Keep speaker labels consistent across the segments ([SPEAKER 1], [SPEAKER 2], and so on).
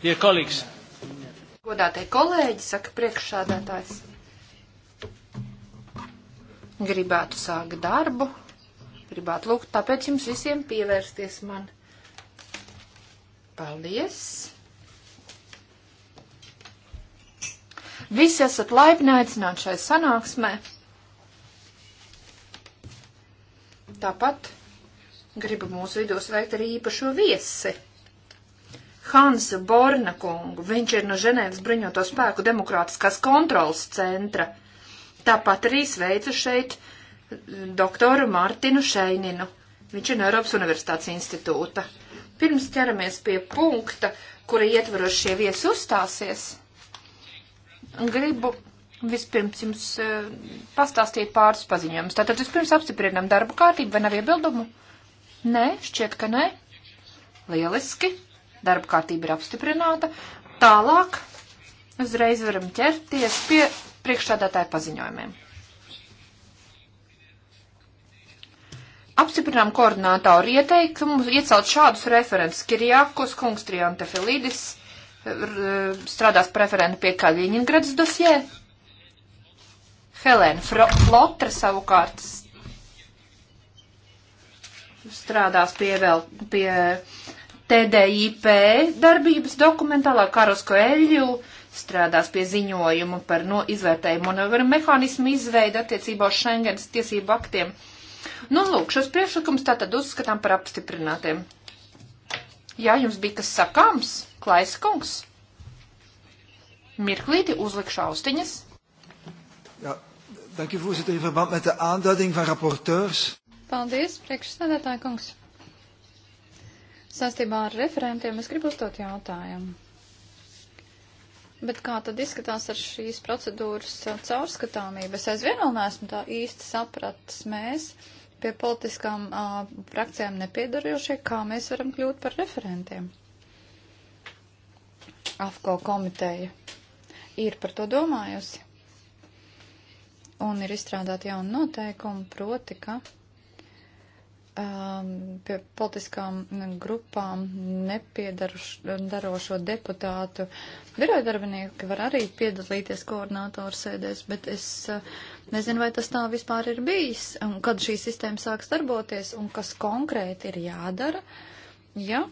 [SPEAKER 1] Dear colleagues.
[SPEAKER 2] Godātie kolēģi, saka priekšsādātājs. Gribētu sākt darbu, gribētu lūgt, tāpēc jums visiem pievērsties man. Paldies! Visi esat laipni aicināti šai sanāksmē. Tāpat gribu mūsu vidū sveikt arī īpašo viesi. Hansu Borna kungu. Viņš ir no Ženēvas bruņoto spēku demokrātiskās kontrolas centra. Tāpat arī sveicu šeit eh, doktoru Martinu Šeininu. Viņš ir no Eiropas Universitātes institūta. Pirms ķeramies pie punkta, kura ietvaros šie viesi uzstāsies, gribu vispirms jums eh, pastāstīt pāris paziņojumus. Tātad vispirms apstiprinam darba kārtību, vai nav iebildumu? Nē, šķiet, ka nē. Lieliski. Darba kārtība ir apstiprināta. Tālāk uzreiz varam ķerties pie priekšstādātāja paziņojumiem. Apstiprinām koordinātāru ieteikumu iecelt šādus referents Kirjākos, kungs Triantafilidis, strādās preferenta pie Kaļiņingradas dosjē. Helēna Flotra savukārt strādās pie vēl pie TDIP darbības dokumentā, lai Karosko Eļļu strādās pie ziņojumu par no izvērtējumu un mehānismu izveidu attiecībā uz Schengens tiesību aktiem. Nu, lūk, šos priekšlikumus tātad uzskatām par apstiprinātiem. Jā, jums bija kas sakāms, Klaiskungs? Mirklīti uzlikšu austiņas.
[SPEAKER 1] Jā, dank u voorzitter, in verband met de aanduiding van rapporteurs.
[SPEAKER 2] Paldies, priekšstādātāja kungs.
[SPEAKER 3] Sastībā ar referentiem es gribu uzdot jautājumu. Bet kā tad izskatās ar šīs procedūras caurskatāmību? Es aizvien vēl neesmu tā īsti sapratis. Mēs pie politiskām uh, frakcijām nepiedarījušie, kā mēs varam kļūt par referentiem. AFCO komiteja ir par to domājusi. Un ir izstrādāti jauni noteikumi, proti, ka Um, pie politiskām grupām nepiedarošo deputātu biroja darbinieki var arī piedalīties koordinātoru sēdēs, bet es uh, nezinu, vai tas tā vispār ir bijis, un kad šī sistēma sāks darboties, un kas konkrēti ir jādara, ja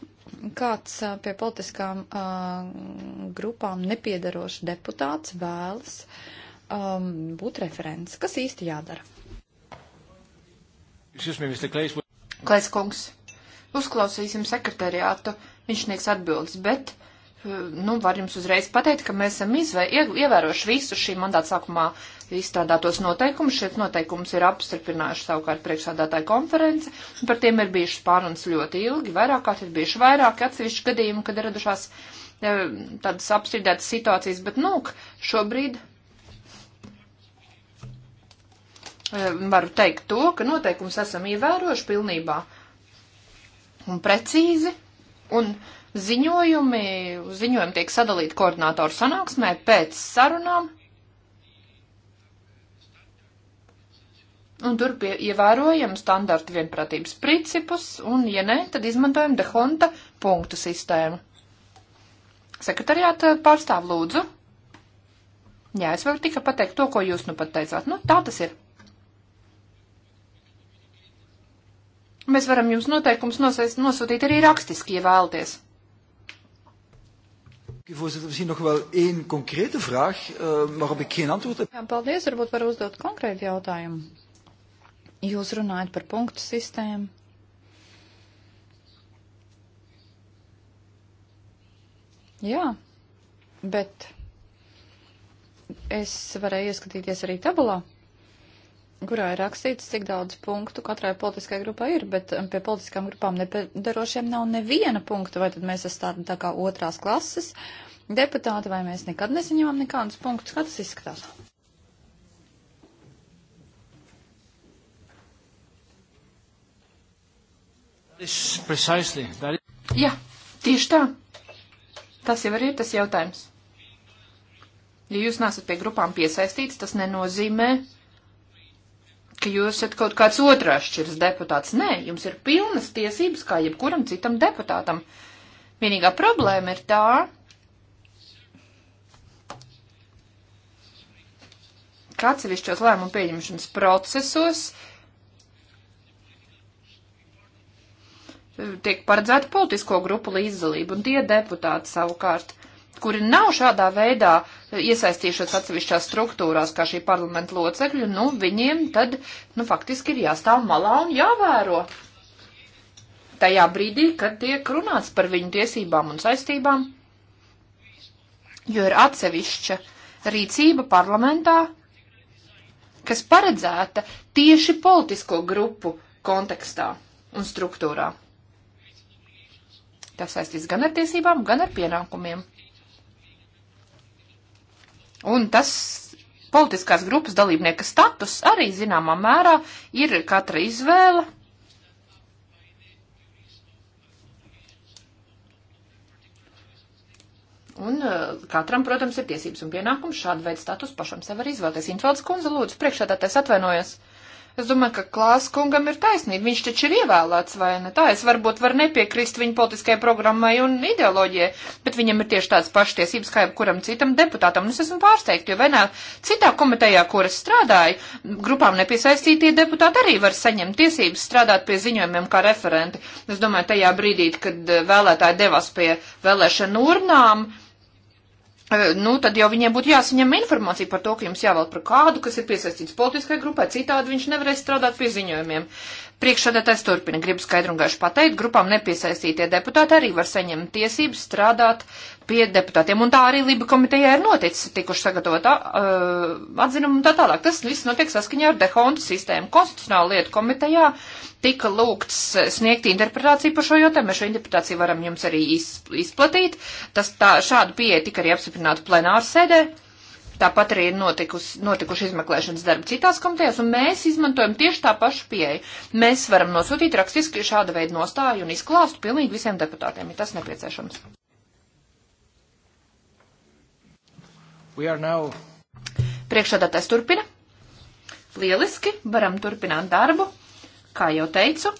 [SPEAKER 3] kāds uh, pie politiskām uh, grupām nepiedarošs deputāts vēlas um, būt referents, kas īsti jādara.
[SPEAKER 1] Excuse me, Mr. Clays.
[SPEAKER 2] Klais kungs, uzklausīsim sekretariātu, viņš sniegs atbildes, bet, eh, nu, var jums uzreiz pateikt, ka mēs esam izvē, ievēroši visu šī mandāta sākumā izstrādātos noteikumus. Šie noteikums ir apstiprinājuši savukārt priekšsādātāja konference, un par tiem ir bijušas pārunas ļoti ilgi, vairāk kārt ir bijuši vairāki atsevišķi gadījumi, kad ir radušās eh, tādas apstrīdētas situācijas, bet, nu, šobrīd Ehm, varu teikt to, ka noteikums esam ievērojuši pilnībā un precīzi, un ziņojumi, ziņojumi tiek sadalīti koordinātoru sanāksmē pēc sarunām, un tur pie, ievērojam standarta vienprātības principus, un, ja nē, tad izmantojam dehonta punktu sistēmu. Sekretariāta pārstāv lūdzu. Jā, es varu tikai pateikt to, ko jūs nu pat teicāt. Nu, tā tas ir. Mēs varam jums noteikums nosūtīt arī rakstiski, ja vēlaties.
[SPEAKER 1] Voorzitter, misschien nog wel één concrete vraag, uh, waarop ik geen antwoord heb.
[SPEAKER 3] Ja, paldies, varbūt var uzdot konkrētu jautājumu. Jūs runājat par punktu sistēmu. Jā, bet es varēju ieskatīties arī tabulā kurā ir rakstīts, cik daudz punktu katrai politiskai grupai ir, bet um, pie politiskām grupām nepiedarošiem nav neviena punkta, vai tad mēs esam tā kā otrās klases deputāti, vai mēs nekad nesaņemam nekādus punktus, kā tas izskatās.
[SPEAKER 2] Jā, tieši tā. Tas jau arī ir tas jautājums. Ja jūs nesat pie grupām piesaistīts, tas nenozīmē, ka jūs esat kaut kāds otrās šķirs deputāts. Nē, jums ir pilnas tiesības kā jebkuram citam deputātam. Vienīgā problēma ir tā, ka atsevišķos lēmumu pieņemšanas procesos tiek paredzēta politisko grupu līdzdalība, un tie deputāti savukārt, kuri nav šādā veidā iesaistījušos atsevišķās struktūrās, kā šī parlamenta locekļi, nu, viņiem tad, nu, faktiski ir jāstāv malā un jāvēro. Tajā brīdī, kad tiek runāts par viņu tiesībām un saistībām, jo ir atsevišķa rīcība parlamentā, kas paredzēta tieši politisko grupu kontekstā un struktūrā. Tas saistīs gan ar tiesībām, gan ar pienākumiem. Un tas politiskās grupas dalībnieka status arī zināmā mērā ir katra izvēle. Un eh, katram, protams, ir tiesības un pienākums šādu veidu status pašam sev var izvēlēties. Intvalds kundze, lūdzu, priekšādātais atvainojas. Es domāju, ka Klāskungam ir taisnība. Viņš taču ir ievēlēts, vai ne tā? Es varbūt varu nepiekrist viņa politiskajai programmai un ideoloģijai, bet viņam ir tieši tāds pašs tiesības kā jebkuram citam deputātam. Un es esmu pārsteigts, jo vienā citā komitejā, kur es strādāju, grupām nepiesaistītie deputāti arī var saņemt tiesības strādāt pie ziņojumiem kā referenti. Es domāju, tajā brīdī, kad eh, vēlētāji devās pie vēlēšanu urnām, Eh, nu, tad jau viņiem būtu jāsaņem informācija par to, ka jums jāvēl par kādu, kas ir piesaistīts politiskai grupai, citādi viņš nevarēs strādāt pie ziņojumiem. Priekšsēdētājs turpina. Gribu skaidru un gaišu pateikt, grupām nepiesaistītie deputāti arī var saņemt tiesības strādāt pie deputātiem. Un tā arī Liba komitejā ir noticis, tikuši sagatavot uh, atzinumu un tā tālāk. Tas viss notiek saskaņā ar dehontu sistēmu. Konstitucionāla lieta komitejā tika lūgts sniegt interpretāciju par šo jautājumu. Mēs šo interpretāciju varam jums arī izplatīt. Tas tā, šādu pieeja tika arī apstiprināta plenārsēdē. Ar Tāpat arī ir notikusi, notikuši izmeklēšanas darbi citās komitejās, un mēs izmantojam tieši tā pašu pieeju. Mēs varam nosūtīt rakstiski šāda veida nostāju un izklāstu pilnīgi visiem deputātiem, ja tas nepieciešams. Now... Priekšādātais turpina. Lieliski, varam turpināt darbu. Kā jau teicu,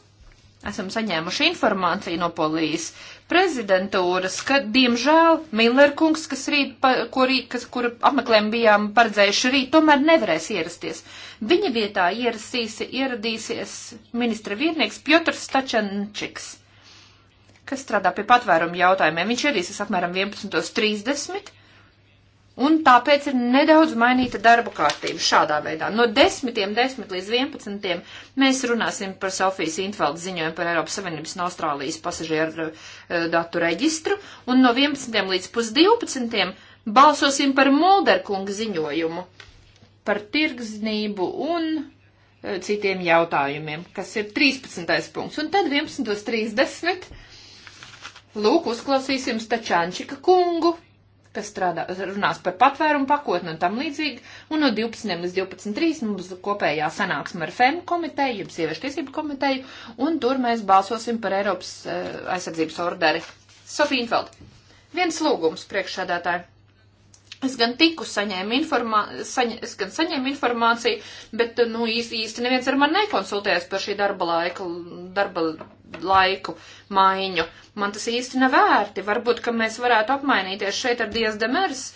[SPEAKER 2] esam saņēmuši informāciju no polijas prezidentūras, ka, diemžēl, Miller kungs, kas rīt, pa, ko rīt, kas, kura apmeklējumu bijām paredzējuši rīt, tomēr nevarēs ierasties. Viņa vietā ierasīs, ieradīsies ministra vietnieks Piotrs Stačančiks, kas strādā pie patvērumu jautājumiem. Viņš ieradīsies apmēram 11.30 Un tāpēc ir nedaudz mainīta darba kārtība šādā veidā. No 10. 10 līdz 11. mēs runāsim par Sofijas Intfeldas ziņojumu par Eiropas Savienības un Austrālijas pasažieru eh, datu reģistru. Un no 11. līdz pusdivpadsmitiem balsosim par Mulderkunga ziņojumu par tirgznību un eh, citiem jautājumiem, kas ir 13. punkts. Un tad 11.30. Lūk, uzklausīsim Stačānčika kungu kas strādā, runās par patvērumu pakotni un tam līdzīgi, un no 12 līdz 12.3 mums kopējā sanāksme ar FEM komiteju, jeb sieviešu tiesību komiteju, un tur mēs balsosim par Eiropas uh, aizsardzības orderi. Sofija Infeld, viens lūgums priekšsādātāji. Es gan tiku saņēmu informāciju, saņ, es gan saņēmu informāciju, bet, nu, īsti, īsti neviens ar mani nekonsultējas par šī darba laika, darba laiku maiņu. Man tas īsti nav vērti. Varbūt, ka mēs varētu apmainīties šeit ar Dievs Demers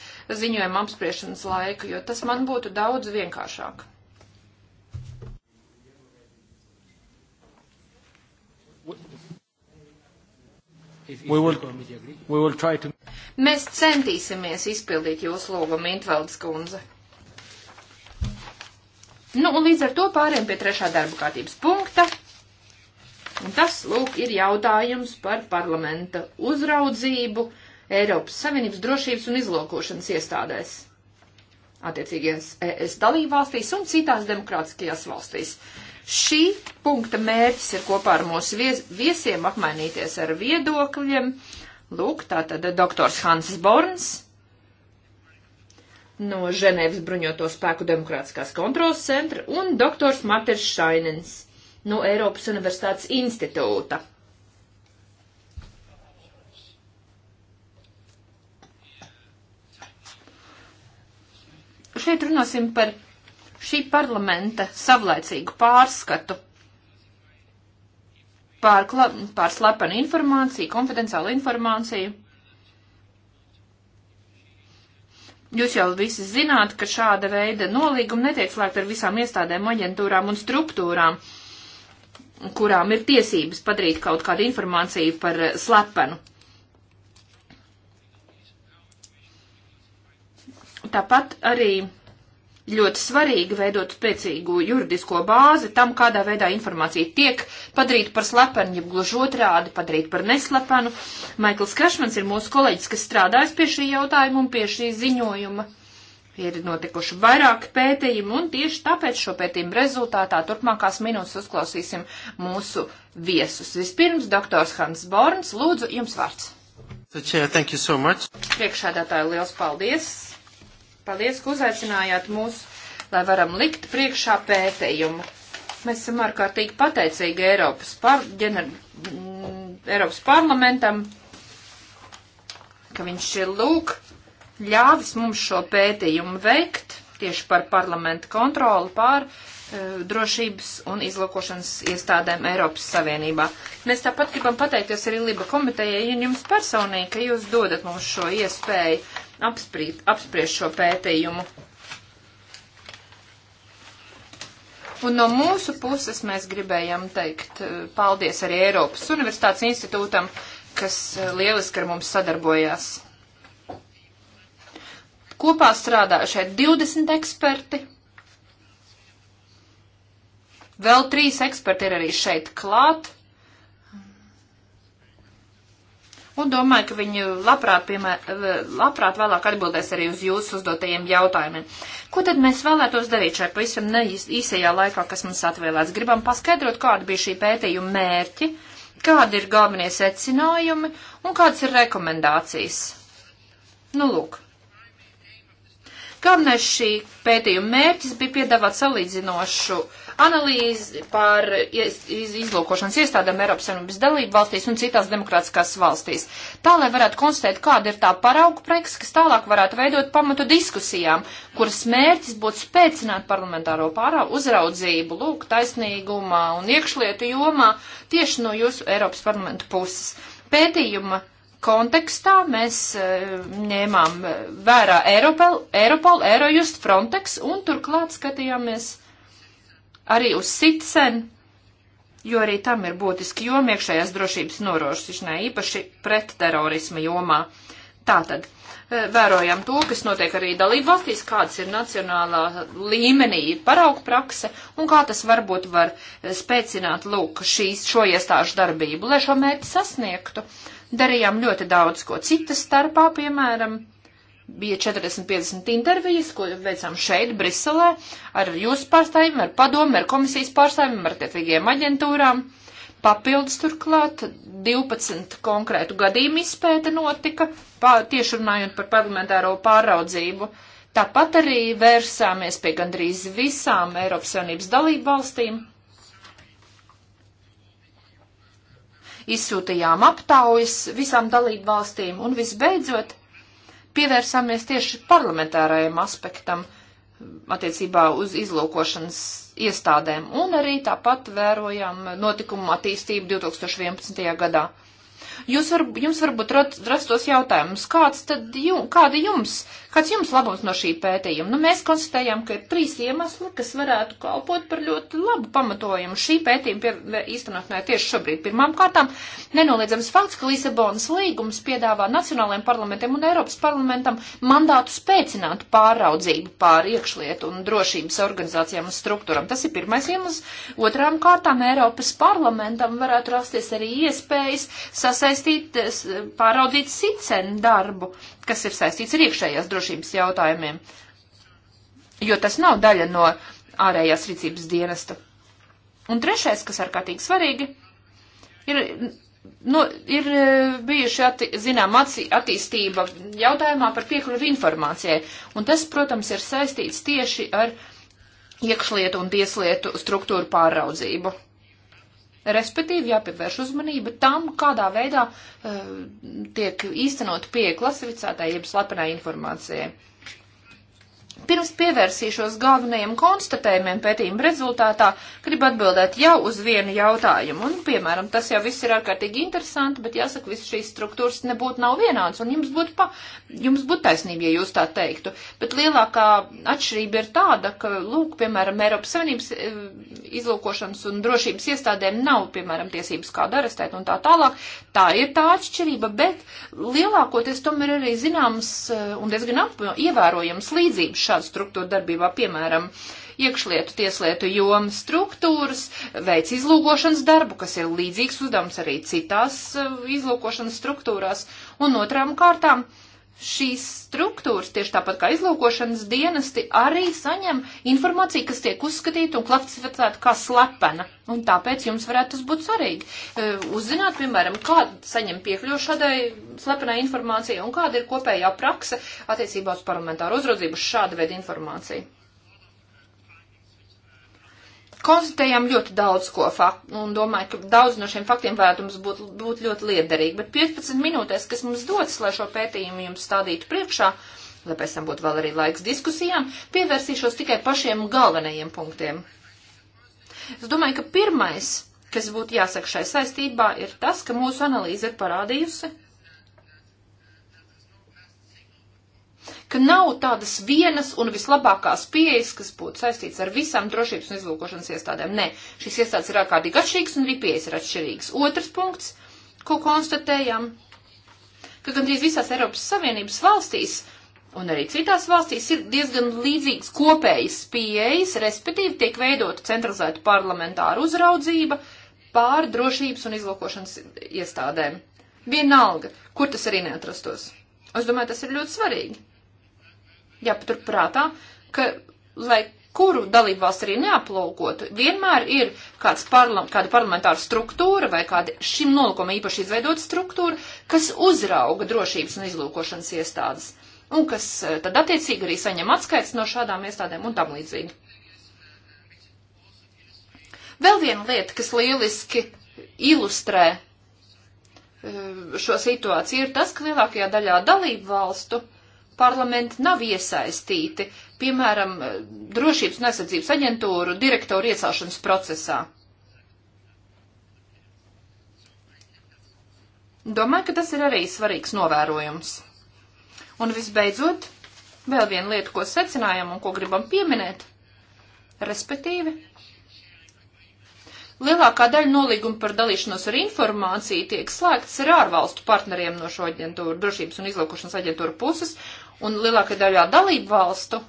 [SPEAKER 2] ziņojumu apspriešanas laiku, jo tas man būtu daudz vienkāršāk.
[SPEAKER 1] We will, we will to...
[SPEAKER 2] Mēs centīsimies izpildīt jūsu lūgumu, Intveldes kundze. Nu, un līdz ar to pāriem pie trešā darba kārtības punkta. Un tas, lūk, ir jautājums par parlamenta uzraudzību Eiropas Savienības drošības un izlūkošanas iestādēs. Attiecīgajās ES dalībvalstīs un citās demokrātiskajās valstīs. Uh, Šī punkta mērķis ir kopā ar mūsu vies, viesiem apmainīties ar viedokļiem. Lūk, tā tad doktors Hanses Borns no Ženēvas bruņoto spēku demokrātiskās kontrolas centra un doktors Maters Šainens no Eiropas Universitātes institūta. Šeit runāsim par šī parlamenta savlaicīgu pārskatu pār, pār slepenu informāciju, konfidenciālu informāciju. Jūs jau visi zināt, ka šāda veida nolīguma netiek slēgta ar visām iestādēm, aģentūrām un struktūrām, kurām ir tiesības padarīt kaut kādu informāciju par slepenu. Tāpat arī ļoti svarīgi veidot spēcīgu juridisko bāzi tam, kādā veidā informācija tiek padarīta par slepenu, jeb gluži otrādi padarīta par neslepenu. Maikls Kašmans ir mūsu kolēģis, kas strādājas pie šī jautājuma un pie šī ziņojuma. Ir notikuši vairāki pētījumi, un tieši tāpēc šo pētījumu rezultātā turpmākās minūtes uzklausīsim mūsu viesus. Vispirms, doktors Hans Borns, lūdzu, jums vārds.
[SPEAKER 3] Priekšādātāju
[SPEAKER 2] liels paldies! Paldies, ka uzaicinājāt mūs, lai varam likt priekšā pētījumu. Mēs esam ārkārtīgi pateicīgi Eiropas, par, ģener, mm, Eiropas parlamentam, ka viņš ir lūk ļāvis mums šo pētījumu veikt tieši par parlamentu kontroli pār e, drošības un izlūkošanas iestādēm Eiropas Savienībā. Mēs tāpat gribam pateikties arī Liba komitejai un jums personīgi, ka jūs dodat mums šo iespēju apspriest apspriest šo pētījumu. Un no mūsu puses mēs gribējam teikt eh, paldies arī Eiropas Universitātes institūtam, kas eh, lieliski ar mums sadarbojās. Kopā strādā šeit 20 eksperti. Vēl trīs eksperti ir arī šeit klāt. un domāju, ka viņi labprāt, piemēr, labprāt vēlāk atbildēs arī uz jūsu uzdotajiem jautājumiem. Ko tad mēs vēlētos darīt šajā pavisam īsajā laikā, kas mums atvēlēts? Gribam paskaidrot, kāda bija šī pētījuma mērķi, kādi ir galvenie secinājumi un kādas ir rekomendācijas. Nu, lūk. Galvenais šī pētījuma mērķis bija piedāvāt salīdzinošu uh, analīzi par izlūkošanas iestādēm Eiropas Savienības dalību valstīs un citās demokrātiskās valstīs. Tā, lai varētu konstatēt, kāda ir tā parauga preks, kas tālāk varētu veidot pamatu diskusijām, kuras mērķis būtu spēcināt parlamentāro pārāvu uzraudzību, lūk, taisnīgumā un iekšlietu jomā tieši no jūsu Eiropas parlamentu puses. Pētījuma kontekstā mēs e, ņēmām vērā Eiropol, Eurojust, Frontex un turklāt skatījāmies arī uz sitsen, jo arī tam ir būtiski joma iekšējās drošības norošanai, īpaši pret terorisma jomā. Tātad e, vērojam to, kas notiek arī dalību valstīs, kādas ir nacionālā līmenī parauga prakse un kā tas varbūt var e, spēcināt lūk šīs, šo iestāžu darbību, lai šo mērķi sasniegtu. Darījām ļoti daudz ko citas starpā, piemēram, bija 40-50 intervijas, ko veicām šeit, Briselē, ar jūsu pārstāvjiem, ar padomu, ar komisijas pārstāvjiem, ar tiecīgiem aģentūrām. Papildus turklāt 12 konkrētu gadījumu izpēta notika, pā, tieši runājot par parlamentāro pāraudzību. Tāpat arī vērsāmies pie gandrīz visām Eiropas Savienības dalību valstīm. Izsūtījām aptaujas visām dalību valstīm un visbeidzot pievērsāmies tieši parlamentārajam aspektam mm, attiecībā uz izlūkošanas iestādēm un arī tāpat vērojām notikumu attīstību 2011. gadā. Jūs var, jums varbūt rastos jautājums, kāds tad jums, kāda jums, kāds jums labums no šī pētījuma? Nu, mēs konstatējām, ka ir trīs iemesli, kas varētu kalpot par ļoti labu pamatojumu šī pētījuma īstenotnē tieši šobrīd. Pirmām kārtām, nenoliedzams fakts, ka Lisabonas līgums piedāvā nacionālajiem parlamentiem un Eiropas parlamentam mandātu spēcināt pāraudzību pār iekšlietu un drošības organizācijām un struktūram. Tas ir pirmais iemesls. Otrām kārtām Eiropas parlamentam varētu rasties arī iespējas sasniegt sasaistīt, pāraudīt sicenu darbu, kas ir saistīts ar iekšējās drošības jautājumiem, jo tas nav daļa no ārējās rīcības dienesta. Un trešais, kas ārkārtīgi svarīgi, ir, nu, ir e, bijuši, atti, zinām, atsi, attīstība jautājumā par piekļuvi informācijai. Un tas, protams, ir saistīts tieši ar iekšlietu un tieslietu struktūru pāraudzību. Respektīvi, jāpievērš uzmanība tam, kādā veidā uh, tiek īstenot pieeja klasificētai jeb slepenai informācijai. Pirms pievērsīšos galvenajiem konstatējumiem pētījuma rezultātā, gribu atbildēt jau uz vienu jautājumu. Un, piemēram, tas jau viss ir ārkārtīgi interesanti, bet jāsaka, visas šīs struktūras nebūtu nav vienādas, un jums būtu, pa, jums būtu taisnība, ja jūs tā teiktu. Bet lielākā atšķirība ir tāda, ka, lūk, piemēram, Eiropas Savienības eh, izlūkošanas un drošības iestādēm nav, piemēram, tiesības kādu arestēt un tā tālāk. Tā ir tā atšķirība, bet lielākoties tomēr arī zināms eh, un diezgan ievērojams līdzības šādu struktūru darbībā, piemēram, iekšlietu, tieslietu jomas struktūras, veic izlūkošanas darbu, kas ir līdzīgs uzdevums arī citās eh, izlūkošanas struktūrās, un otrām kārtām šīs struktūras, tieši tāpat kā izlūkošanas dienesti, arī saņem informāciju, kas tiek uzskatīta un klasificēta kā slepena. Un tāpēc jums varētu tas būt svarīgi. E, uzzināt, piemēram, kā saņem piekļuvu šādai slepenai informācijai un kāda ir kopējā prakse attiecībā uz parlamentāru uzraudzību šāda veida informāciju konstatējām ļoti daudz ko faktu un domāju, ka daudz no šiem faktiem varētu mums būt, būt ļoti liederīgi. Bet 15 minūtēs, kas mums dodas, lai šo pētījumu jums stādītu priekšā, lai pēc tam būtu vēl arī laiks diskusijām, pievērsīšos tikai pašiem galvenajiem punktiem. Es domāju, ka pirmais, kas būtu jāsaka šai saistībā, ir tas, ka mūsu analīze ir parādījusi, ka nav tādas vienas un vislabākās pieejas, kas būtu saistīts ar visām drošības un izlūkošanas iestādēm. Nē, šīs iestādes ir ārkārtīgi atšķirīgas un arī pieejas ir atšķirīgas. Otrs punkts, ko konstatējam, ka gandrīz visās Eiropas Savienības valstīs un arī citās valstīs ir diezgan līdzīgas kopējas pieejas, respektīvi tiek veidota centralizēta parlamentāra uzraudzība pār drošības un izlūkošanas iestādēm. Vienalga, kur tas arī neatrastos. Es domāju, tas ir ļoti svarīgi jāpaturprātā, ka, lai kuru dalībvalsts arī neaplūkotu, vienmēr ir kāds parlam, kāda parlamentāra struktūra vai kāda šim nolikumam īpaši izveidota struktūra, kas uzrauga drošības un izlūkošanas iestādes, un kas eh, tad attiecīgi arī saņem atskaits no šādām iestādēm un tam līdzīgi. Vēl viena lieta, kas lieliski ilustrē eh, šo situāciju, ir tas, ka lielākajā daļā dalību valstu parlamenti nav iesaistīti, piemēram, drošības un aizsardzības aģentūru direktoru iecelšanas procesā. Domāju, ka tas ir arī svarīgs novērojums. Un visbeidzot, vēl viena lieta, ko secinājam un ko gribam pieminēt, respektīvi, lielākā daļa nolīguma par dalīšanos ar informāciju tiek slēgts ar ārvalstu partneriem no šo aģentūru, drošības un izlaukošanas aģentūru puses, un lielākajā daļā dalību valstu e,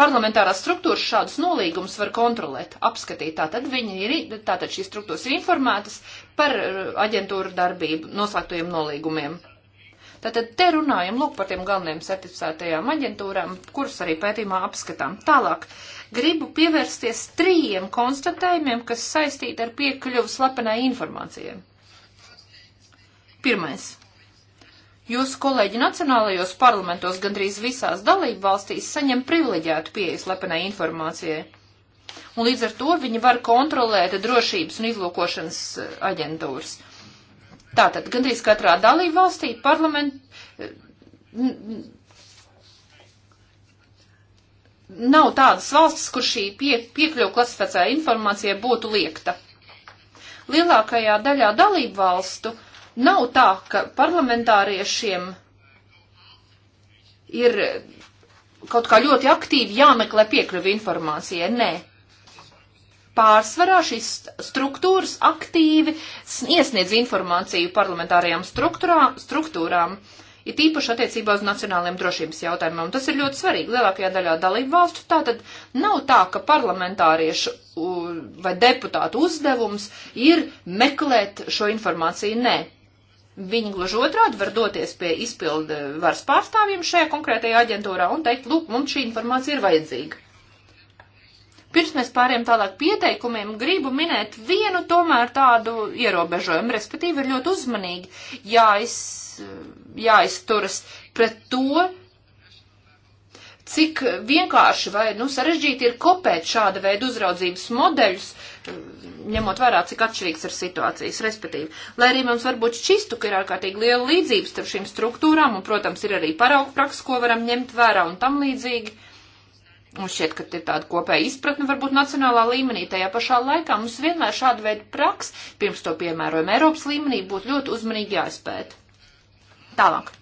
[SPEAKER 2] parlamentārās struktūras šādus nolīgumus var kontrolēt, apskatīt. Tātad, ir, tātad šīs struktūras ir informētas par e, aģentūru darbību noslēgtajiem nolīgumiem. Tātad te runājam lūk par tiem galvenajiem certificētajām aģentūrām, kurus arī pētījumā apskatām. Tālāk gribu pievērsties trījiem konstatējumiem, kas saistīti ar piekļuvu slepenai informācijai. Pirmais Jūsu kolēģi nacionālajos parlamentos gandrīz visās dalību valstīs saņem privileģētu pieejas lepenai informācijai. Un līdz ar to viņi var kontrolēt drošības un izlūkošanas eh, aģentūras. Tātad gandrīz katrā dalību valstī parlament eh, nav tādas valstis, kur šī pie, piekļuva klasificēta informācija būtu liekta. Lielākajā daļā dalību valstu Nav tā, ka parlamentāriešiem ir kaut kā ļoti aktīvi jāmeklē piekļuvi informācijai. Nē. Pārsvarā šīs struktūras aktīvi iesniedz informāciju parlamentārajām struktūrām, ir tīpaši attiecībā uz nacionāliem drošības jautājumiem. Un tas ir ļoti svarīgi lielākajā daļā dalību valstu. Tātad nav tā, ka parlamentāriešu vai deputātu uzdevums ir meklēt šo informāciju. Nē. Viņi gluži otrādi var doties pie izpildu varas pārstāvjiem šajā konkrētajā aģentūrā un teikt, lūk, mums šī informācija ir vajadzīga. Pirms mēs pāriem tālāk pieteikumiem, gribu minēt vienu tomēr tādu ierobežojumu, respektīvi ir ļoti uzmanīgi jāiz, jāizturas pret to, cik vienkārši vai nu, sarežģīti ir kopēt šāda veida uzraudzības modeļus, ņemot vērā, cik atšķirīgs ir situācijas, respektīvi. Lai arī mums varbūt šķistu, ka ir ārkārtīgi liela līdzība starp šīm struktūrām, un, protams, ir arī paraugu praksa, ko varam ņemt vērā un tam līdzīgi. Mums šķiet, ka ir tāda kopēja izpratne, varbūt nacionālā līmenī. Tajā pašā laikā mums vienmēr šāda veida praksa, pirms to piemērojam Eiropas līmenī, būtu ļoti uzmanīgi jāizpēta. Tālāk.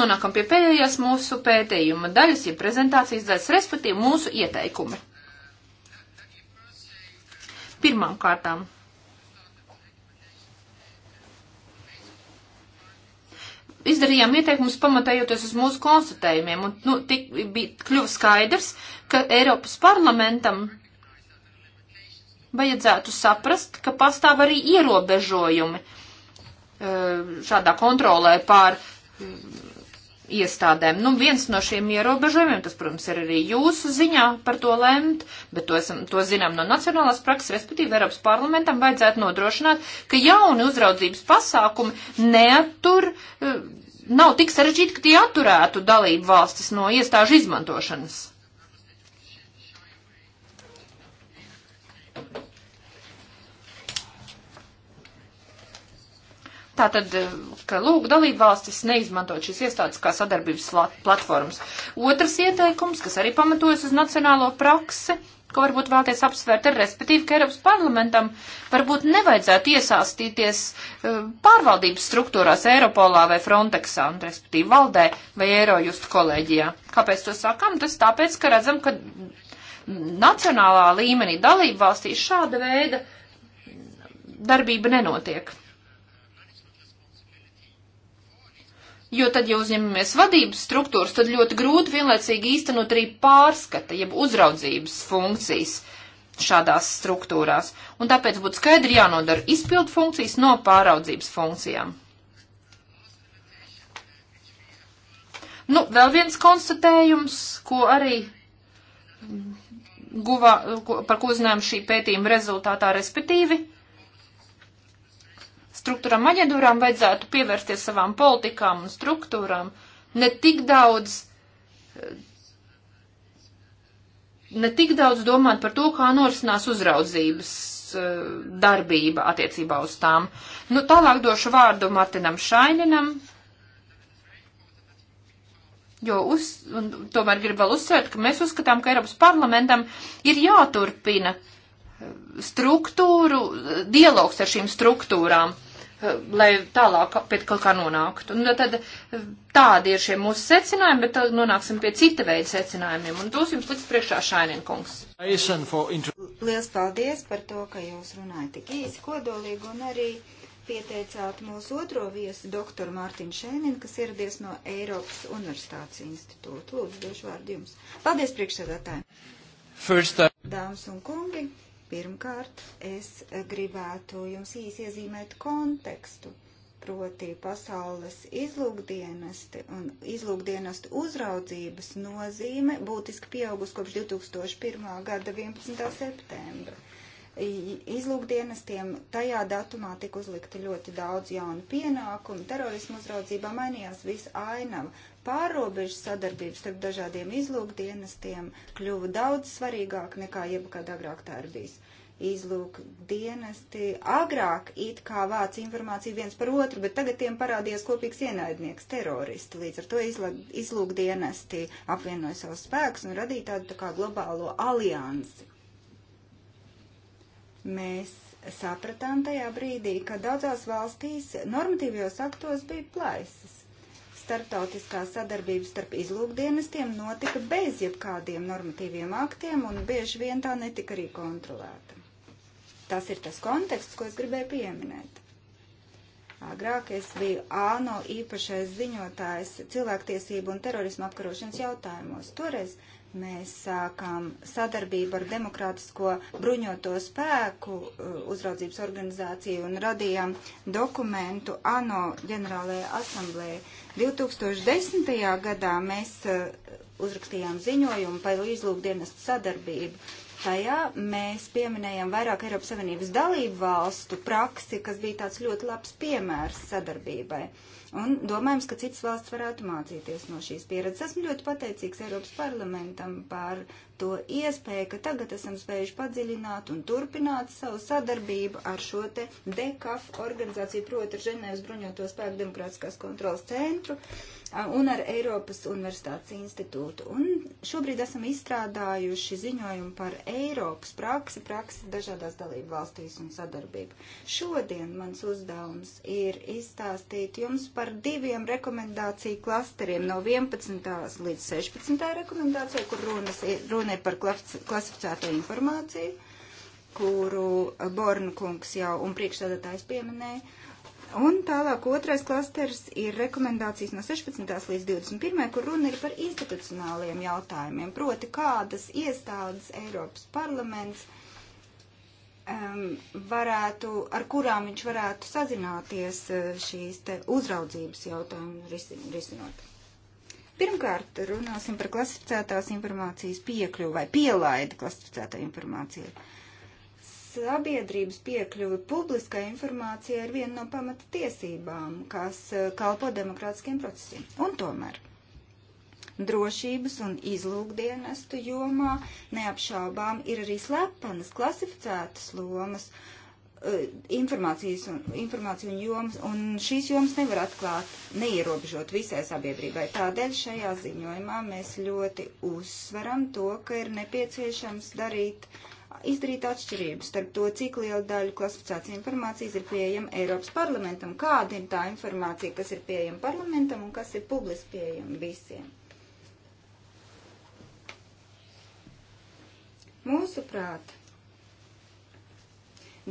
[SPEAKER 2] Nonākam pie pēdējās mūsu pētījuma daļas, ja prezentācijas daļas, respektīvi mūsu ieteikumi. Pirmām kārtām. izdarījām ieteikumus pamatējoties uz mūsu konstatējumiem, un nu, tik bija kļuva skaidrs, ka Eiropas parlamentam vajadzētu saprast, ka pastāv arī ierobežojumi eh, šādā kontrolē pār iestādēm. Nu, viens no šiem ierobežojumiem, tas, protams, ir arī jūsu ziņā par to lemt, bet to, esam, to zinām no nacionālās prakses, respektīvi Eiropas parlamentam vajadzētu nodrošināt, ka jauni uzraudzības pasākumi neatur, eh, nav tik sarežģīti, ka tie atturētu dalību valstis no iestāžu izmantošanas. Tātad, eh, ka lūk, dalībvalstis neizmantot šīs iestādes kā sadarbības platformas. Otrs ieteikums, kas arī pamatojas uz nacionālo praksi, ko varbūt vēlties apsvērt, ir respektīvi, ka Eiropas parlamentam varbūt nevajadzētu iesaistīties eh, pārvaldības struktūrās Eiropolā vai Frontexā, un respektīvi valdē vai Eirojust kolēģijā. Kāpēc to sakam? Tas tāpēc, ka redzam, ka nacionālā līmenī dalībvalstīs šāda veida darbība nenotiek. Jo tad, ja uzņemamies vadības struktūras, tad ļoti grūti vienlaicīgi īstenot arī pārskata, jeb uzraudzības funkcijas šādās struktūrās. Un tāpēc būtu skaidri jānodara izpildu funkcijas no pāraudzības funkcijām. Nu, vēl viens konstatējums, ko arī guva, ko, par ko uzzinājām šī pētījuma rezultātā, respektīvi, struktūram aģentūrām vajadzētu pievērsties savām politikām un struktūrām, ne tik daudz, eh, ne tik daudz domāt par to, kā norisinās uzraudzības eh, darbība attiecībā uz tām. Nu, tālāk došu vārdu Martinam Šaininam, Jo uz, tomēr gribu vēl uzsvērt, ka mēs uzskatām, ka Eiropas parlamentam ir jāturpina eh, struktūru, dialogs ar šīm struktūrām. Eh, lai tālāk pie kaut kā nonāktu. Un tad eh, tādi ir šie mūsu secinājumi, bet tad nonāksim pie cita veida secinājumiem. Un tos jums liks priekšā Šaininkungs. Lielas paldies par to, ka
[SPEAKER 1] jūs runājat tik īsi kodolīgi un arī pieteicāt mūsu otro viesu, doktoru Mārtiņu Šēninu, kas ieradies no Eiropas Universitātes institūta. Lūdzu, došu vārdu jums. Paldies priekšsēdētājiem. First, uh... Dāmas un kungi. Pirmkārt, es gribētu jums īsi iezīmēt kontekstu, proti pasaules izlūkdienesti un izlūkdienestu uzraudzības nozīme būtiski pieaugus kopš 2001. gada 11. septembra. Izlūkdienestiem tajā datumā tika uzlikti ļoti daudz jaunu pienākumu, terorismu uzraudzībā mainījās visa ainava, Pārobežu sadarbības starp dažādiem izlūkdienestiem kļuva daudz svarīgāk nekā jebkad agrāk tā ir bijis. Izlūkdienesti agrāk it kā vāc informāciju viens par otru, bet tagad tiem parādījās kopīgs ienaidnieks - teroristi. Līdz ar to izlūkdienesti apvienoja savus spēkus un radīja tādu tā kā globālo aliansi. Mēs sapratām tajā brīdī, ka daudzās valstīs normatīvajos aktos bija plaisas starptautiskā sadarbība starp izlūkdienestiem notika bez jebkādiem normatīviem aktiem un bieži vien tā netika arī kontrolēta. Tas ir tas konteksts, ko es gribēju pieminēt. Agrāk es biju ANO īpašais ziņotājs cilvēktiesību un terorismu apkarošanas jautājumos. Toreiz Mēs sākām sadarbību ar Demokrātisko bruņoto spēku uh, uzraudzības organizāciju un radījām dokumentu ANO ģenerālajā asamblē. 2010. gadā mēs uh, uzrakstījām ziņojumu par izlūkdienestu sadarbību. Tajā mēs pieminējam vairāk Eiropas Savienības dalību valstu praksi, kas bija tāds ļoti labs piemērs sadarbībai. Uh, Un domājams, ka citas valsts varētu mācīties no šīs pieredzes. Esmu ļoti pateicīgs Eiropas parlamentam par to iespēju, ka tagad esam spējuši padziļināt un turpināt savu sadarbību ar šo te DECAF organizāciju, proti ar Ženēvas bruņoto spēku demokrātiskās kontrolas centru. Uh, un ar Eiropas Universitātes institūtu. Un šobrīd esam izstrādājuši ziņojumu par Eiropas praksi, praksi dažādās dalību valstīs un sadarbību. Šodien mans uzdevums ir izstāstīt jums par diviem rekomendāciju klasteriem no 11. līdz 16. rekomendācijai, kur runas ir, runa ir par klasificēto informāciju, kuru Bornu kungs jau un priekšstādātājs pieminēja Un tālāk otrais klasters ir rekomendācijas no 16. līdz 21. kur runa ir par institucionāliem jautājumiem, proti kādas iestādes Eiropas parlaments um, varētu, ar kurām viņš varētu sazināties uh, šīs te uzraudzības jautājumu risin, risinot. Pirmkārt, runāsim par klasificētās informācijas piekļuvu vai pielaidi klasificētā informācija. Sabiedrības piekļuve publiskai informācijai ir viena no pamata tiesībām, kas e, kalpo demokrātiskiem procesiem. Un tomēr drošības un izlūkdienestu jomā neapšaubām ir arī slepenas, klasificētas lomas e, informācijas un, informāciju un jomas, un šīs jomas nevar atklāt neierobežot visai sabiedrībai. Tādēļ šajā ziņojumā mēs ļoti uzsveram to, ka ir nepieciešams darīt uh, izdarīt atšķirības starp to, cik liela daļa klasifikācijas informācijas ir pieejama Eiropas parlamentam, kāda ir tā informācija, kas ir pieejama parlamentam un kas ir publiski pieejama visiem. Mūsuprāt,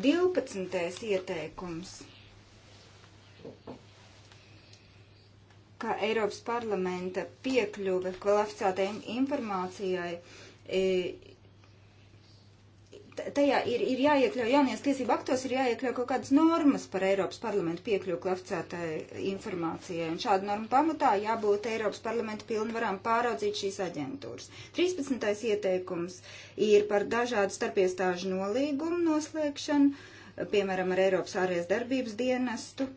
[SPEAKER 1] 12. ieteikums ka Eiropas parlamenta piekļuve kvalificētai informācijai e, tajā ir, ir jāiekļauj jaunies tiesību aktos, ir jāiekļauj kaut kādas normas par Eiropas parlamentu piekļuvu klasificētai informācijai. Un šādu normu pamatā jābūt Eiropas parlamentu pilnvarām pāraudzīt šīs aģentūras. 13. ieteikums ir par dažādu starpiestāžu nolīgumu noslēgšanu, piemēram, ar Eiropas ārējas darbības dienestu.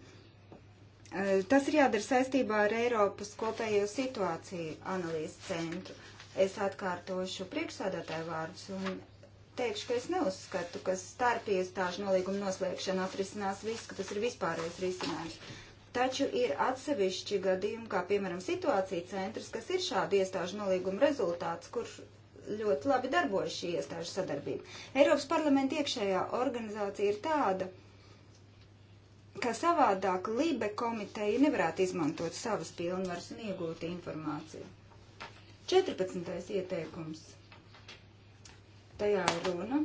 [SPEAKER 1] Eh, tas ir jādara saistībā ar Eiropas kopējo situāciju analīzes centru. Es atkārtošu priekšsādātāju vārdus un teikšu, ka es neuzskatu, ka starp iestāžu nolīguma noslēgšana atrisinās viss, ka tas ir vispārējais risinājums. Taču ir atsevišķi gadījumi, kā piemēram situācija centrs, kas ir šāda iestāžu nolīguma rezultāts, kur ļoti labi darbojas šī iestāžu sadarbība. Eiropas parlamenta iekšējā organizācija ir tāda, ka savādāk Libe komiteja nevarētu izmantot savas pilnvaras un iegūt informāciju. 14. ieteikums tajā ir runa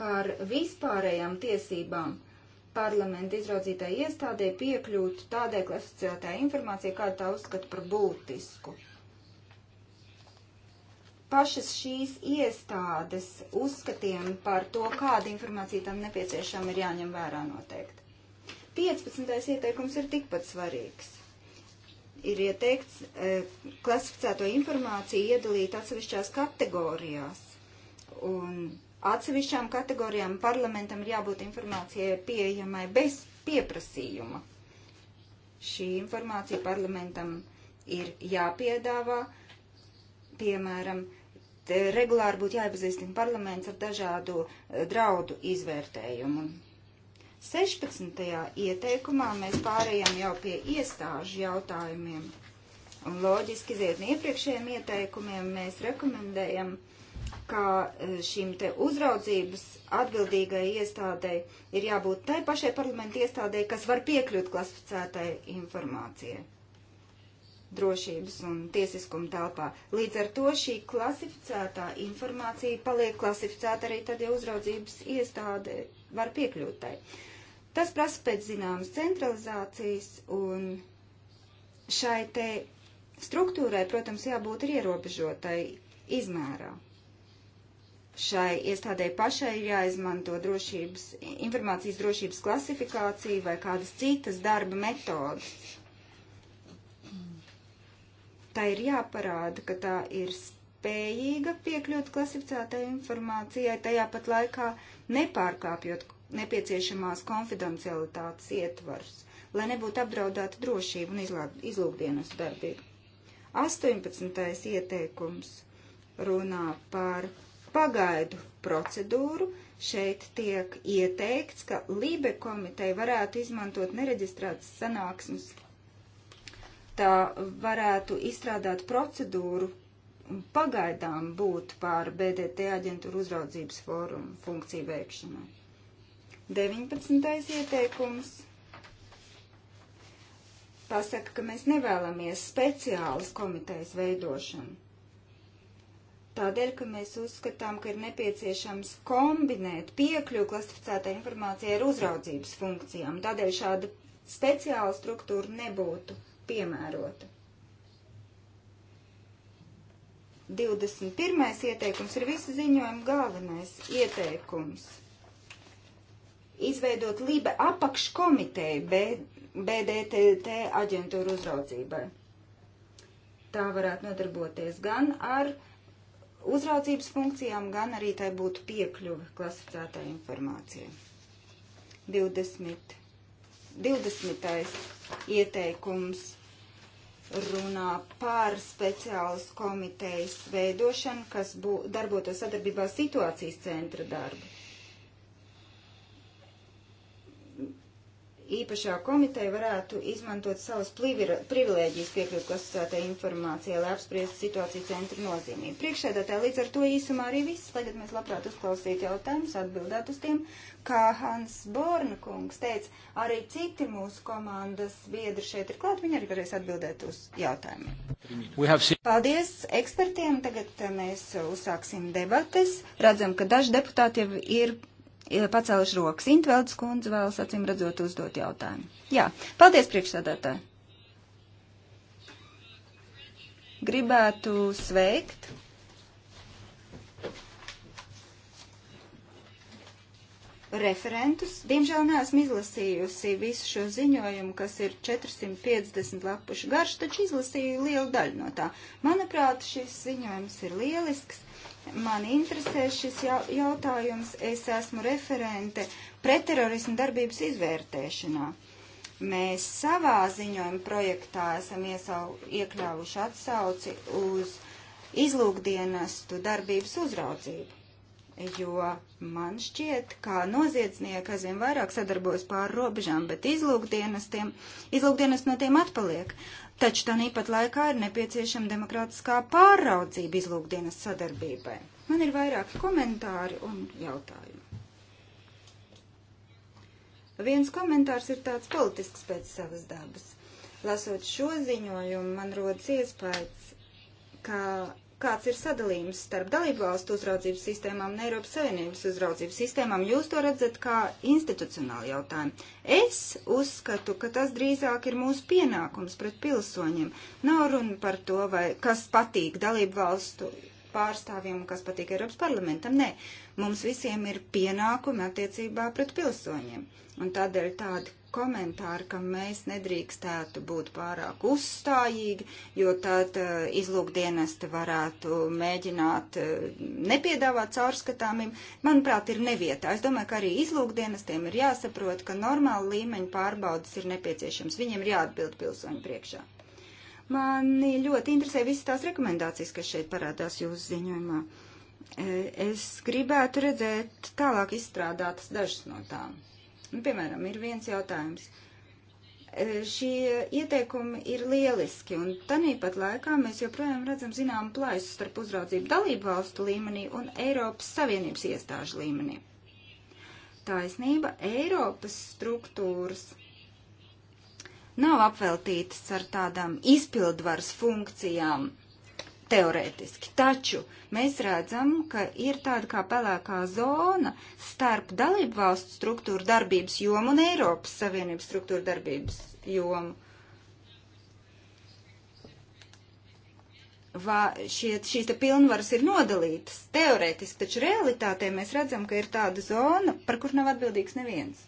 [SPEAKER 1] par vispārējām tiesībām parlamenta izraudzītai iestādē piekļūt tādai klasificētai informācijai, kāda tā uzskata par būtisku. Pašas šīs iestādes uzskatiem par to, kāda informācija tam nepieciešama, ir jāņem vērā noteikti. 15. ieteikums ir tikpat svarīgs ir ieteikts e, klasificēto informāciju iedalīt atsevišķās kategorijās. Un atsevišķām kategorijām parlamentam ir jābūt informācijai pieejamai bez pieprasījuma. Šī informācija parlamentam ir jāpiedāvā, piemēram, regulāri būtu jāiepazīstina parlaments ar dažādu e, draudu izvērtējumu 16. ieteikumā mēs pārējām jau pie iestāžu jautājumiem. Un loģiski iziet no iepriekšējiem ieteikumiem mēs rekomendējam, ka e, šīm te uzraudzības atbildīgai iestādei ir jābūt tai pašai parlamenta iestādei, kas var piekļūt klasificētai informācijai drošības un tiesiskuma telpā. Līdz ar to šī klasificētā informācija paliek klasificēta arī tad, ja uzraudzības iestāde var piekļūt tai. Uh, Tas prasa pēc zināmas centralizācijas un šai te struktūrai, protams, jābūt ir ierobežotai izmērā. Šai iestādē pašai ir jāizmanto drošības, informācijas drošības klasifikācija vai kādas citas darba metodas. Tā ir jāparāda, ka tā ir spējīga piekļūt klasificētai informācijai, tajā pat laikā nepārkāpjot nepieciešamās konfidencialitātes ietvarus, lai nebūtu apdraudēta drošība un izlūkdienas darbība. 18. ieteikums runā par pagaidu procedūru. Šeit tiek ieteikts, ka Lībe komiteja varētu izmantot nereģistrētas sanāksmes. Tā varētu izstrādāt procedūru un pagaidām būt pār BDT aģentūru uzraudzības fórumu funkciju veikšanai. 19. ieteikums pasaka, ka mēs nevēlamies speciālas komitejas veidošanu. Tādēļ, ka mēs uzskatām, ka ir nepieciešams kombinēt piekļuvu klasificētā informācija ar uzraudzības funkcijām. Tādēļ šāda speciāla struktūra nebūtu piemērota. 21. ieteikums ir visa ziņojuma galvenais ieteikums – izveidot Libe apakškomiteju BDTT aģentūru uzraudzībai. Tā varētu nodarboties gan ar uzraudzības funkcijām, gan arī tai būtu piekļuve klasificētai informācijai. 20. 20. ieteikums runā par speciālas komitejas veidošanu, kas bū, darbotos sadarbībā situācijas centra darbu. īpašā komiteja varētu izmantot savas privilēģijas piekļūt klasificētai informācijai, lai apspriestu situāciju centra nozīmību. Priekšsēdētāji līdz ar to īsumā arī viss. Tagad mēs labprāt uzklausītu jautājumus, atbildētu uz tiem. Kā Hans Borna kungs teica, arī citi mūsu komandas biedri šeit ir klāt, viņi arī varēs atbildēt uz jautājumiem. Paldies ekspertiem. Tagad mēs uzsāksim debates. Redzam, ka daži deputāti jau ir Eh, pacēluši rokas. Intveldes kundze vēlas acīm redzot uzdot jautājumu. Jā, paldies priekšsēdētāji. Gribētu sveikt. Referentus. Diemžēl neesmu izlasījusi visu šo ziņojumu, kas ir 450 lapušu garš, taču izlasīju lielu daļu no tā. Manuprāt, šis ziņojums ir lielisks Man interesē šis jautājums. Es esmu referente pretterorismu darbības izvērtēšanā. Mēs savā ziņojuma projektā esam iesau, iekļāvuši atsauci uz izlūkdienestu darbības uzraudzību jo man šķiet, ka noziedznieki aizvien vairāk sadarbojas pāri robežām, bet izlūkdienestiem, izlūkdienest no tiem atpaliek. Taču tā nīpat laikā ir nepieciešama demokrātiskā pārraudzība izlūkdienas sadarbībai. Man ir vairāki komentāri un jautājumi. Viens komentārs ir tāds politisks pēc savas dabas. Lasot šo ziņojumu, man rodas iespējas, ka kāds ir sadalījums starp dalībvalstu uzraudzības sistēmām un Eiropas Savienības uzraudzības sistēmām. Jūs to redzat kā institucionālu jautājumu. Es uzskatu, ka tas drīzāk ir mūsu pienākums pret pilsoņiem. Nav runa par to, vai kas patīk dalībvalstu pārstāvjiem, kas patīk Eiropas parlamentam. Nē, mums visiem ir pienākumi attiecībā pret pilsoņiem. Un tādēļ tādi komentāri, ka mēs nedrīkstētu būt pārāk uzstājīgi, jo tad uh, izlūkdienesti varētu mēģināt uh, nepiedāvāt caurskatāmību, manuprāt, ir nevietā. Es domāju, ka arī izlūkdienestiem ir jāsaprot, ka normāla līmeņa pārbaudas ir nepieciešams. Viņiem ir jāatbild pilsoņu priekšā. Mani ļoti interesē visas tās rekomendācijas, kas šeit parādās jūsu ziņojumā. E, es gribētu redzēt tālāk izstrādātas dažas no tām. Nu, piemēram, ir viens jautājums e, šie ieteikumi ir lieliski, un tanīpat laikā mēs joprojām redzam zinām plaisu starp uzraudzību dalību valstu līmenī un Eiropas Savienības iestāžu līmenī. Taisnība Eiropas struktūras nav apveltītas ar tādām izpildvaras funkcijām teorētiski. Taču mēs redzam, ka ir tāda kā pelēkā zona starp dalību valstu struktūru darbības jomu un Eiropas Savienības struktūru darbības jomu. Vā, šie, šīs te pilnvaras ir nodalītas teorētiski, taču realitātē mēs redzam, ka ir tāda zona, par kur nav atbildīgs neviens.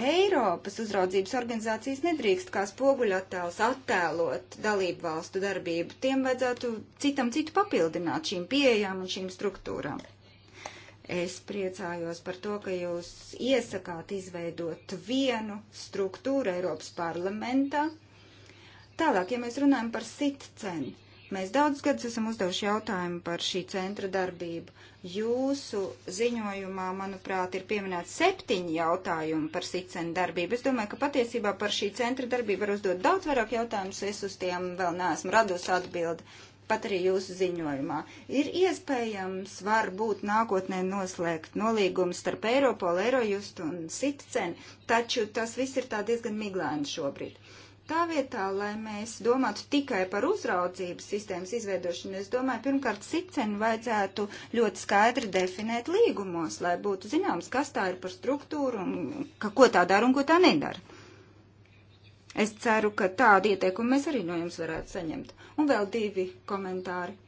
[SPEAKER 1] Eiropas uzraudzības organizācijas nedrīkst kā spoguļattēls attēlot dalību valstu darbību. Tiem vajadzētu citam citu papildināt šīm pieejām un šīm struktūrām. Es priecājos par to, ka jūs iesakāt izveidot vienu struktūru Eiropas parlamentā. Tālāk, ja mēs runājam par sitcenu, mēs daudz gadus esam uzdevuši jautājumu par šī centra darbību. Jūsu ziņojumā, manuprāt, ir pieminēts septiņi jautājumi par SICEN darbību. Es domāju, ka patiesībā par šī centra darbību var uzdot daudz vairāk jautājumus. Es uz tiem vēl neesmu radusi atbildi, pat arī jūsu ziņojumā. Ir iespējams, varbūt nākotnē noslēgt nolīgumus starp Eiropolu, Eirojust un SICEN, taču tas viss ir tā diezgan miglēni šobrīd. Tā vietā, lai mēs domātu tikai par uzraudzības sistēmas izveidošanu, es domāju, pirmkārt, sicenu vajadzētu ļoti skaidri definēt līgumos, lai būtu zināms, kas tā ir par struktūru un ka, ko tā dara un ko tā nedara. Es ceru, ka tādu ieteikumu mēs arī no jums varētu saņemt. Un vēl divi komentāri.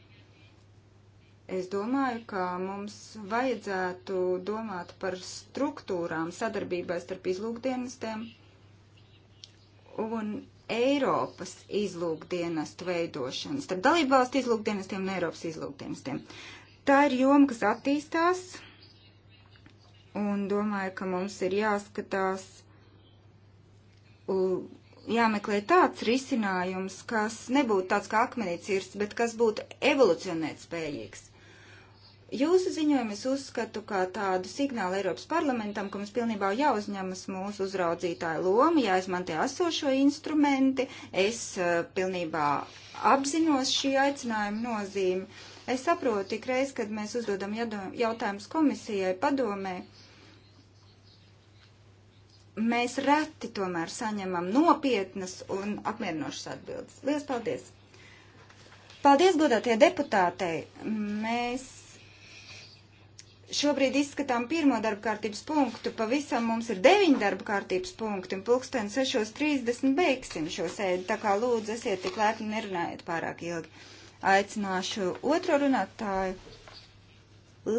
[SPEAKER 1] Es domāju, ka mums vajadzētu domāt par struktūrām sadarbībai starp izlūkdienestiem un Eiropas izlūkdienestu veidošanu, starp dalībvalstu izlūkdienestiem un Eiropas izlūkdienestiem. Tā ir joma, kas attīstās, un domāju, ka mums ir jāskatās, jāmeklē tāds risinājums, kas nebūtu tāds kā akmenīcirsts, bet kas būtu evolucionēt spējīgs. Jūsu ziņojumu es uzskatu kā tādu signālu Eiropas parlamentam, ka mums pilnībā jāuzņemas mūsu uzraudzītāja loma, jāizmanto esošo instrumenti. Es uh, pilnībā apzinos šī aicinājuma nozīmi. Es saprotu, ik reiz, kad mēs uzdodam jautājumus komisijai padomē, mēs reti tomēr saņemam nopietnas un apmierinošas atbildes. Lielas paldies! Paldies, godātie deputātei! Mēs Šobrīd izskatām pirmo darba kārtības punktu, pavisam mums ir deviņi darba kārtības punkti, un pulksten 6.30 beigsim šo sēdi, tā kā lūdzu esiet tik lēti un nerunājiet pārāk ilgi. Aicināšu otro runātāju,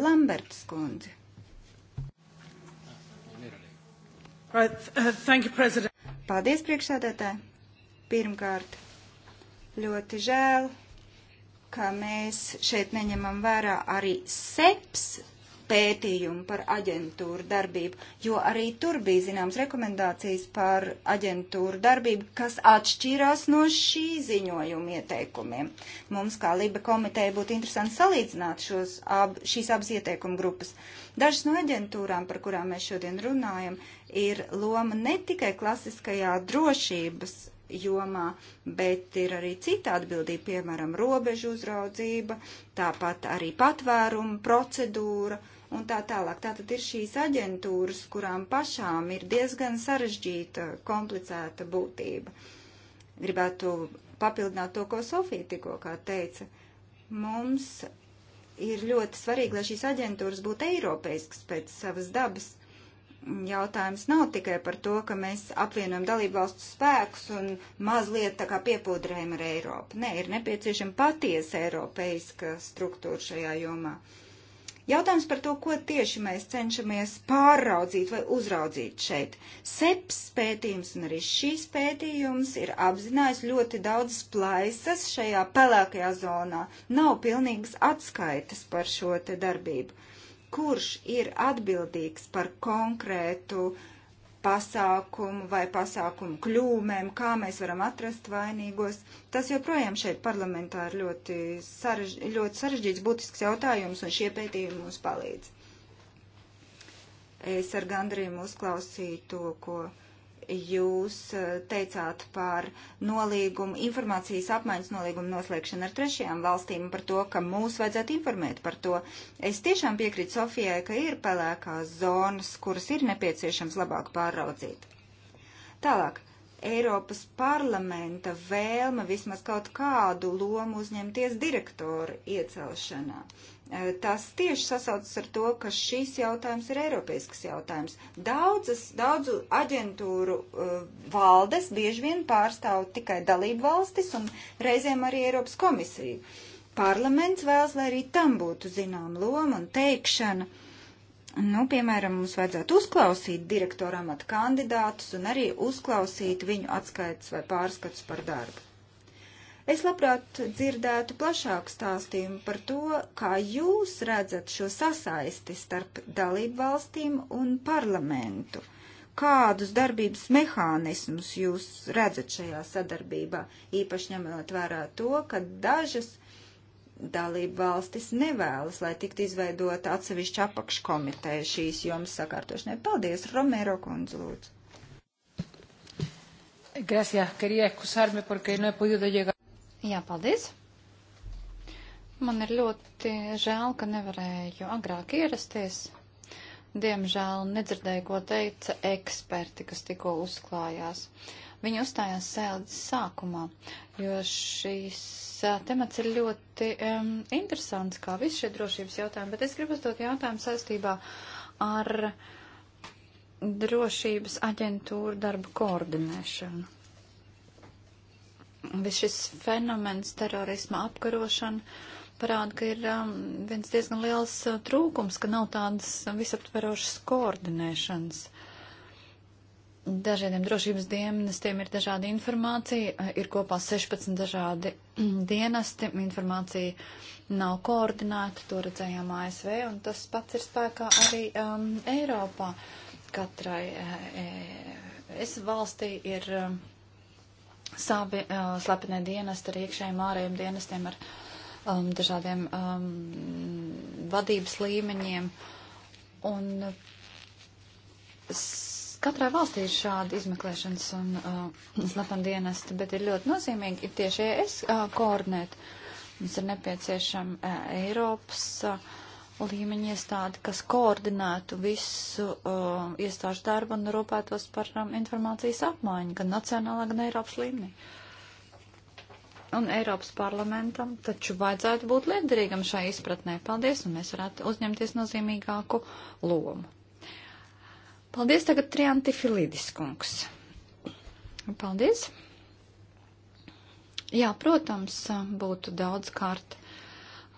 [SPEAKER 1] Lamberts kundzi. Uh, Paldies, priekšsādātāji. Pirmkārt, ļoti žēl, ka mēs šeit neņemam vērā arī seps pētījumu par aģentūru darbību, jo arī tur bija zināmas rekomendācijas par aģentūru darbību, kas atšķīrās no šī ziņojuma ieteikumiem. Mums, kā Liba komiteja, būtu interesanti salīdzināt šos ab, šīs abas ieteikumu grupas. Dažas no aģentūrām, par kurām mēs šodien runājam, ir loma ne tikai klasiskajā drošības jomā, bet ir arī cita atbildība, piemēram, robežu uzraudzība, tāpat arī patvērumu procedūra un tā tālāk. Tātad ir šīs aģentūras, kurām pašām ir diezgan sarežģīta, komplicēta būtība. Gribētu papildināt to, ko Sofija tikko teica. Mums ir ļoti svarīgi, lai šīs aģentūras būtu eiropeiskas pēc savas dabas. Jautājums nav tikai par to, ka mēs apvienojam dalību valstu spēkus un mazliet tā kā piepūdrējam ar Eiropu. Nē, ir nepieciešama patiesa eiropeiska struktūra šajā jomā. Uh, Jautājums par to, ko tieši mēs cenšamies pāraudzīt vai uzraudzīt šeit. SEPS pētījums un arī šīs pētījums ir apzinājis ļoti daudz plaisas šajā pelēkajā zonā. Nav pilnīgas atskaitas par šo te darbību. Kurš ir atbildīgs par konkrētu uh, pasākumu vai pasākumu kļūmēm, kā mēs varam atrast vainīgos. Tas joprojām šeit parlamentā ir ļoti, sarež, ļoti sarežģīts, būtisks jautājums, un šie pētījumi mums palīdz. Es ar gandrību uzklausīju to, ko jūs eh, teicāt par nolīgumu, informācijas apmaiņas nolīgumu noslēgšanu ar trešajām valstīm, par to, ka mūs vajadzētu informēt par to. Es tiešām piekrītu Sofijai, ka ir pelēkās zonas, kuras ir nepieciešams labāk pāraudzīt. Tālāk. Eiropas parlamenta vēlme vismaz kaut kādu lomu uzņemties direktoru iecelšanā. Uh, Eh, tas tieši sasaucas ar to, ka šīs jautājums ir Eiropisks jautājums. Daudzas, daudzu aģentūru uh, valdes bieži vien pārstāv tikai dalību valstis un reizēm arī Eiropas komisiju. Parlaments vēlas, lai arī tam būtu zinām loma un teikšana. Nu, piemēram, mums vajadzētu uzklausīt direktora amata kandidātus un arī uzklausīt viņu atskaites vai pārskatus par darbu. Es labprāt dzirdētu plašāku stāstījumu par to, kā jūs redzat šo sasaisti starp dalību valstīm un parlamentu. Kādus darbības mehānismus jūs redzat šajā sadarbībā, īpaši ņemot vērā to, ka dažas dalību valstis nevēlas, lai tiktu izveidota atsevišķa apakškomiteja šīs jomas
[SPEAKER 3] sakārtošanai. Paldies, Romero kundze, lūdzu.
[SPEAKER 2] Gracias, quería excusarme porque no he podido llegar. Jā, paldies!
[SPEAKER 3] Man ir ļoti žēl, ka nevarēju agrāk ierasties. Diemžēl nedzirdēju, ko teica eksperti, kas tikko uzklājās. Viņi uzstājās sēdes sākumā, jo šīs temats ir ļoti um, interesants, kā visi šie drošības jautājumi, bet es gribu uzdot jautājumu saistībā ar drošības aģentūru darba koordinēšanu. Viss šis fenomens, terorisma apkarošana, parāda, ka ir um, viens diezgan liels uh, trūkums, ka nav tādas visaptverošas koordinēšanas. Dažādiem drošības dienestiem ir dažāda informācija, uh, ir kopā 16 dažādi mm, dienesti, informācija nav koordinēta, to redzējām ASV, un tas pats ir spēkā arī um, Eiropā. Katrai uh, e, es valstī ir. Um, savi uh, slepenie dienesti ar iekšējiem ārējiem dienestiem, ar um, dažādiem um, vadības līmeņiem. Un katrā valstī ir šādi izmeklēšanas un uh, slepeni dienesti, bet ir ļoti nozīmīgi ir tieši ES uh, koordinēt. Mums ir nepieciešama uh, Eiropas. Uh, līmeņa iestādi, kas koordinētu visu uh, iestāžu darbu un rūpētos par um, informācijas apmaiņu gan nacionālā, gan Eiropas līmenī. Un Eiropas parlamentam taču vajadzētu būt liederīgam šai izpratnē. Paldies, un mēs varētu uzņemties nozīmīgāku lomu. Paldies tagad Trianti Filidis kungs. Paldies. Jā, protams, būtu daudz kārt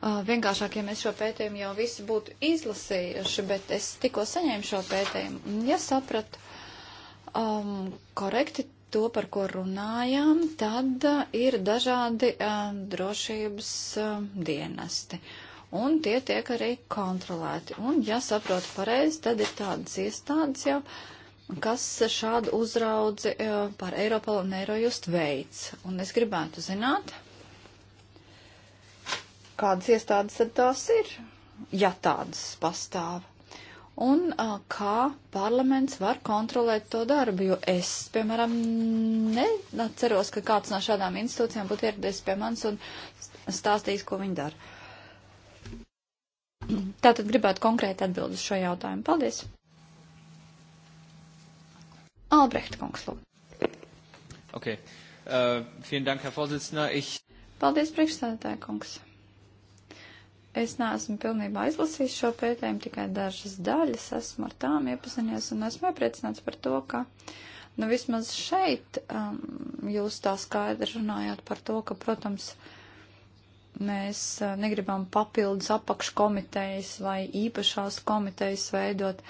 [SPEAKER 3] Ah, vienkāršāk, ja mēs šo pētījumu jau visi būtu izlasījuši, bet es tikko saņēmu šo pētījumu. Ja sapratu um, korekti to, par ko runājām, tad uh, ir dažādi uh, drošības uh, dienesti. Un tie tiek arī kontrolēti. Un, ja saprotu pareizi, tad ir tādas iestādes jau, kas šādu uzraudzi uh, par Eiropalu un Eirojust veids. Un es gribētu zināt, uh, kādas iestādes tad tās ir, ja tādas pastāv. Un a, kā parlaments var kontrolēt to darbu, jo es, piemēram, neceros, ka kāds no šādām institūcijām būtu ieradies pie manis un stāstījis, ko viņi dara. Tātad gribētu konkrēti atbildi uz šo jautājumu. Paldies! Albrecht kungs, lūdzu.
[SPEAKER 1] Okay. Uh, vielen Dank, Herr Vorsitzender. Ich...
[SPEAKER 3] Paldies, priekšstādātāja kungs. Es neesmu pilnībā izlasījis šo pētījumu, tikai dažas daļas esmu ar tām iepazinies un esmu iepriecināts par to, ka nu, vismaz šeit um, jūs tā skaidri runājāt par to, ka, protams, mēs uh, negribam papildus apakškomitejas vai īpašās komitejas veidot,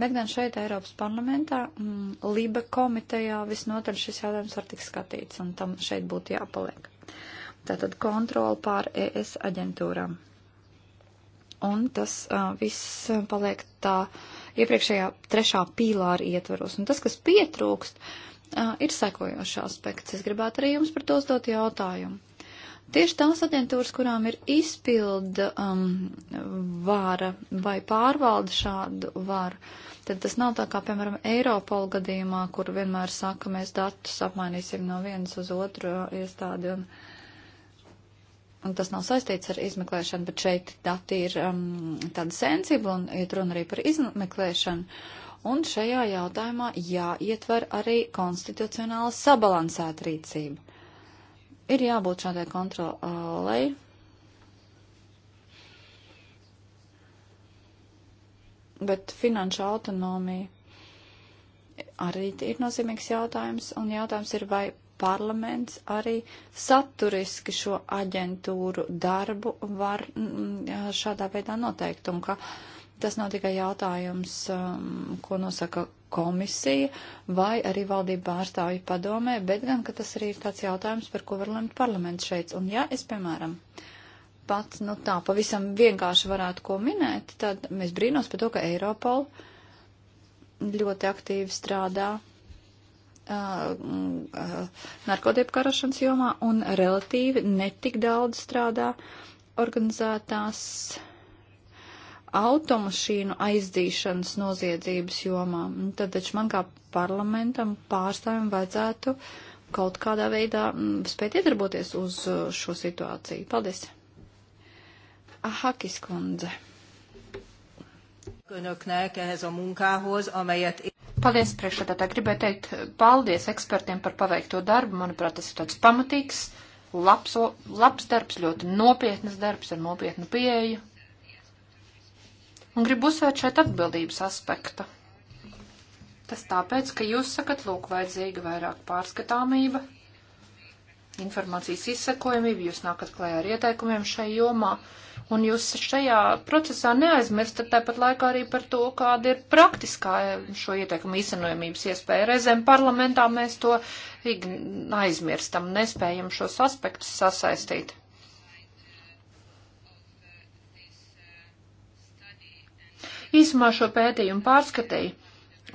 [SPEAKER 3] bet gan šeit Eiropas parlamentā, mm, Liba komitejā visnotaļ šis jautājums var tik skatīts un tam šeit būtu jāpaliek. Tātad kontroli pār ES aģentūrām un tas uh, viss paliek tā iepriekšējā trešā pīlāra ietvaros. Un tas, kas pietrūkst, uh, ir sekojošs aspekts. Es gribētu arī jums par to uzdot jautājumu. Tieši tās aģentūras, kurām ir izpilda um, vāra vai pārvalda šādu varu, tad tas nav tā kā, piemēram, Eiropola gadījumā, kur vienmēr saka, mēs datus apmainīsim no vienas uz otru iestādi un uh, un tas nav saistīts ar izmeklēšanu, bet šeit dati ir um, tāda sensibla un iet runa arī par izmeklēšanu. Un šajā jautājumā jāietver arī konstitucionāli sabalansēta rīcība. Ir jābūt šādai kontrolei. Bet finanšu autonomija arī ir nozīmīgs jautājums, un jautājums ir, vai parlaments arī saturiski šo aģentūru darbu var mm, mm, šādā veidā noteikt, un ka tas nav tikai jautājums, um, ko nosaka komisija vai arī valdība pārstāvja padomē, bet gan, ka tas arī ir tāds jautājums, par ko var lemt parlaments šeit. Un ja es, piemēram, pats, nu tā, pavisam vienkārši varētu ko minēt, tad mēs brīnos par to, ka Eiropola ļoti aktīvi strādā narkotiku karošanas jomā un relatīvi netik daudz strādā organizētās automašīnu aizdīšanas noziedzības jomā. Tad taču man kā parlamentam pārstāvjiem vajadzētu kaut kādā veidā mm, spēt iedarboties uz šo situāciju. Paldies!
[SPEAKER 2] Ahakis kundze. Önöknek ehhez a munkához, amelyet Paldies, priekšsēdētāji. Gribēju teikt paldies ekspertiem par paveikto darbu. Manuprāt, tas ir tāds pamatīgs, labs, labs darbs, ļoti nopietnas darbs ar nopietnu pieeju. Un gribu uzsvērt šeit atbildības aspekta. Tas tāpēc, ka jūs sakat, lūk, vajadzīga vairāk pārskatāmība informācijas izsakojamību, jūs nākat klējā ar ieteikumiem šai jomā, un jūs šajā procesā neaizmirstat tāpat laikā arī par to, kāda ir praktiskā eh, šo ieteikumu īstenojamības iespēja. Reizēm parlamentā mēs to aizmirstam, nespējam šos aspektus sasaistīt. Īsumā šo pētījumu pārskatīju.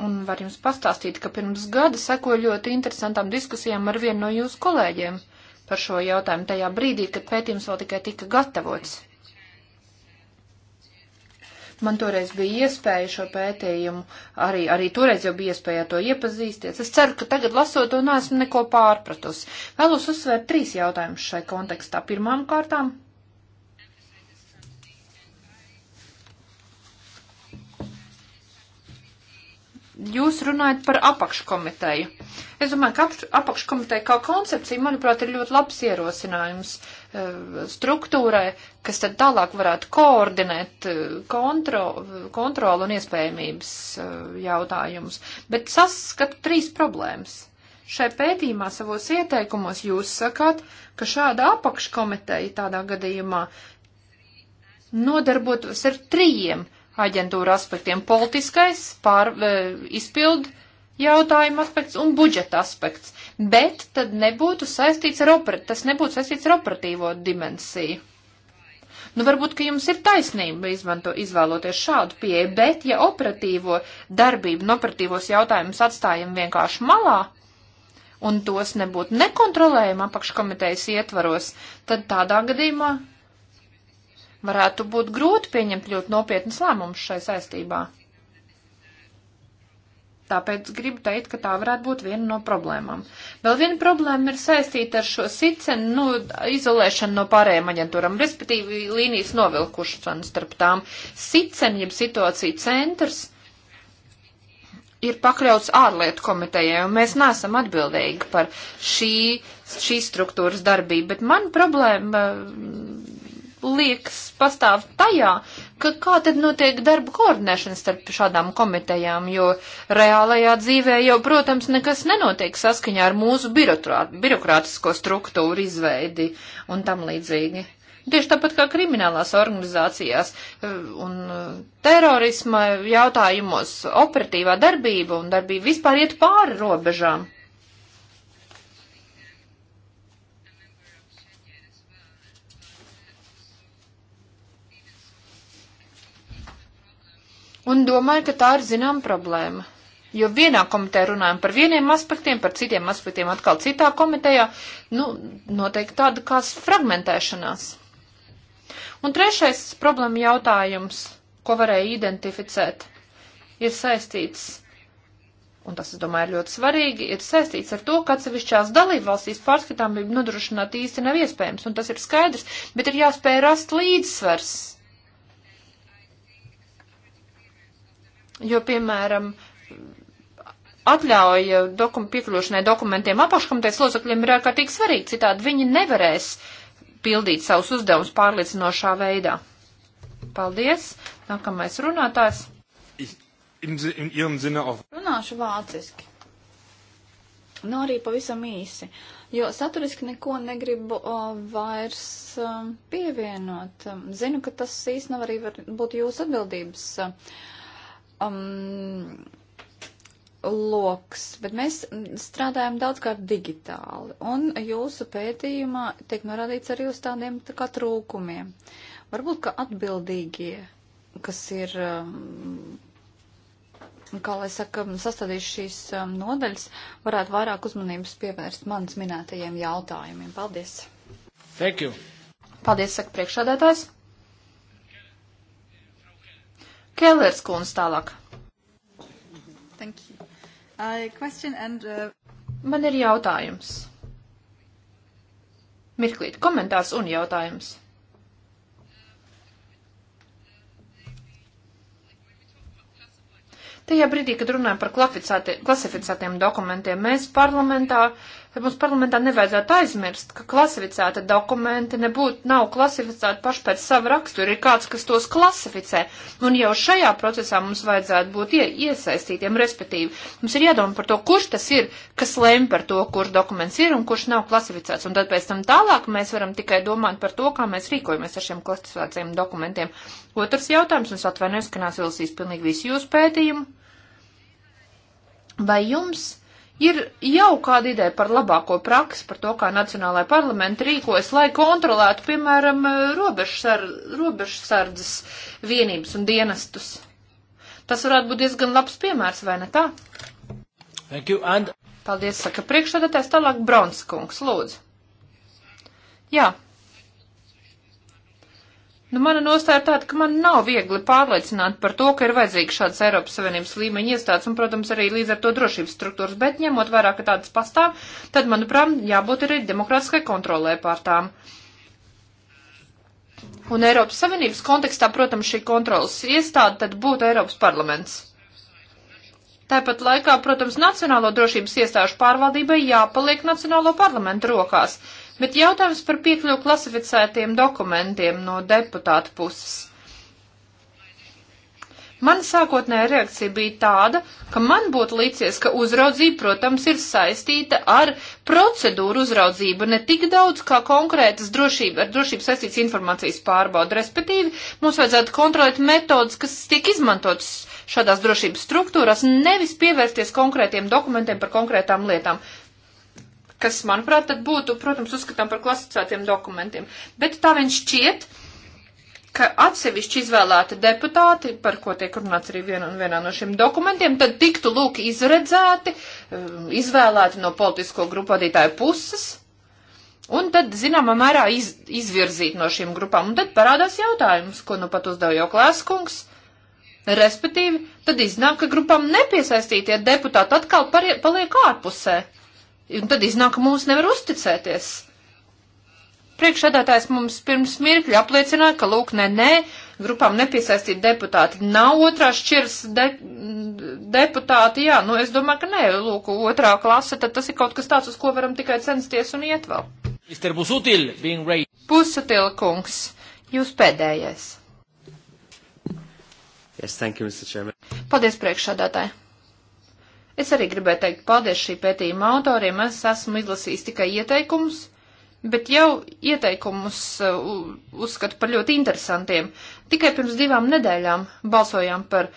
[SPEAKER 2] Un var jums pastāstīt, ka pirms gada sekoju ļoti interesantām diskusijām ar vienu no jūsu kolēģiem par šo jautājumu tajā brīdī, kad pētījums vēl tikai tika gatavots. Man toreiz bija iespēja šo pētījumu, arī, arī toreiz jau bija iespēja to iepazīsties. Es ceru, ka tagad lasot to neesmu neko pārpratusi. Vēlos uzsvērt trīs jautājumus šai kontekstā. Pirmām kārtām Jūs runājat par apakškomiteju. Es domāju, ka apakškomiteja kā koncepcija, manuprāt, ir ļoti labs ierosinājums e, struktūrai, kas tad tālāk varētu koordinēt e, kontro, kontrolu un iespējamības e, jautājumus. Bet saskatu trīs problēmas. Šai pētījumā savos ieteikumos jūs sakāt, ka šāda apakškomiteja tādā gadījumā nodarbotos ar trījiem aģentūra aspektiem - politiskais, pār, e, izpildu jautājuma aspekts un budžeta aspekts, bet tad nebūtu saistīts ar, operat, tas nebūtu saistīts ar operatīvo dimensiju. Nu, varbūt, ka jums ir taisnība izmanto, izvēloties šādu pieeju, bet ja operatīvo darbību un operatīvos jautājumus atstājam vienkārši malā, un tos nebūtu nekontrolējama apakškomitejas ietvaros, tad tādā gadījumā varētu būt grūti pieņemt ļoti nopietnas lēmumus šai saistībā. Tāpēc gribu teikt, ka tā varētu būt viena no problēmām. Vēl viena problēma ir saistīta ar šo sicenu nu, izolēšanu no pārējām aģentūram, respektīvi līnijas novilkušanu starp tām. Sicen, jeb situācija centrs, ir pakļauts ārlietu komitejai, un mēs neesam atbildīgi par šī, šī struktūras darbību, bet man problēma liekas pastāv tajā, ka kā tad notiek darba koordinēšana starp šādām komitejām, jo reālajā dzīvē jau, protams, nekas nenotiek saskaņā ar mūsu birokrātisko struktūru izveidi un tam līdzīgi. Tieši tāpat kā kriminālās organizācijās e, un e, terorisma jautājumos operatīvā darbība un darbība vispār iet pāri robežām. Un domāju, ka tā ir zinām problēma. Jo vienā komitejā runājam par vieniem aspektiem, par citiem aspektiem atkal citā komitejā, nu, noteikti tāda kā fragmentēšanās. Un trešais problēma jautājums, ko varēja identificēt, ir saistīts, un tas, es domāju, ir ļoti svarīgi, ir saistīts ar to, ka atsevišķās dalībvalstīs pārskatāmību nodrošināt īsti nav iespējams, un tas ir skaidrs, bet ir jāspēj rast līdzsvers jo, piemēram, atļauja dokum piekļūšanai dokumentiem apakškomitejas locekļiem ir ārkārtīgi svarīgi, citādi viņi nevarēs pildīt savus uzdevumus pārliecinošā veidā. Paldies. Nākamais runātājs. Runāšu
[SPEAKER 3] vāciski. Nu, arī pavisam īsi, jo saturiski neko negribu o, vairs o, um, pievienot. Um, zinu, ka tas īsti nav arī var būt jūsu atbildības. O, um, um, loks, bet mēs strādājam daudzkārt digitāli. Un jūsu pētījumā tiek norādīts arī uz tādiem tā kā trūkumiem. Varbūt, ka atbildīgie, kas ir, um, kā lai saka, sastādījuši šīs um, nodaļas, varētu vairāk uzmanības pievērst manas minētajiem jautājumiem. Paldies! Thank you! Paldies, saka priekšādātājs!
[SPEAKER 2] Kellers kundz tālāk.
[SPEAKER 3] Thank you. Uh, question and, uh...
[SPEAKER 2] Man ir jautājums. Mirklīt, komentārs un jautājums. Tajā brīdī, kad runājam par klasificētiem dokumentiem, mēs parlamentā uh, Vai mums parlamentā nevajadzētu aizmirst, ka klasificēta dokumenti nebūtu, nav klasificēti paši pēc sava rakstura, ir kāds, kas tos klasificē, un jau šajā procesā mums vajadzētu būt ie, iesaistītiem, respektīvi, mums ir jādomā par to, kurš tas ir, kas lem par to, kurš dokuments ir un kurš nav klasificēts, un tad pēc tam tālāk mēs varam tikai domāt par to, kā mēs rīkojamies ar šiem klasificētajiem dokumentiem. Otrs jautājums, un es atvainojos, ka nāc vilsīs pilnīgi visu jūsu pētījumu. Vai jums? Ir jau kāda ideja par labāko praksi, par to, kā Nacionālajā parlamenta rīkojas, lai kontrolētu, piemēram, robežsar, robežsardzes vienības un dienestus. Tas varētu būt diezgan labs piemērs, vai ne tā? Thank you, and... Paldies, saka priekšsēdētājs, tālāk Bronskungs, lūdzu. Jā, Nu, mana nostāja ir tāda, ka man nav viegli pārliecināt par to, ka ir vajadzīgs šāds Eiropas Savienības līmeņa iestāds un, protams, arī līdz ar to drošības struktūras, bet ņemot vairāk, ka tādas pastāv, tad, manuprāt, jābūt arī demokrātiskai kontrolē pār tām. Un Eiropas Savienības kontekstā, protams, šī kontrolas iestāde tad būtu Eiropas parlaments. Tāpat laikā, protams, Nacionālo drošības iestāžu pārvaldībai jāpaliek Nacionālo parlamentu rokās. Bet jautājums par piekļuvu klasificētiem dokumentiem no deputāta puses. Man sākotnējā reakcija bija tāda, ka man būtu līdzies, ka uzraudzība, protams, ir saistīta ar procedūru uzraudzību ne tik daudz kā konkrētas drošība, ar drošību saistīts informācijas pārbauda. Respektīvi, mums vajadzētu kontrolēt metodas, kas tiek izmantotas šādās drošības struktūrās, nevis pievērsties konkrētiem dokumentiem par konkrētām lietām kas, manuprāt, tad būtu, protams, uzskatām par klasificētiem dokumentiem. Bet tā viņš šķiet, ka atsevišķi izvēlēti deputāti, par ko tiek runāts arī vien, vienā no šiem dokumentiem, tad tiktu lūk izredzēti, um, izvēlēti no politisko grupu vadītāju puses. Un tad, zināmā mērā, iz, izvirzīt no šīm grupām. Un tad parādās jautājums, ko nu pat uzdeva jau klēskungs. Respektīvi, tad iznāk, ka grupām nepiesaistītie deputāti atkal parie, paliek ārpusē. Uh, Un tad iznāk mums nevar uzticēties. Priekšsēdētājs mums pirms mirkļa apliecināja, ka lūk, nē, nē, grupām nepiesaistīt deputāti. Nav otrā šķiras de deputāti, jā, nu es domāju, ka nē, lūk, otrā klase, tad tas ir kaut kas tāds, uz ko varam tikai censties un iet vēl. Busutil, Pusutil kungs, jūs pēdējais.
[SPEAKER 3] Yes, thank you, Mr. Chairman.
[SPEAKER 2] Paldies, priekšsādātāji. Es arī gribēju teikt paldies šī pētījuma autoriem. Es esmu izlasījis tikai ieteikumus, bet jau ieteikumus uh, uzskatu par ļoti interesantiem. Tikai pirms divām nedēļām balsojām par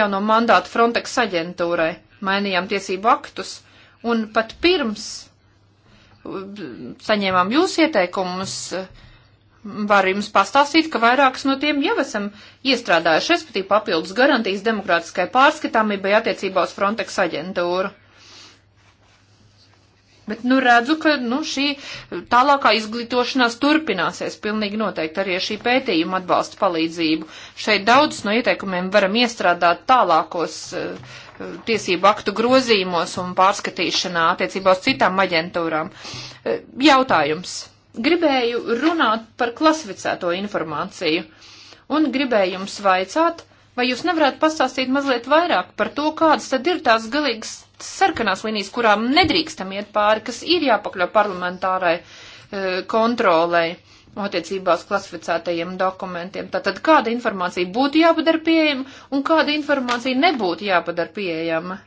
[SPEAKER 2] jauno mandātu Frontex aģentūrai, mainījām tiesību aktus, un pat pirms uh, saņēmām jūs ieteikumus, uh, Var jums pastāstīt, ka vairākas no tiem jau esam iestrādājuši, respektīvi papildus garantijas demokrātiskai pārskatāmībai attiecībā uz Frontex aģentūru. Bet, nu, redzu, ka, nu, šī tālākā izglītošanās turpināsies pilnīgi noteikti arī ar šī pētījuma atbalsta palīdzību. Šeit daudz no ieteikumiem varam iestrādāt tālākos uh, tiesību aktu grozījumos un pārskatīšanā attiecībā uz citām aģentūrām. Uh, jautājums gribēju runāt par klasificēto informāciju un gribēju jums vaicāt, vai jūs nevarētu pastāstīt mazliet vairāk par to, kādas tad ir tās galīgas sarkanās līnijas, kurām nedrīkstam iet pāri, kas ir jāpakļau parlamentārai e, kontrolei attiecībā uz klasificētajiem dokumentiem. Tātad kāda informācija būtu jāpadara pieejama un kāda informācija nebūtu jāpadara pieejama?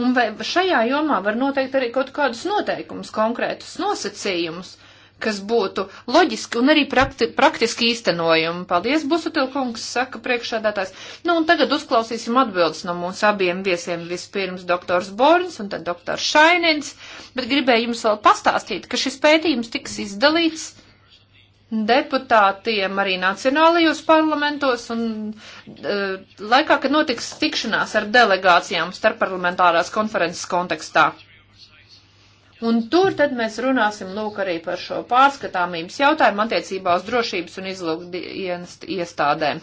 [SPEAKER 2] Un vai šajā jomā var noteikt arī kaut kādus noteikumus, konkrētus nosacījumus, uh, kas būtu loģiski un arī prakti, praktiski īstenojumi. Paldies, Busutil kungs, saka priekšādātājs. Nu, un tagad uzklausīsim atbildes no mūsu abiem viesiem. Vispirms doktors Borns un tad doktors Šainins. Bet gribēju jums vēl pastāstīt, ka šis pētījums tiks izdalīts deputātiem arī nacionālajos parlamentos un e, laikā, kad notiks tikšanās ar delegācijām starpparlamentārās konferences kontekstā. Un tur tad mēs runāsim lūk arī par šo pārskatāmības jautājumu attiecībā uz drošības un izlūkdienas iestādēm.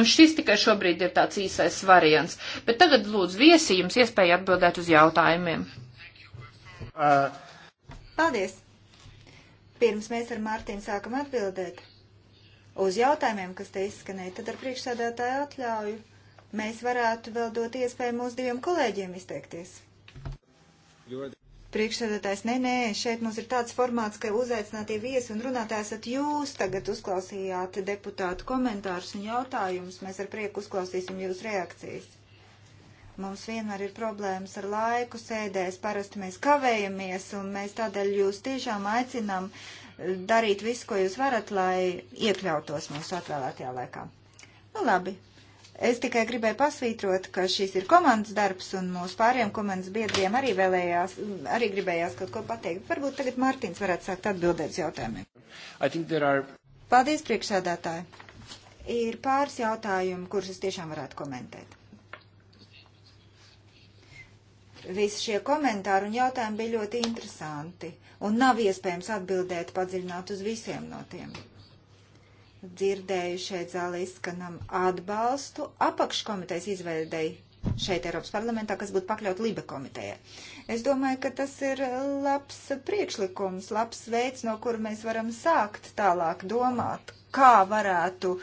[SPEAKER 2] Un šis tikai šobrīd ir tāds īsais variants. Bet tagad lūdzu viesi jums iespēja atbildēt uz jautājumiem. Uh.
[SPEAKER 1] Paldies! Pirms mēs ar Mārtiņu sākam atbildēt uz jautājumiem, kas te izskanēja, tad ar priekšsēdētāju atļauju mēs varētu vēl dot iespēju mūsu diviem kolēģiem izteikties. Ļoti. Priekšsēdētājs, nē, nē, šeit mums ir tāds formāts, ka uzaicinātie viesi un runātāji esat jūs. Tagad uzklausījāt deputātu komentārus un jautājumus. Mēs ar prieku uzklausīsim jūsu reakcijas. Mums vienmēr ir problēmas ar laiku sēdēs, parasti mēs kavējamies, un mēs tādēļ jūs tiešām aicinām eh, darīt visu, ko jūs varat, lai iekļautos mūsu atvēlētajā laikā. Nu, labi, Es tikai gribēju pasvītrot, ka šis ir komandas darbs un mūsu pāriem komandas biedriem arī vēlējās, arī gribējās kaut ko pateikt. Varbūt tagad Mārtiņš varētu sākt atbildēt uz jautājumiem.
[SPEAKER 3] Are...
[SPEAKER 1] Paldies, priekšsādātāji. Ir pāris jautājumu, kurus es tiešām varētu komentēt. Visi šie komentāri un jautājumi bija ļoti interesanti, un nav iespējams atbildēt padziļināt uz visiem no tiem dzirdēju šeit zālē izskanam atbalstu apakškomitejas izveidēji šeit Eiropas parlamentā, kas būtu pakļaut Libe komitejai. Es domāju, ka tas ir labs priekšlikums, labs veids, no kura mēs varam sākt tālāk domāt, kā varētu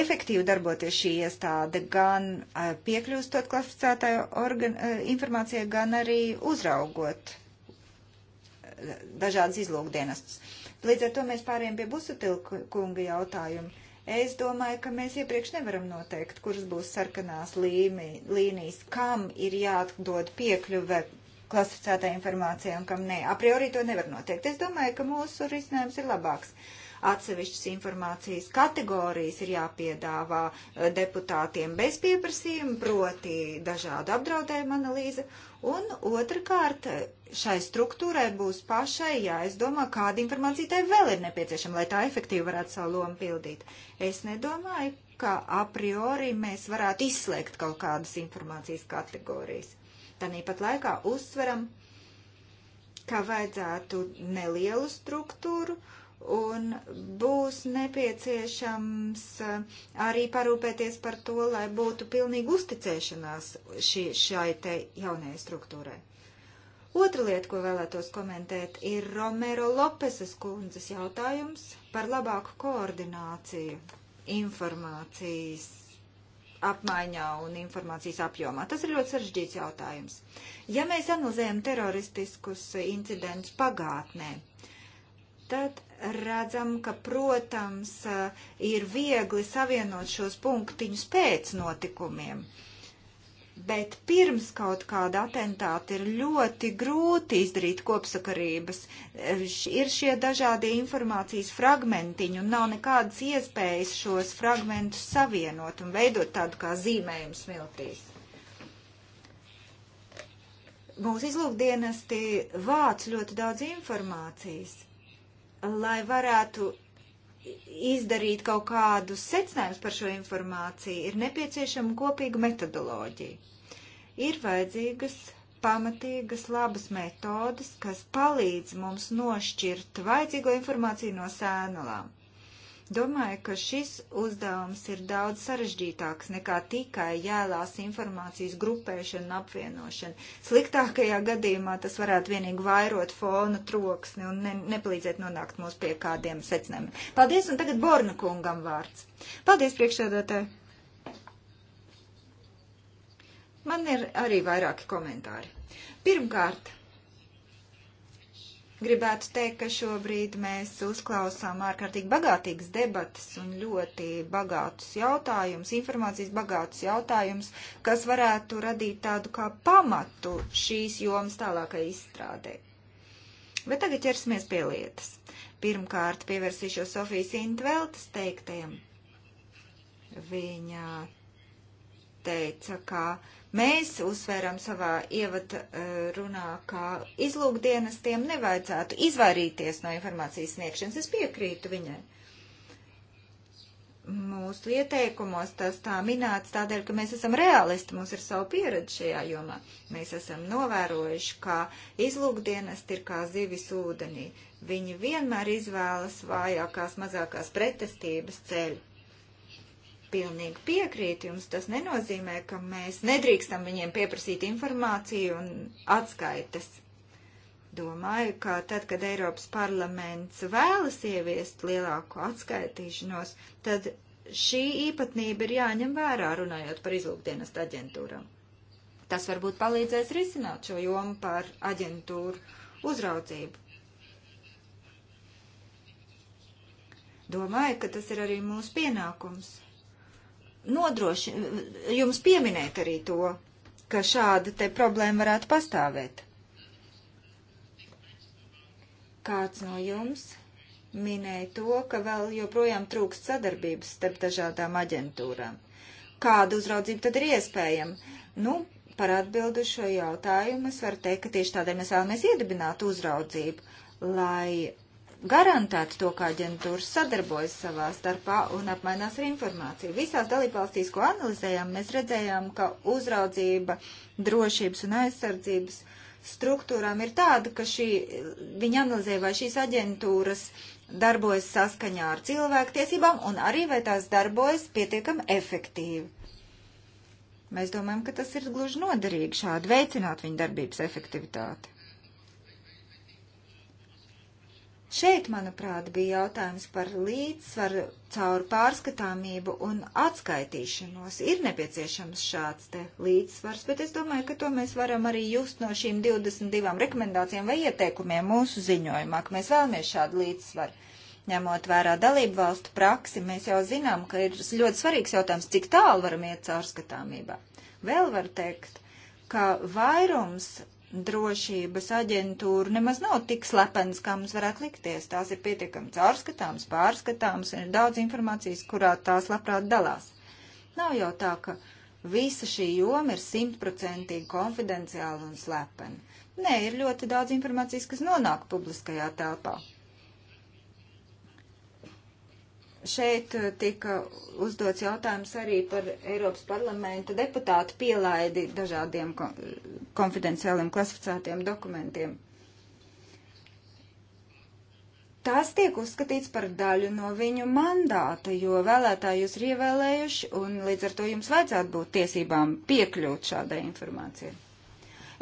[SPEAKER 1] efektīvi darboties šī iestāde, gan piekļūstot klasificētāju organ, informācijai, gan arī uzraugot dažādas izlūkdienestus. Līdz ar to mēs pārējām pie Busutilka kunga jautājumu. Es domāju, ka mēs iepriekš nevaram noteikt, kuras būs sarkanās līmi, līnijas, kam ir jāatdod piekļuve klasificētā informācija un kam nē. A priori to nevar noteikt. Es domāju, ka mūsu risinājums ir labāks. Uh, atsevišķas informācijas kategorijas ir jāpiedāvā eh, deputātiem bez pieprasījuma, proti dažādu apdraudējumu analīze. Un otrkārt, šai struktūrai būs pašai jāizdomā, kāda informācija tai vēl ir nepieciešama, lai tā efektīvi varētu savu lomu pildīt. Es nedomāju, ka a priori mēs varētu izslēgt kaut kādas informācijas kategorijas. Tāpat laikā uzsveram, ka vajadzētu nelielu struktūru uh, un būs nepieciešams eh, arī parūpēties par to, lai būtu pilnīgi uzticēšanās šī, šai te jaunajai struktūrai. Otra lieta, ko vēlētos komentēt, ir Romero Lopeses kundzes jautājums par labāku koordināciju informācijas apmaiņā un informācijas apjomā. Tas ir ļoti sarežģīts jautājums. Ja mēs analizējam teroristiskus incidentus pagātnē, tad redzam, ka, protams, ir viegli savienot šos punktiņus pēc notikumiem. Bet pirms kaut kāda atentāta ir ļoti grūti izdarīt kopsakarības. Ir šie dažādi informācijas fragmentiņi un nav nekādas iespējas šos fragmentus savienot un veidot tādu kā zīmējumu smiltīs. Mūsu izlūkdienesti vāc ļoti daudz informācijas lai varētu izdarīt kaut kādus secinājumus par šo informāciju, ir nepieciešama kopīga metodoloģija. Ir vajadzīgas pamatīgas, labas metodas, kas palīdz mums nošķirt vajadzīgo informāciju no sēnalām. Domāju, ka šis uzdevums ir daudz sarežģītāks nekā tikai jēlās informācijas grupēšana un apvienošana. Sliktākajā gadījumā tas varētu vienīgi vairot fona troksni un ne, nepalīdzēt nonākt mūs pie kādiem secinājumiem. Paldies, un tagad Borna kungam vārds. Paldies, priekšsēdētāji! Man ir arī vairāki komentāri. Pirmkārt, Gribētu teikt, ka šobrīd mēs uzklausām ārkārtīgi bagātīgas debatas un ļoti bagātus jautājumus, informācijas bagātus jautājumus, kas varētu radīt tādu kā pamatu šīs jomas tālākai izstrādē. Bet tagad ķersimies pie lietas. Pirmkārt pievērsīšos Sofijas Intveltas teiktajam. Viņa teica, ka mēs uzsvēram savā ievadrunā, e, ka izlūkdienestiem nevajadzētu izvairīties no informācijas sniegšanas. Es piekrītu viņai mūsu ieteikumos tas tā minēts tādēļ, ka mēs esam realisti, mums ir savu pieredzi šajā jomā. Mēs esam novērojuši, ka izlūkdienesti ir kā zivis ūdenī. Viņi vienmēr izvēlas vājākās, mazākās pretestības ceļu pilnīgi piekrītu jums. Tas nenozīmē, ka mēs nedrīkstam viņiem pieprasīt informāciju un atskaites. Domāju, ka tad, kad Eiropas parlaments vēlas ieviest lielāku atskaitīšanos, tad šī īpatnība ir jāņem vērā, runājot par izlūkdienas aģentūram. Tas varbūt palīdzēs risināt šo jomu par aģentūru uzraudzību. Domāju, ka tas ir arī mūsu pienākums nodroši, jums pieminēt arī to, ka šāda te problēma varētu pastāvēt. Kāds no jums minēja to, ka vēl joprojām trūkst sadarbības starp dažādām aģentūrām. Kāda uzraudzība tad ir iespējama? Nu, par atbildu šo jautājumu es varu teikt, ka tieši tādēļ mēs vēlamies iedibināt uzraudzību, lai garantētu to, kā aģentūras sadarbojas savā starpā un apmainās ar informāciju. Visās dalībvalstīs, ko analizējām, mēs redzējām, ka uzraudzība drošības un aizsardzības struktūrām ir tāda, ka šī, viņi analizē, vai šīs aģentūras darbojas saskaņā ar cilvēktiesībām un arī vai tās darbojas pietiekami efektīvi. Mēs domājam, ka tas ir gluži noderīgi šādi veicināt viņu darbības efektivitāti. Šeit, manuprāt, bija jautājums par līdzsvaru caur pārskatāmību un atskaitīšanos. Ir nepieciešams šāds te līdzsvars, bet es domāju, ka to mēs varam arī just no šīm 22 rekomendācijām vai ieteikumiem mūsu ziņojumā, ka mēs vēlamies šādu līdzsvaru. Ņemot vērā dalību valstu praksi, mēs jau zinām, ka ir ļoti svarīgs jautājums, cik tālu varam iet caurskatāmībā. Vēl var teikt, ka vairums drošības aģentūra nemaz nav tik slepenas, kā mums varētu likties. Tās ir pietiekami caurskatāmas, pārskatāmas, ir daudz informācijas, kurā tās labprāt dalās. Nav jau tā, ka visa šī joma ir simtprocentīgi konfidenciāla un slepena. Nē, ir ļoti daudz informācijas, kas nonāk publiskajā telpā. Šeit eh, tika uzdots jautājums arī par Eiropas parlamenta deputātu pielaidi dažādiem konfidenciāliem klasificētiem dokumentiem. Tās tiek uzskatīts par daļu no viņu mandāta, jo vēlētāji jūs ir ievēlējuši un līdz ar to jums vajadzētu būt tiesībām piekļūt šādai informācijai.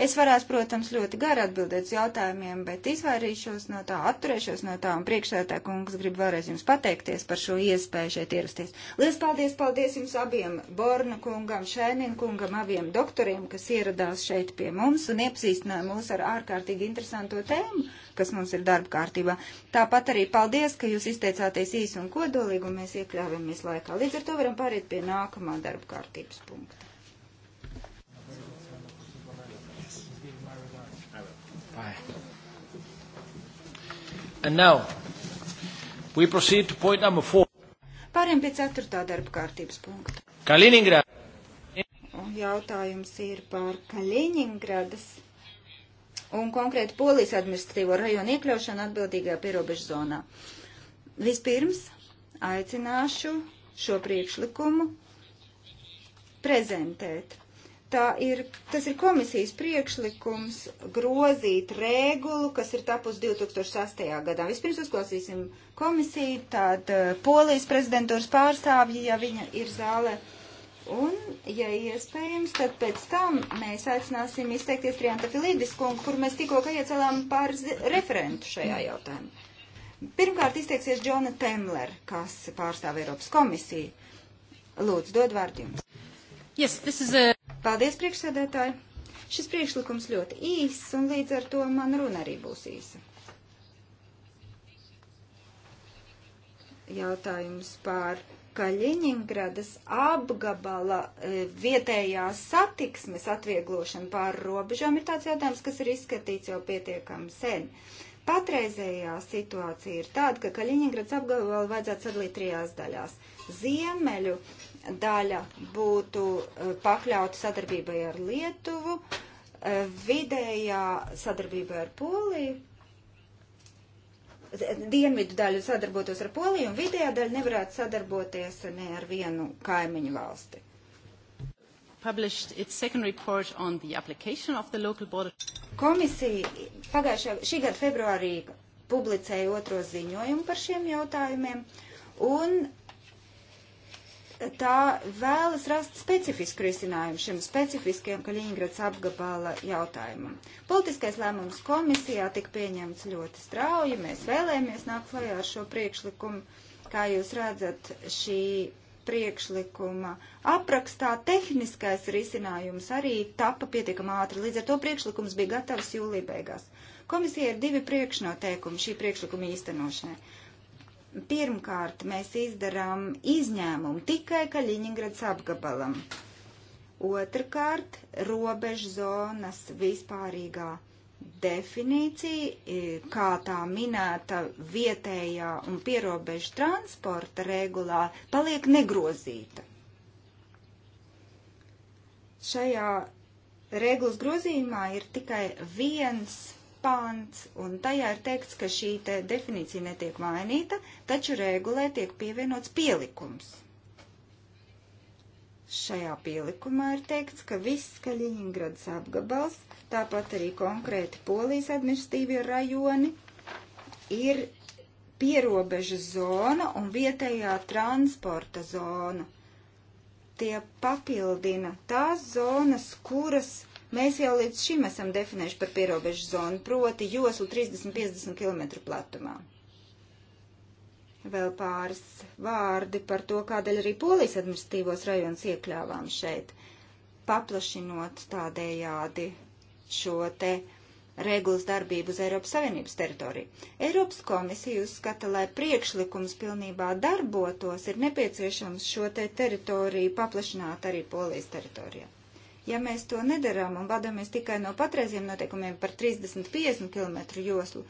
[SPEAKER 1] Es varētu, protams, ļoti gari atbildēt uz jautājumiem, bet izvairīšos no tā, atturēšos no tā, un priekšētā kungs grib vēlreiz jums pateikties par šo iespēju šeit ierasties. Lielas paldies, paldies jums abiem Borna kungam, Šēnin kungam, abiem doktoriem, kas ieradās šeit pie mums un iepazīstināja mūs ar ārkārtīgi interesanto tēmu, kas mums ir darba kārtībā. Tāpat arī paldies, ka jūs izteicāties īsi un kodolīgi, un mēs iekļāvāmies laikā. Līdz ar to varam pāriet pie nākamā darba kārtības punkta.
[SPEAKER 2] Right.
[SPEAKER 3] And now, we proceed to point number four.
[SPEAKER 1] Pāriem pie ceturtā darba kārtības punkta. Kaliningrad. Un jautājums ir par Kaliningradas un konkrēti Polijas administratīvo rajonu iekļaušanu atbildīgajā pierobežu zonā. Vispirms aicināšu šo priekšlikumu prezentēt Tā ir, tas ir komisijas priekšlikums grozīt regulu, kas ir tapus 2008. gadā. Vispirms uzklausīsim komisiju, tad eh, polijas prezidentūras pārstāvji, ja viņa ir zālē. Un, ja iespējams, tad pēc tam mēs aicināsim izteikties Trianta Filīdis kungu, kur mēs tikko iecēlām pāris referentu šajā jautājumā. Pirmkārt izteiksies Džona Temler, kas pārstāv Eiropas komisiju. Lūdzu, dod vārdu jums. Yes, this is a... Paldies, priekšsēdētāji! Šis priekšlikums ļoti īss, un līdz ar to man runa arī būs īsa. Jautājums par Kaļiņingradas apgabala e, vietējās satiksmes atvieglošana pār robežām ir tāds jautājums, kas ir izskatīts jau pietiekami sen. Patreizējā situācija ir tāda, ka Kaļiņingrads apgabalu vajadzētu sadalīt trijās daļās. Ziemeļu daļa būtu eh, pakļauta sadarbībai ar Lietuvu, eh, vidējā sadarbībai ar Poliju, eh, dienvidu daļu sadarbotos ar Poliju, un vidējā daļa nevarētu sadarboties ne ar vienu kaimiņu valsti
[SPEAKER 2] published its second report on the application of the local border.
[SPEAKER 1] Komisija pagājušā šī gada februārī publicēja otro ziņojumu par šiem jautājumiem, un tā vēlas rast specifisku risinājumu šiem specifiskiem Kaļiņgrads apgabala jautājumam. Politiskais lēmums komisijā tika pieņemts ļoti strauji, mēs vēlēmies nākt klajā ar šo priekšlikumu. Kā jūs redzat, šī priekšlikuma aprakstā tehniskais risinājums arī tapa pietiekam ātri, līdz ar to priekšlikums bija gatavs jūlija beigās. Komisija ir divi priekšnoteikumi šī priekšlikuma īstenošanai. Pirmkārt, mēs izdarām izņēmumu tikai Kaļiņingrads apgabalam. Otrakārt, robežu zonas vispārīgā definīcija, e, kā tā minēta vietējā un pierobežu transporta regulā, paliek negrozīta. Šajā regulas grozījumā ir tikai viens pāns, un tajā ir teikts, ka šī te definīcija netiek mainīta, taču regulē tiek pievienots pielikums. Šajā pielikumā ir teikts, ka viss Kaļiņingrads apgabals, tāpat arī konkrēti Polijas administratīvie rajoni ir pierobežas zona un vietējā transporta zona. Tie papildina tās zonas, kuras mēs jau līdz šim esam definējuši par pierobežu zonu, proti joslu 30-50 km platumā. Vēl pāris vārdi par to, kādēļ arī polijas administratīvos rajonus iekļāvām šeit, paplašinot tādējādi šo te regulas darbību uz Eiropas Savienības teritoriju. Eiropas komisija uzskata, lai priekšlikums pilnībā darbotos, ir nepieciešams šo te teritoriju paplašināt arī Polijas teritorijā. Ja mēs to nedarām un vadāmies tikai no patreiziem noteikumiem par 30-50 km joslu,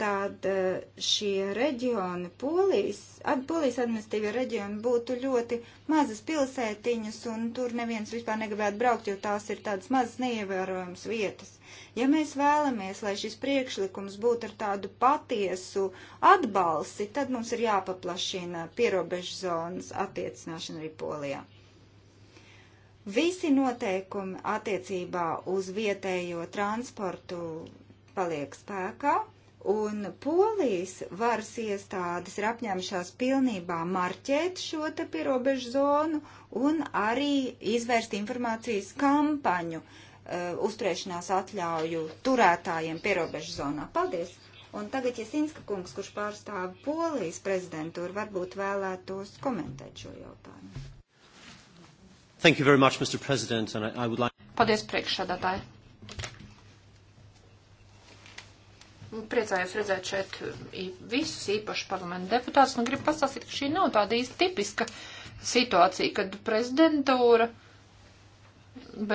[SPEAKER 1] tad e, šie reģioni, Polijas, ad, Polijas administratīvie reģioni būtu ļoti mazas pilsētiņas, un tur neviens vispār negribētu braukt, jo tās ir tādas mazas neievērojamas vietas. Ja mēs vēlamies, lai šis priekšlikums būtu ar tādu patiesu atbalsi, tad mums ir jāpaplašina pierobežu zonas attiecināšana arī Polijā. Visi noteikumi attiecībā uz vietējo transportu paliek spēkā Un polijas varas iestādes ir apņēmušās pilnībā marķēt šo te pierobežu zonu un arī izvērst informācijas kampaņu uh, uzturēšanās atļauju turētājiem pierobežu zonā. Paldies! Un tagad Jasinska kungs, kurš pārstāv Polijas prezidentūru, varbūt vēlētos komentēt šo jautājumu.
[SPEAKER 3] Thank you very much, Mr. President, and I, I would like...
[SPEAKER 2] Paldies, priekšsādātāji. Priecājos redzēt šeit visus īpaši parlamentu deputātus. Nu, gribu pastāstīt, ka šī nav tāda īsti tipiska situācija, kad prezidentūra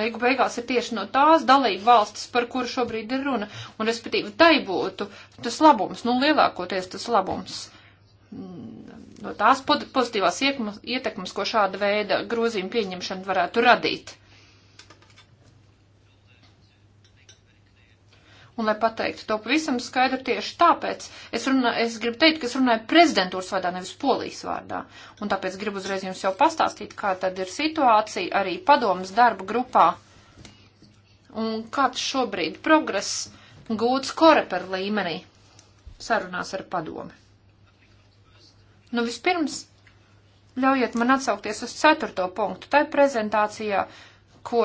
[SPEAKER 2] beigu beigās ir tieši no tās dalība valstis, par kuru šobrīd ir runa. Un, respektīvi, tai būtu tas labums, nu, lielākoties tas labums mm, no tās pozitīvās iekmas, ietekmes, ko šāda veida grozījuma pieņemšana varētu radīt. Un, lai pateiktu to pavisam skaidri, tieši tāpēc es, runā, es gribu teikt, ka es runāju prezidentūras vārdā, nevis polijas vārdā. Un tāpēc gribu uzreiz jums jau pastāstīt, kā tad ir situācija arī padomas darba grupā un kāds šobrīd progress gūts koreper līmenī sarunās ar padomi. Nu, vispirms ļaujiet man atsaukties uz ceturto punktu. Tā ir prezentācijā, ko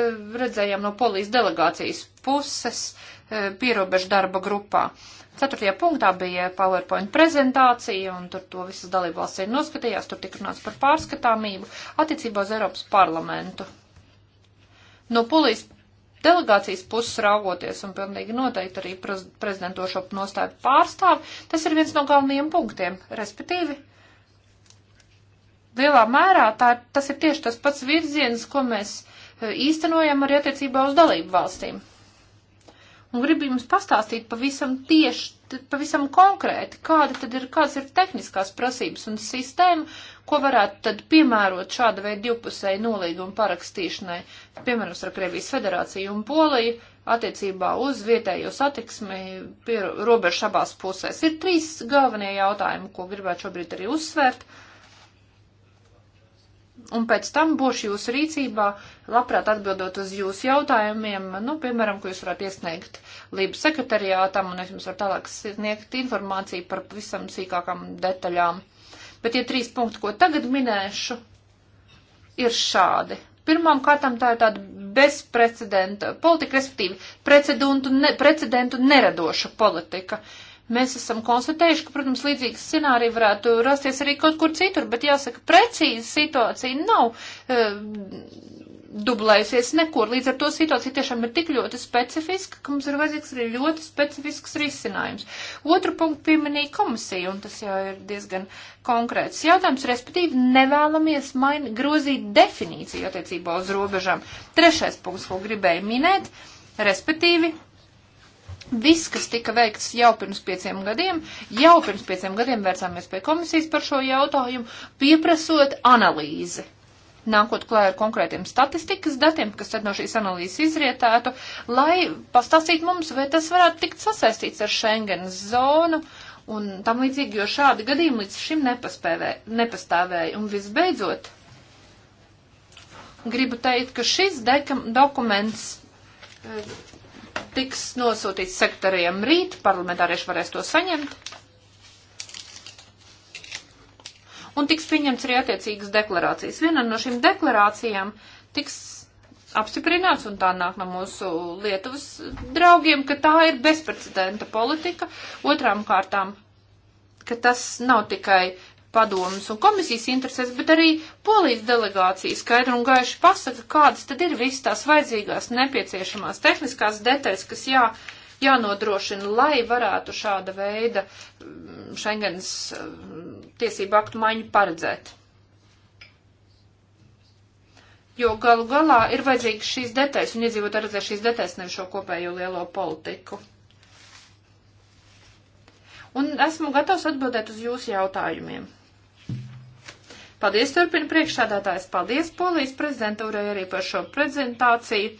[SPEAKER 2] Eh, redzējām no polijas delegācijas puses eh, pierobežu darba grupā. Ceturtajā punktā bija PowerPoint prezentācija, un tur to visas dalībvalsts ir noskatījās, tur tika runāts par pārskatāmību attiecībā uz Eiropas parlamentu. No polijas delegācijas puses raugoties, un pilnīgi noteikti arī prez, prezidentošo nostāju pārstāvi, tas ir viens no galvenajiem punktiem, respektīvi. Lielā mērā tā, tas ir tieši tas pats virziens, ko mēs īstenojam arī attiecībā uz dalību valstīm. Un gribu jums pastāstīt pavisam tieši, pavisam konkrēti, kāda tad ir, kādas ir tehniskās prasības un sistēma, ko varētu tad piemērot šāda veida divpusēju nolīgumu parakstīšanai, piemēram, ar Krievijas federāciju un Poliju, attiecībā uz vietējo satiksmi pie robežas abās pusēs. Ir trīs galvenie jautājumi, ko gribētu šobrīd arī uzsvērt. Uh, un pēc tam būšu jūsu rīcībā, labprāt atbildot uz jūsu jautājumiem, nu, piemēram, ko jūs varat iesniegt Lību sekretariātam, un es jums varu tālāk sniegt informāciju par visam sīkākam detaļām. Bet tie trīs punkti, ko tagad minēšu, ir šādi. Pirmām kārtām tā ir tāda bezprecedenta politika, respektīvi precedentu, ne, precedentu neradoša politika. Uh, Mēs esam konstatējuši, ka, protams, līdzīgs scenārija varētu rasties arī kaut kur citur, bet jāsaka, precīzi situācija nav. Uh, dublējusies nekur. Līdz ar to situācija tiešām ir tik ļoti specifiska, ka mums ir vajadzīgs arī ļoti specifisks risinājums. Otru punktu pieminīja komisija, un tas jau ir diezgan konkrēts jautājums, respektīvi nevēlamies main, grozīt definīciju attiecībā uz robežām. Trešais punkts, ko gribēju minēt, respektīvi viss, kas tika veikts jau pirms pieciem gadiem, jau pirms pieciem gadiem vērsāmies pie komisijas par šo jautājumu, pieprasot analīzi. Nākot klāja ar konkrētiem statistikas datiem, kas tad no šīs analīzes izrietētu, lai pastāstītu mums, vai tas varētu tikt sasaistīts ar Schengenas zonu un tam līdzīgi, jo šādi gadījumi līdz šim nepastāvēja. Un visbeidzot, gribu teikt, ka šis dokuments eh, tiks nosūtīts sektoriem rīt, parlamentārieši varēs to saņemt. Un tiks pieņemts arī attiecīgas deklarācijas. Viena no šīm deklarācijām tiks apstiprināts, un tā nāk no mūsu Lietuvas draugiem, ka tā ir bezprecedenta politika. Otrām kārtām, ka tas nav tikai padomus un komisijas interesēs, bet arī polijas delegācija skaidri un gaiši pasaka, kādas tad ir visas tās vajadzīgās nepieciešamās tehniskās detaļas, kas jā, jānodrošina, lai varētu šāda veida mm, Schengens mm, tiesību aktu maiņu paredzēt. Jo galu galā ir vajadzīgs šīs detaļas un iedzīvot arī šīs detaļas, nevis šo kopējo lielo politiku. Un esmu gatavs atbildēt uz jūsu jautājumiem. Paldies, turpina priekšsādātājs. Paldies Polijas prezidentūrai arī par šo prezentāciju.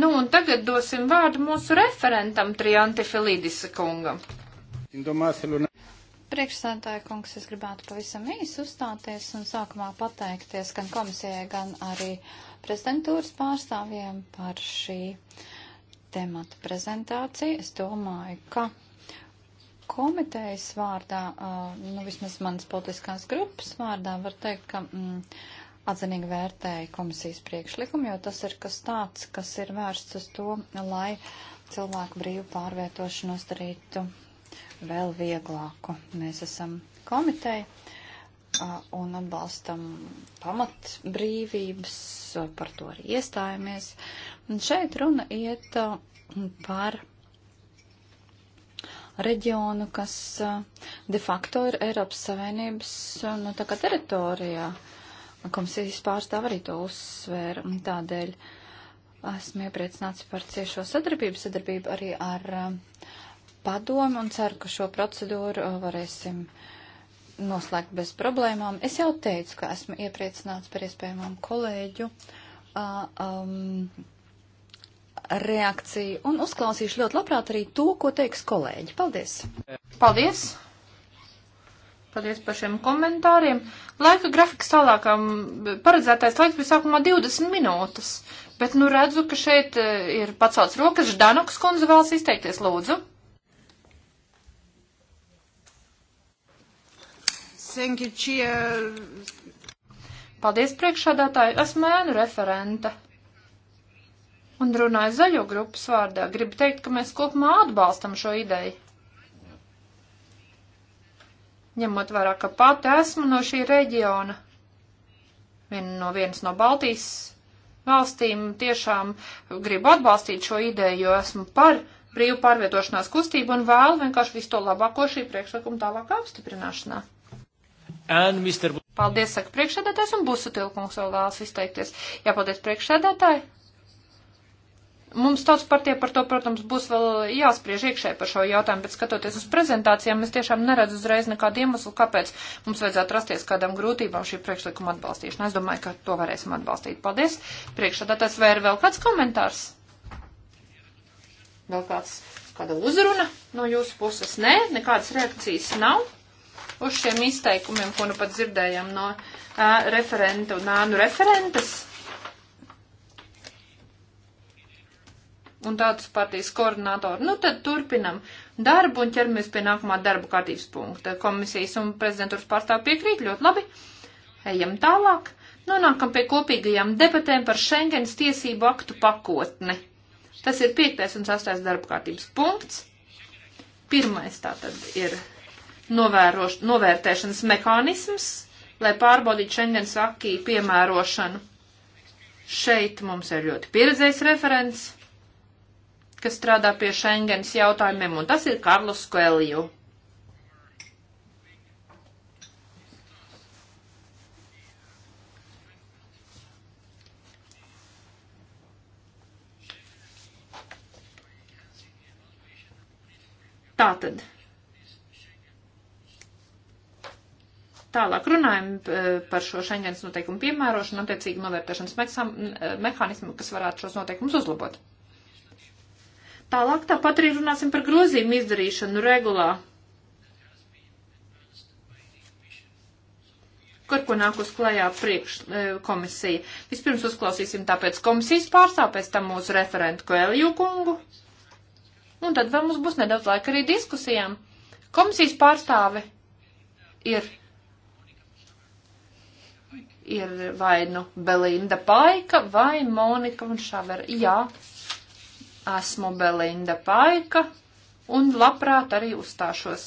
[SPEAKER 2] Nu, un tagad dosim vārdu mūsu referentam Trianti Filidis kungam. Priekšsēdētāja kungs, es gribētu
[SPEAKER 3] pavisam īsi uzstāties un sākumā pateikties gan komisijai, gan arī prezidentūras pārstāvjiem par šī temata prezentāciju. Es domāju, ka komitejas vārdā, nu vismaz manas politiskās grupas vārdā, var teikt, ka mm, atzinīgi vērtēja komisijas priekšlikumu, jo tas ir kas tāds, kas ir vērsts uz to, lai cilvēku brīvu pārvietošanos darītu vēl vieglāku. Mēs esam komiteja un atbalstam pamat brīvības, par to arī iestājamies. Un šeit runa iet par reģionu, kas eh, de facto ir Eiropas Savienības eh, nu, tā kā teritorijā. Komisijas pārstāv arī to uzsvēra un tādēļ esmu iepriecināts par ciešo sadarbību, sadarbību arī ar eh, padomu un ceru, ka šo procedūru varēsim noslēgt bez problēmām. Es jau teicu, ka esmu iepriecināts par iespējamām kolēģu. Uh, um, reakciju un uzklausīšu ļoti labprāt arī
[SPEAKER 2] to, ko teiks kolēģi. Paldies! Paldies! Paldies par šiem komentāriem. Laika grafiks tālākam paredzētais laiks bija sākumā 20 minūtes, bet nu redzu, ka šeit eh, ir pacelts rokas. Ždanoks kundze vēlas izteikties, lūdzu. Thank you, cheer. Paldies priekšādātāji, esmu ēnu referente un runāju zaļo grupas vārdā, gribu teikt, ka mēs kopumā atbalstam šo ideju. Ņemot vērā, ka pati esmu no šī reģiona, viena no vienas no Baltijas valstīm, tiešām gribu atbalstīt šo ideju, jo esmu par brīvu pārvietošanās kustību un vēlu vienkārši visu to labāko šī priekšlikuma tālāk apstiprināšanā. And Mr. Paldies, saka priekšsēdētājs, un būsu tilkums vēl vēlas izteikties. Jā, paldies priekšsēdētāji. Mums tautas partija par to, protams, būs vēl jāspriež iekšē par šo jautājumu, bet skatoties uz prezentācijām, es tiešām neredzu uzreiz nekādu iemeslu, kāpēc mums vajadzētu rasties kādam grūtībām šī priekšlikuma atbalstīšana. Es domāju, ka to varēsim atbalstīt. Paldies. Priekšsādātājs vai ir vēl kāds komentārs? Vēl kāds, kāda uzruna no jūsu puses? Nē, nekādas reakcijas nav uz šiem izteikumiem, ko nu pat dzirdējām no uh, referenta un nānu referentes. un tautas partijas koordinātori. Nu, tad turpinam darbu un ķeramies pie nākamā darba kārtības punkta. Komisijas un prezidentūras pārstāv piekrīt ļoti labi. Ejam tālāk. Nonākam pie kopīgajām debatēm par Schengens tiesību aktu pakotni. Tas ir piektais un sastais darba kārtības punkts. Pirmais tātad ir novēroš, novērtēšanas mehānisms, lai pārbaudītu Schengens akī piemērošanu. Šeit mums ir ļoti pieredzējis referents kas strādā pie Schengens jautājumiem, un tas ir Karlos Koeliju. Tātad. Tālāk runājam e, par šo Schengens noteikumu piemērošanu, attiecīgi novērtēšanas e, mehānismu, kas varētu šos noteikumus uzlabot. Tālāk tāpat arī runāsim par grozījumu izdarīšanu regulā, kur ko nāk uz klajā priekš e, komisija. Vispirms uzklausīsim tāpēc komisijas pārstāv, pēc tam mūsu referentu Koeliju kungu. Un tad vēl mums būs nedaudz laika arī diskusijām. Komisijas pārstāve ir ir vai nu Belinda Paika vai Monika un Šavera. Jā, Esmu Belinda Paika un labprāt arī uzstāšos.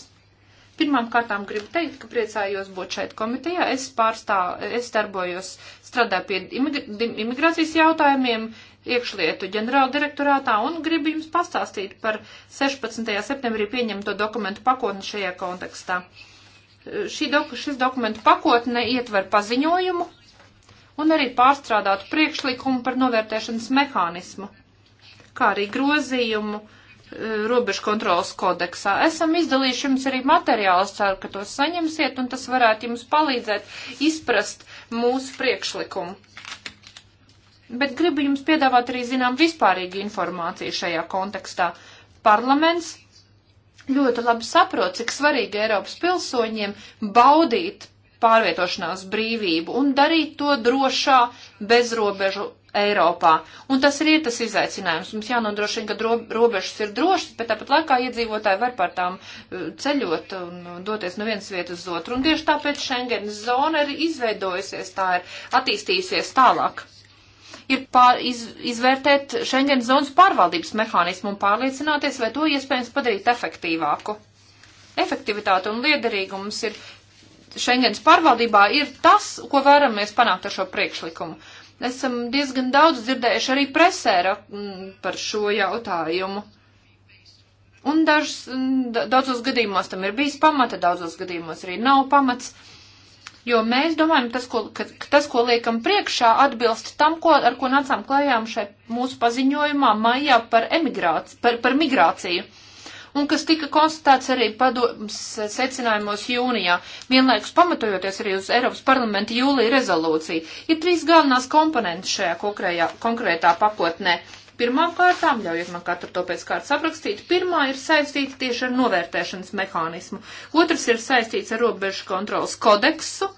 [SPEAKER 2] Pirmām kārtām gribu teikt, ka priecājos būt šeit komitejā. Es pārstāv, es darbojos, strādāju pie imigr imigrācijas jautājumiem, iekšlietu ģenerāldirektorātā un gribu jums pastāstīt par 16. septembrī pieņemto dokumentu pakotni šajā kontekstā. Šī doku, šis dokumentu pakotne ietver paziņojumu un arī pārstrādātu priekšlikumu par novērtēšanas mehānismu kā arī grozījumu e, robežu kontrolas kodeksā. Esam izdalījuši jums arī materiālus, ceru, ka tos saņemsiet, un tas varētu jums palīdzēt izprast mūsu priekšlikumu. Bet gribu jums piedāvāt arī, zinām, vispārīgu informāciju šajā kontekstā. Parlaments ļoti labi saprot, cik svarīgi Eiropas pilsoņiem baudīt pārvietošanās brīvību un darīt to drošā, bezrobežu Eiropā. Un tas ir tas izaicinājums. Mums jānodrošina, ka drob, robežas ir drošas, bet tāpat laikā iedzīvotāji var par tām uh, ceļot un doties no vienas vietas uz otru. Un tieši tāpēc Schengenas zona ir izveidojusies, tā ir attīstījusies tālāk. Ir pār, iz, izvērtēt Schengenas zonas pārvaldības mehānismu un pārliecināties, vai to iespējams padarīt efektīvāku efektivitāte un liederīgums ir Schengens pārvaldībā ir tas, ko vēramies panākt ar šo priekšlikumu. Esam diezgan daudz dzirdējuši arī presē par šo jautājumu. Un dažs, daudzos gadījumos tam ir bijis pamata, daudzos gadījumos arī nav pamats. Jo mēs domājam, tas, ko, ka, tas, ko liekam priekšā, atbilst tam, ko, ar ko nācām klajām šai mūsu paziņojumā maijā par, par, par migrāciju un kas tika konstatēts arī padomas secinājumos jūnijā, vienlaikus pamatojoties arī uz Eiropas parlamenta jūlija rezolūciju. Ir trīs galvenās komponentes šajā konkrējā, konkrētā pakotnē. Pirmām kārtām, ļaujiet man katru to pēc kārtas aprakstīt, pirmā ir saistīta tieši ar novērtēšanas mehānismu, otrs ir saistīts ar robežu kontrolas kodeksu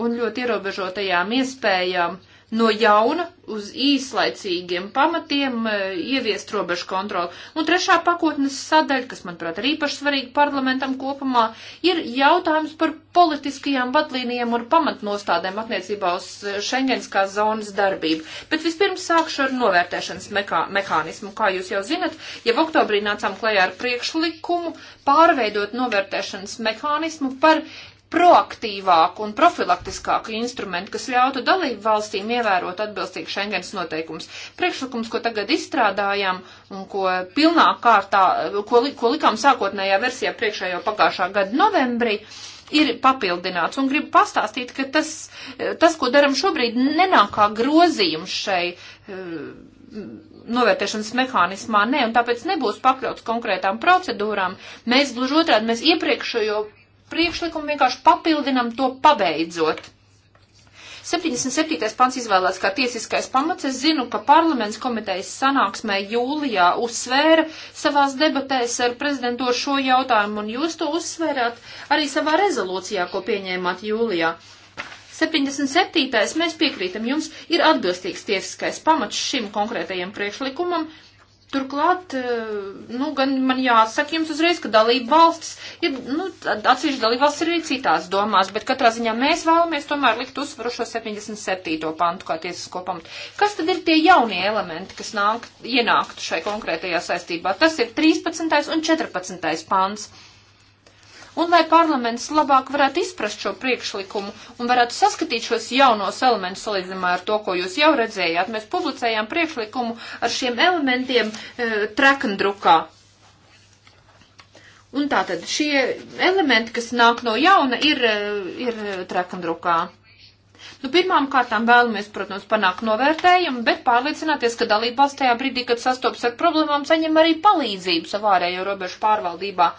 [SPEAKER 2] un ļoti ierobežotajām iespējām uh, no jauna uz īslaicīgiem pamatiem e, ieviest robežu kontroli. Un trešā pakotnes sadaļa, kas, manuprāt, ir īpaši svarīga parlamentam kopumā, ir jautājums par politiskajām vadlīnijām un pamatnostādēm attiecībā uz e, Schengenskās zonas darbību. Bet vispirms sākšu ar novērtēšanas mekā, mehānismu. Kā jūs jau zinat, jau oktobrī nācām klajā ar priekšlikumu pārveidot novērtēšanas mehānismu par proaktīvāku un profilaktiskāku instrumentu, kas ļautu dalību valstīm ievērot atbilstīgi Schengens noteikums. Priekšlikums, ko tagad izstrādājam un ko pilnā kārtā, ko, li, ko likām sākotnējā versijā priekšējo pagājušā gada novembrī, ir papildināts. Un gribu pastāstīt, ka tas, tas ko daram šobrīd, nenāk kā grozījums šai eh, novērtēšanas mehānismā, nē, un tāpēc nebūs pakļauts konkrētām procedūrām. Mēs gluži otrādi, mēs iepriekšējo priekšlikumu vienkārši papildinam to pabeidzot. 77. pants izvēlēts kā tiesiskais pamats. Es zinu, ka parlaments komitejas sanāksmē jūlijā uzsvēra savās debatēs ar prezidentu šo jautājumu, un jūs to uzsvērāt arī savā rezolūcijā, ko pieņēmāt jūlijā. 77. mēs piekrītam jums, ir atbilstīgs tiesiskais pamats šim konkrētajam priekšlikumam, Turklāt, eh, nu, gan man jāsaka jums uzreiz, ka dalība valstis, ir, nu, atsevišķi dalība valsts ir arī citās domās, bet katrā ziņā mēs vēlamies tomēr likt uzsvaru šo 77. pantu kā tiesisko pamatu. Kas tad ir tie jaunie elementi, kas nāk, ienāktu šai konkrētajā saistībā? Tas ir 13. un 14. pants un lai parlaments labāk varētu izprast šo priekšlikumu un varētu saskatīt šos jaunos elementus salīdzinājumā ar to, ko jūs jau redzējāt. Mēs publicējām priekšlikumu ar šiem elementiem e, trekndrukā. Un tātad šie elementi, kas nāk no jauna, ir, e, ir trekndrukā. Nu, pirmām kārtām vēlamies, protams, panākt novērtējumu, bet pārliecināties, ka dalībvalsts tajā brīdī, kad sastopas ar problēmām, saņem arī palīdzību savā ārējo robežu pārvaldībā,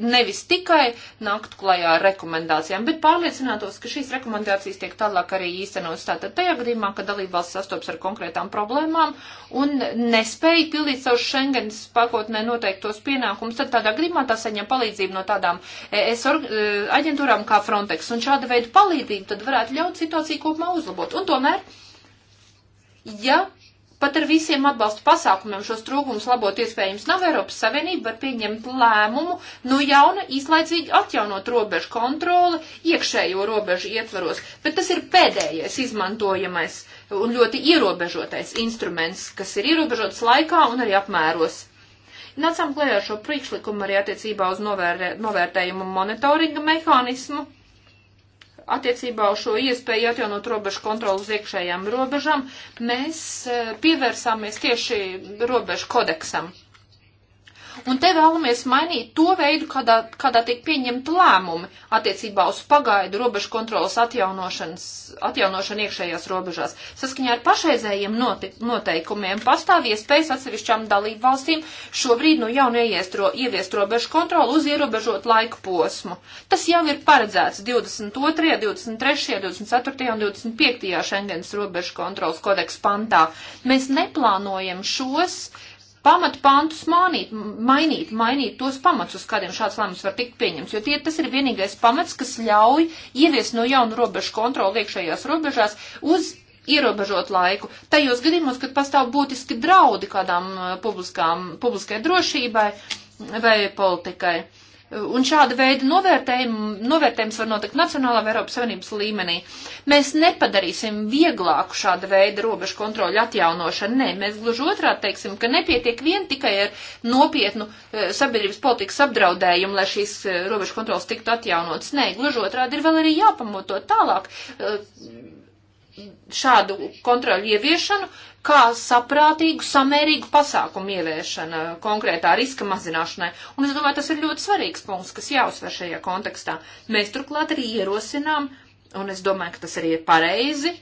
[SPEAKER 2] nevis tikai nākt klajā ar rekomendācijām, bet pārliecinātos, ka šīs rekomendācijas tiek tālāk arī īstenotas. Tātad tajā gadījumā, ka dalībvalsts sastopas ar konkrētām problēmām un nespēja pildīt savus Schengens pakotnē noteiktos pienākumus, tad tādā gadījumā tā saņem palīdzību no tādām ES e, aģentūrām kā Frontex. Un šāda veida palīdzība tad varētu ļaut situāciju kopumā uzlabot. Un tomēr, ja Pat ar visiem atbalsta pasākumiem šos trūkumus labot iespējams nav. Eiropas Savienība var pieņemt lēmumu no jauna īslaicīgi atjaunot robežu kontroli iekšējo robežu ietvaros, bet tas ir pēdējais izmantojamais un ļoti ierobežotais instruments, kas ir ierobežots laikā un arī apmēros. Nācām klajā ar šo priekšlikumu arī attiecībā uz novērē, novērtējumu monitoringa mehānismu attiecībā uz šo iespēju atjaunot robežu kontrolu uz iekšējām robežām, mēs eh, pievērsāmies tieši robežu kodeksam. Un te vēlamies mainīt to veidu, kādā, kādā tiek pieņemta lēmumi attiecībā uz pagaidu robežu kontrolas atjaunošanu iekšējās robežās. Saskaņā ar pašreizējiem noteikumiem pastāv iespējas atsevišķām dalību valstīm šobrīd nu jau neiestro, ieviest robežu kontroli uz ierobežot laiku posmu. Tas jau ir paredzēts 22., 23., 24. un 25. Schengens robežu kontrolas kodeks pantā. Mēs neplānojam šos pamatpantus mainīt, mainīt, mainīt tos pamats, uz kādiem šāds lēmums var tikt pieņemts, jo tie, tas ir vienīgais pamats, kas ļauj ieviest no jaunu robežu kontroli iekšējās robežās uz ierobežot laiku. Tajos gadījumos, kad pastāv būtiski draudi kādām eh, publiskām, publiskai drošībai vai politikai. Un šāda veida novērtējums var notikt nacionālā vai Eiropas Savienības līmenī. Mēs nepadarīsim vieglāku šāda veida robežu kontroļu atjaunošanu. Nē, mēs gluži otrā teiksim, ka nepietiek vien tikai ar nopietnu eh, sabiedrības politikas apdraudējumu, lai šīs eh, robežu kontrols tiktu atjaunotas. Nē, gluži otrādi ir vēl arī jāpamoto tālāk eh, šādu kontroļu ieviešanu kā saprātīgu, samērīgu pasākumu ieviešana konkrētā riska mazināšanai. Un es domāju, tas ir ļoti svarīgs punkts, kas jāuzsver šajā kontekstā. Mēs turklāt arī ierosinām, un es domāju, ka tas arī ir pareizi,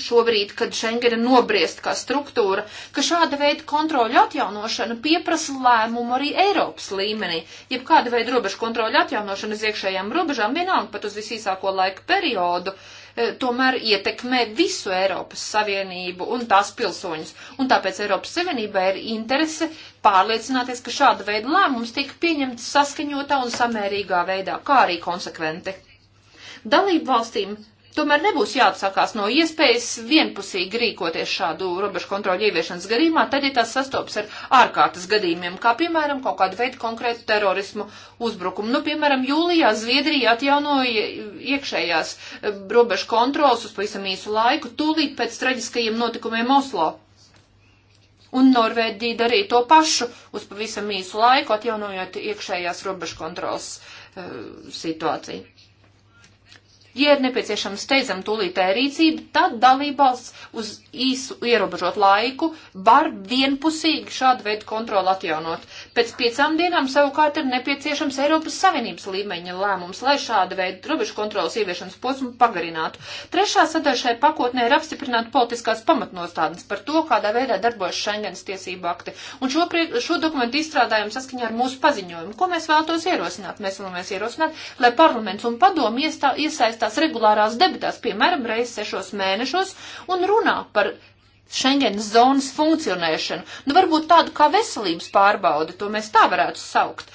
[SPEAKER 2] šobrīd, kad Schengena nobriest kā struktūra, ka šāda veida kontroļu atjaunošana pieprasa lēmumu arī Eiropas līmenī. Jeb kāda veida robežu kontroļu atjaunošana uz iekšējām robežām vienalga pat uz visīsāko laika periodu uh, E, tomēr ietekmē visu Eiropas Savienību un tās pilsoņus. Un tāpēc Eiropas Savienībai ir interese pārliecināties, ka šāda veida lēmums tiek pieņemts saskaņotā un samērīgā veidā, kā arī konsekventi. Dalību valstīm Tomēr nebūs jāatsakās no iespējas vienpusīgi rīkoties šādu robežu kontroļu ieviešanas gadījumā, tad, ja tas sastopas ar ārkārtas gadījumiem, kā piemēram kaut kādu veidu konkrētu terorismu uzbrukumu. Nu, piemēram, jūlijā Zviedrija atjaunoja iekšējās eh, robežu kontrols uz pavisam īsu laiku, tūlīt pēc traģiskajiem notikumiem Oslo. Un Norvēģija darīja to pašu uz pavisam īsu laiku, atjaunojot iekšējās robežu kontrols uh, eh, situāciju. Ja ir nepieciešama steidzama tūlītēja rīcība, tad dalībvalsts uz īsu ierobežot laiku var vienpusīgi šādu veidu kontroli atjaunot. Pēc piecām dienām savukārt ir nepieciešams Eiropas Savienības līmeņa lēmums, lai šāda veida robežu kontrolas ieviešanas posmu pagarinātu. Trešā sadaļa šai pakotnē ir apstiprināt politiskās pamatnostādnes par to, kādā veidā darbojas Schengens tiesību akti. Un šo, prie, šo dokumentu izstrādājam saskaņā ar mūsu paziņojumu. Ko mēs vēlamies ierosināt? Mēs vēlamies ierosināt, lai parlaments un padomi iesaistītu iesaistās regulārās debatās, piemēram, reiz sešos mēnešos, un runā par Schengenas zonas funkcionēšanu. Nu, varbūt tādu kā veselības pārbaudi, to mēs tā varētu saukt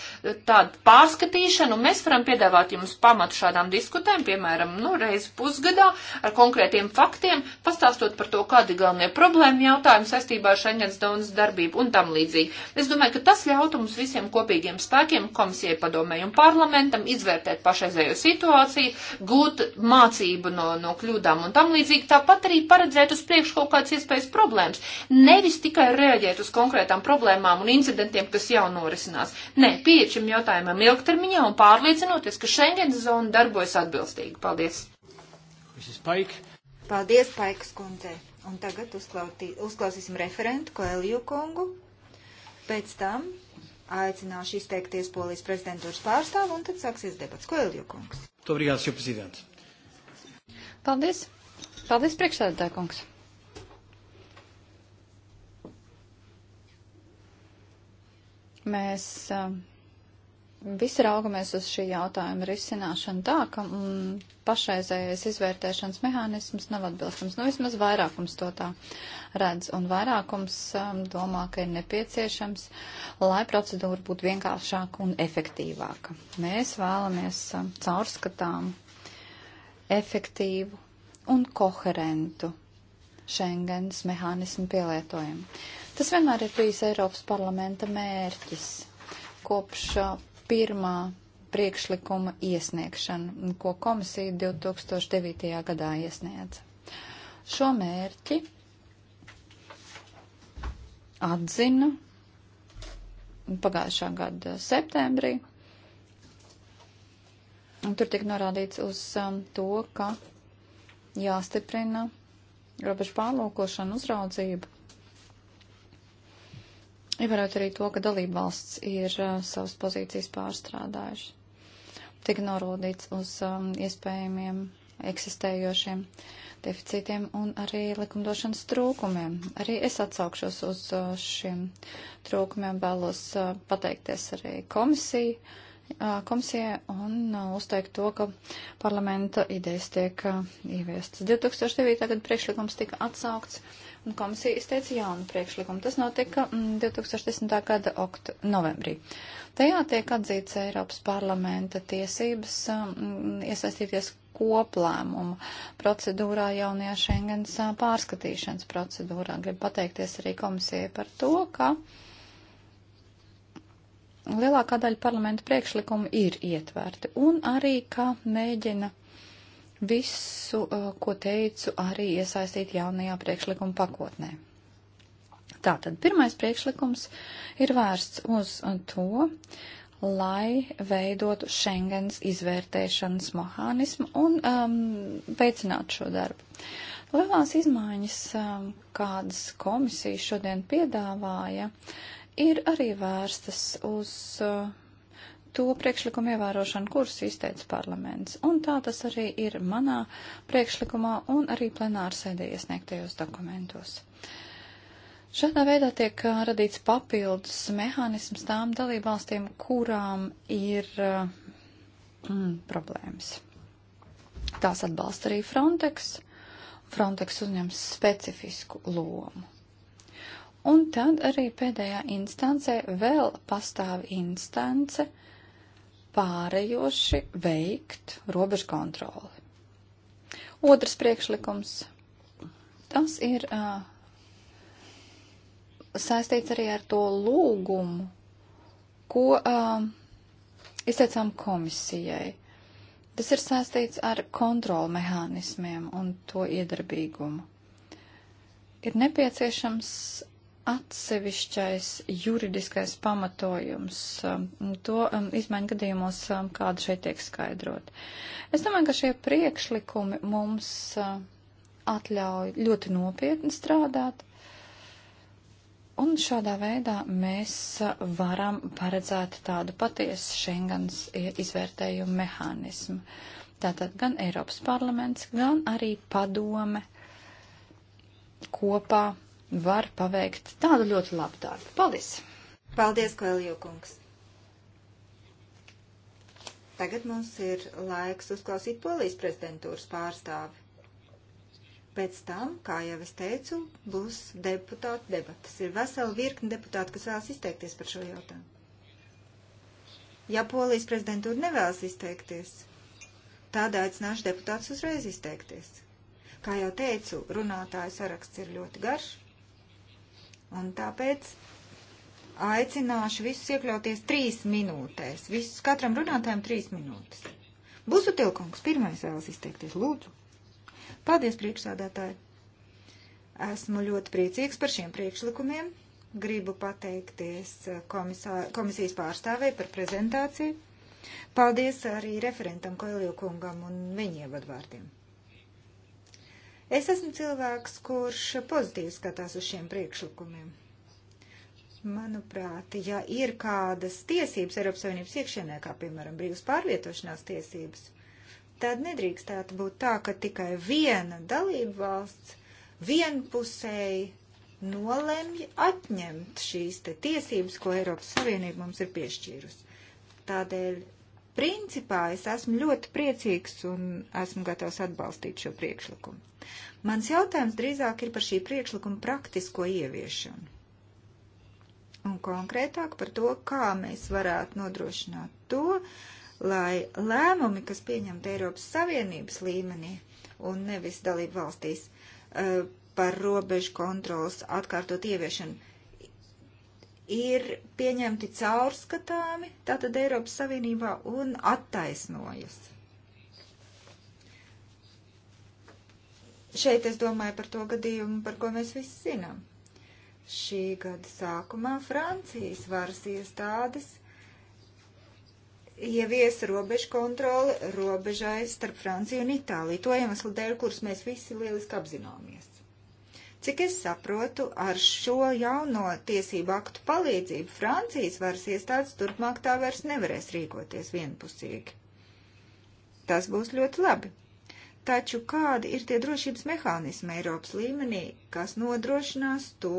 [SPEAKER 2] tādu pārskatīšanu, un mēs varam piedāvāt jums pamatu šādām diskutēm, piemēram, nu, reizi pusgadā ar konkrētiem faktiem, pastāstot par to, kādi galvenie problēma jautājumi saistībā ar Šeņģens Daunas darbību un tam līdzīgi. Es domāju, ka tas ļautu mums visiem kopīgiem spēkiem, komisijai padomēju un parlamentam, izvērtēt pašreizējo situāciju, gūt mācību no, no kļūdām un tam līdzīgi, tāpat arī paredzēt uz priekšu kaut kādas iespējas problēmas. Nevis tikai reaģēt uz konkrētām problēmām un incidentiem, kas jau norisinās. Nē, pieeja šim jautājumam ilgtermiņā un pārliecinoties, ka Schengens zona darbojas atbilstīgi. Paldies! Paik.
[SPEAKER 1] Paldies, Paikas kundze! Un tagad uzklautī, uzklausīsim referentu Koeliju kungu. Pēc tam aicināšu izteikties polijas prezidentūras pārstāvu un tad sāksies debats. Koeliju kungs!
[SPEAKER 3] Obrigado, Sr. Presidente. Paldies! Paldies, priekšsēdētāj kungs! mēs um, visi raugamies uz šī jautājuma risināšanu tā, ka mm, pašreizējais izvērtēšanas mehānisms nav atbilstams. Nu, vismaz vairākums to tā redz, un vairākums um, domā, ka ir nepieciešams, lai procedūra būtu vienkāršāka un efektīvāka. Mēs vēlamies um, caurskatām, efektīvu un koherentu Schengens mehānismu pielietojumu. Tas vienmēr ir bijis Eiropas parlamenta mērķis kopš mm, pirmā priekšlikuma iesniegšanu, ko komisija 2009. gadā iesniedza. Šo mērķi atzina pagājušā gada septembrī. Un tur tika norādīts uz um, to, ka jāstiprina robežu pārlūkošana, uzraudzība Ievērot arī to, ka dalībvalsts ir uh, savas pozīcijas pārstrādājuši. Tik norūdīts uz um, iespējamiem eksistējošiem deficītiem un arī likumdošanas trūkumiem. Arī es atsaukšos uz uh, šiem trūkumiem, vēlos uh, pateikties arī komisiju, uh, komisijai un uzteikt to, ka parlamenta idejas tiek ieviestas. 2009. gada priekšlikums tika atsaukts, un nu, komisija izteica jaunu priekšlikumu. Tas notika 2010. Mm, gada okt novembrī. Tajā tiek atzīts Eiropas parlamenta tiesības mm, iesaistīties koplēmuma procedūrā jaunajā Schengens pārskatīšanas procedūrā. Gribu pateikties arī komisijai par to, ka lielākā daļa parlamenta priekšlikumu ir ietverti un arī, ka mēģina visu, uh, ko teicu, arī iesaistīt jaunajā priekšlikuma pakotnē. Tātad pirmais priekšlikums ir vērsts uz to, lai veidotu Schengens izvērtēšanas mehānismu un um, veicinātu šo darbu. Lielās izmaiņas, um, kādas komisija šodien piedāvāja, ir arī vērstas uz uh, to priekšlikumu ievērošanu, kurus izteica parlaments. Un tā tas arī ir manā priekšlikumā un arī plenāra sēdē iesniegtajos dokumentos. Šādā veidā tiek uh, radīts papildus mehānisms tām dalībvalstīm, kurām ir uh, mm, problēmas. Tās atbalsta arī Frontex. Frontex uzņems specifisku lomu. Un tad arī pēdējā instancē vēl pastāv instance, uh, pārējoši veikt robežu kontroli. Otrs priekšlikums. Tas ir uh, saistīts arī ar to lūgumu, ko uh, izteicām komisijai. Tas ir saistīts ar kontrolu mehānismiem un to iedarbīgumu. Ir nepieciešams atsevišķais juridiskais pamatojums um, to um, izmaiņu gadījumos, um, kāda šeit tiek skaidrot. Es domāju, ka šie priekšlikumi mums atļauj ļoti nopietni strādāt. Un šādā veidā mēs uh, varam paredzēt tādu patiesu Schengens izvērtējumu mehānismu. Tātad gan Eiropas parlaments, gan arī padome kopā var paveikt tādu ļoti labu darbu. Paldies!
[SPEAKER 1] Paldies, Koeljo kungs! Tagad mums ir laiks uzklausīt polijas prezidentūras pārstāvi. Pēc tam, kā jau es teicu, būs deputāta debatas. Ir vesela virkni deputāti, kas vēlas izteikties par šo jautājumu. Ja polijas prezidentūra nevēlas izteikties, tad aicināšu deputātus uzreiz izteikties. Kā jau teicu, runātāju saraksts ir ļoti garš. Un tāpēc aicināšu visus iekļauties trīs minūtēs. Visus katram runātājam trīs minūtes. Būsu tilkungs, pirmais vēlas izteikties, lūdzu. Paldies, priekšsādātāji. Esmu ļoti priecīgs par šiem priekšlikumiem. Gribu pateikties eh, komisā, komisijas pārstāvē par prezentāciju. Paldies arī referentam Koilio kungam un viņa ievadvārdiem. Es esmu cilvēks, kurš pozitīvi skatās uz šiem priekšlikumiem. Manuprāt, ja ir kādas tiesības Eiropas Savienības iekšienē, kā piemēram brīvas pārvietošanās tiesības, tad nedrīkstētu būt tā, ka tikai viena dalība valsts vienpusēji nolemj atņemt šīs te tiesības, ko Eiropas Savienība mums ir piešķīrusi. Tādēļ Principā es esmu ļoti priecīgs un esmu gatavs atbalstīt šo priekšlikumu. Mans jautājums drīzāk ir par šī priekšlikuma praktisko ieviešanu. Un konkrētāk par to, kā mēs varētu nodrošināt to, lai lēmumi, kas pieņemti Eiropas Savienības līmenī un nevis dalību valstīs, eh, par robežu kontrolas atkārtot ieviešanu ir pieņemti caurskatāmi, tātad Eiropas Savienībā un attaisnojas. Šeit es domāju par to gadījumu, par ko mēs visi zinām. Šī gada sākumā Francijas varas iestādes ievies robežu kontroli robežai starp Franciju un Itāliju. To iemeslu dēļ, kurus mēs visi lieliski apzināmies. Cik es saprotu, ar šo jauno tiesību aktu palīdzību Francijas varas iestādes turpmāk tā vairs nevarēs rīkoties vienpusīgi. Tas būs ļoti labi. Taču kādi ir tie drošības mehānismi Eiropas līmenī, kas nodrošinās to,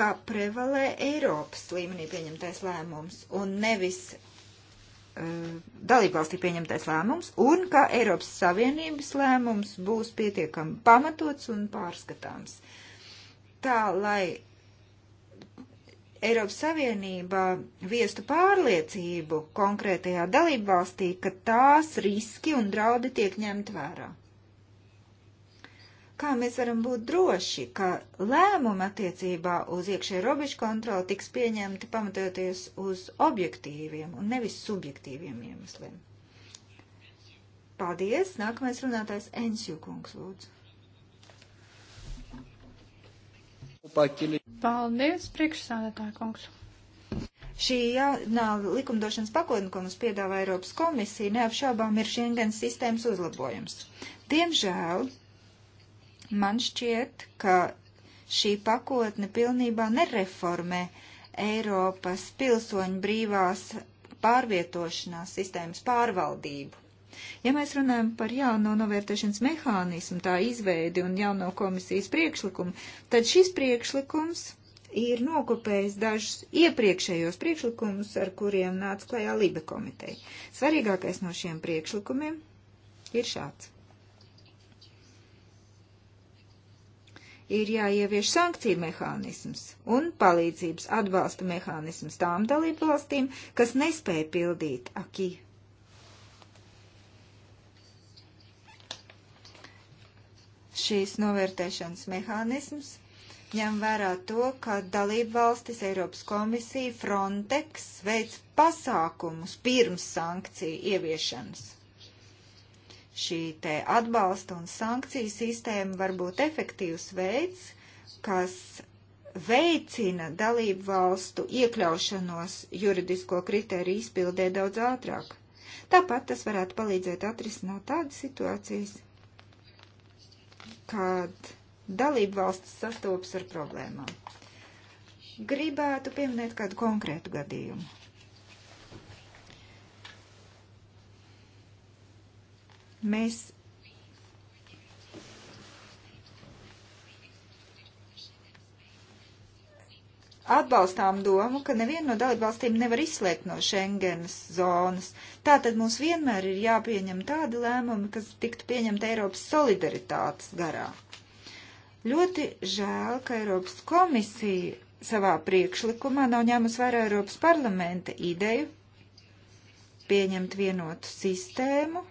[SPEAKER 1] ka prevalē Eiropas līmenī pieņemtais lēmums un nevis uh, dalībvalstī pieņemtais lēmums, un ka Eiropas Savienības lēmums būs pietiekami pamatots un pārskatāms. Uh, tā, lai Eiropas Savienība viestu pārliecību konkrētajā dalībvalstī, ka tās riski un draudi tiek ņemt vērā. Kā mēs varam būt droši, ka lēmumi attiecībā uz iekšēju robežu kontroli tiks pieņemti pamatoties uz objektīviem un nevis subjektīviem iemesliem? Paldies! Nākamais runātājs Ensju kungs lūdzu. Paldies, priekšsādātāja kungs. Šī jaunā likumdošanas pakotne, ko mums piedāvā Eiropas komisija, neapšaubām ir Schengen sistēmas uzlabojums. Diemžēl man šķiet, ka šī pakotne pilnībā nereformē Eiropas pilsoņu brīvās pārvietošanās sistēmas pārvaldību. Ja mēs runājam par jauno novērtēšanas mehānismu, tā izveidi un jauno komisijas priekšlikumu, tad šis priekšlikums ir nokopējis dažus iepriekšējos priekšlikumus, ar kuriem nāca klajā Libe komiteja. Svarīgākais no šiem priekšlikumiem ir šāds. ir jāievieš sankciju mehānisms un palīdzības atbalsta mehānisms tām dalību valstīm, kas nespēja pildīt akiju šīs novērtēšanas mehānisms ņem vērā to, ka dalību valstis Eiropas komisija Frontex veids pasākumus pirms sankciju ieviešanas. Šī te atbalsta un sankciju sistēma var būt efektīvs veids, kas veicina dalību valstu iekļaušanos juridisko kritēriju izpildē daudz ātrāk. Tāpat tas varētu palīdzēt atrisināt tādas situācijas, kad dalību valsts sastopas ar problēmām. Gribētu pieminēt kādu konkrētu gadījumu. Mēs atbalstām domu, ka neviena no dalībvalstīm nevar izslēgt no Schengenas zonas. Tātad mums vienmēr ir jāpieņem tādi lēmumi, kas tiktu pieņemti Eiropas solidaritātes garā. Ļoti žēl, ka Eiropas komisija savā priekšlikumā nav ņēmusi vērā Eiropas parlamenta ideju pieņemt vienotu sistēmu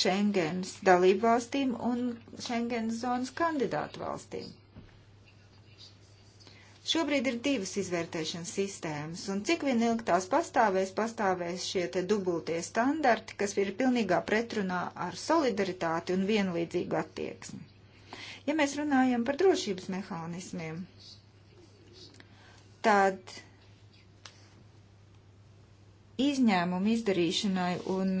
[SPEAKER 1] Schengens dalībvalstīm un Schengens zonas kandidātu valstīm. Šobrīd ir divas izvērtēšanas sistēmas, un cik vien ilgi tās pastāvēs, pastāvēs šie te dubultie standarti, kas ir pilnīgā pretrunā ar solidaritāti un vienlīdzīgu attieksmi. Ja mēs runājam par drošības mehānismiem, tad izņēmumu izdarīšanai un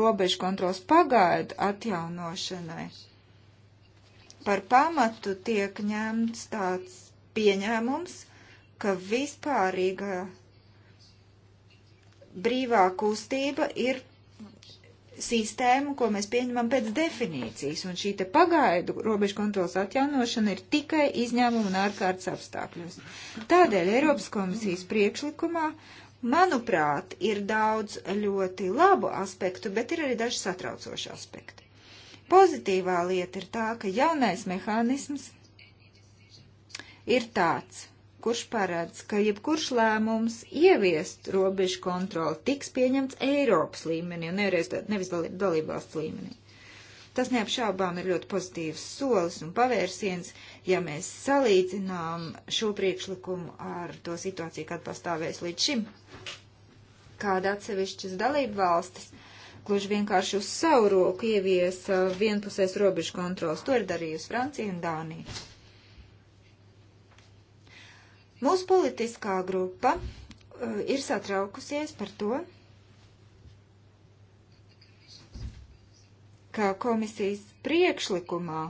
[SPEAKER 1] robežu kontrols pagaidu atjaunošanai par pamatu tiek ņemts tāds pieņēmums, ka vispārīga brīvā kustība ir sistēmu, ko mēs pieņemam pēc definīcijas, un šī te pagaidu robežu kontrolas atjaunošana ir tikai izņēmuma un ārkārtas apstākļos. Tādēļ Eiropas komisijas priekšlikumā, manuprāt, ir daudz ļoti labu aspektu, bet ir arī daži satraucoši aspekti. Pozitīvā lieta ir tā, ka jaunais mehānisms ir tāds, kurš paredz, ka jebkurš lēmums ieviest robežu kontroli tiks pieņemts Eiropas līmenī un nevis, nevis dalībvalsts līmenī. Tas neapšaubām ir ļoti pozitīvs solis un pavērsiens, ja mēs salīdzinām šo priekšlikumu ar to situāciju, kad pastāvēs līdz šim. Kāda atsevišķas dalība valstis gluži vienkārši uz savu roku ievies vienpusēs robežu kontrols. To ir darījusi Francija un Dānija. Mūsu politiskā grupa eh, ir satraukusies par to, ka komisijas priekšlikumā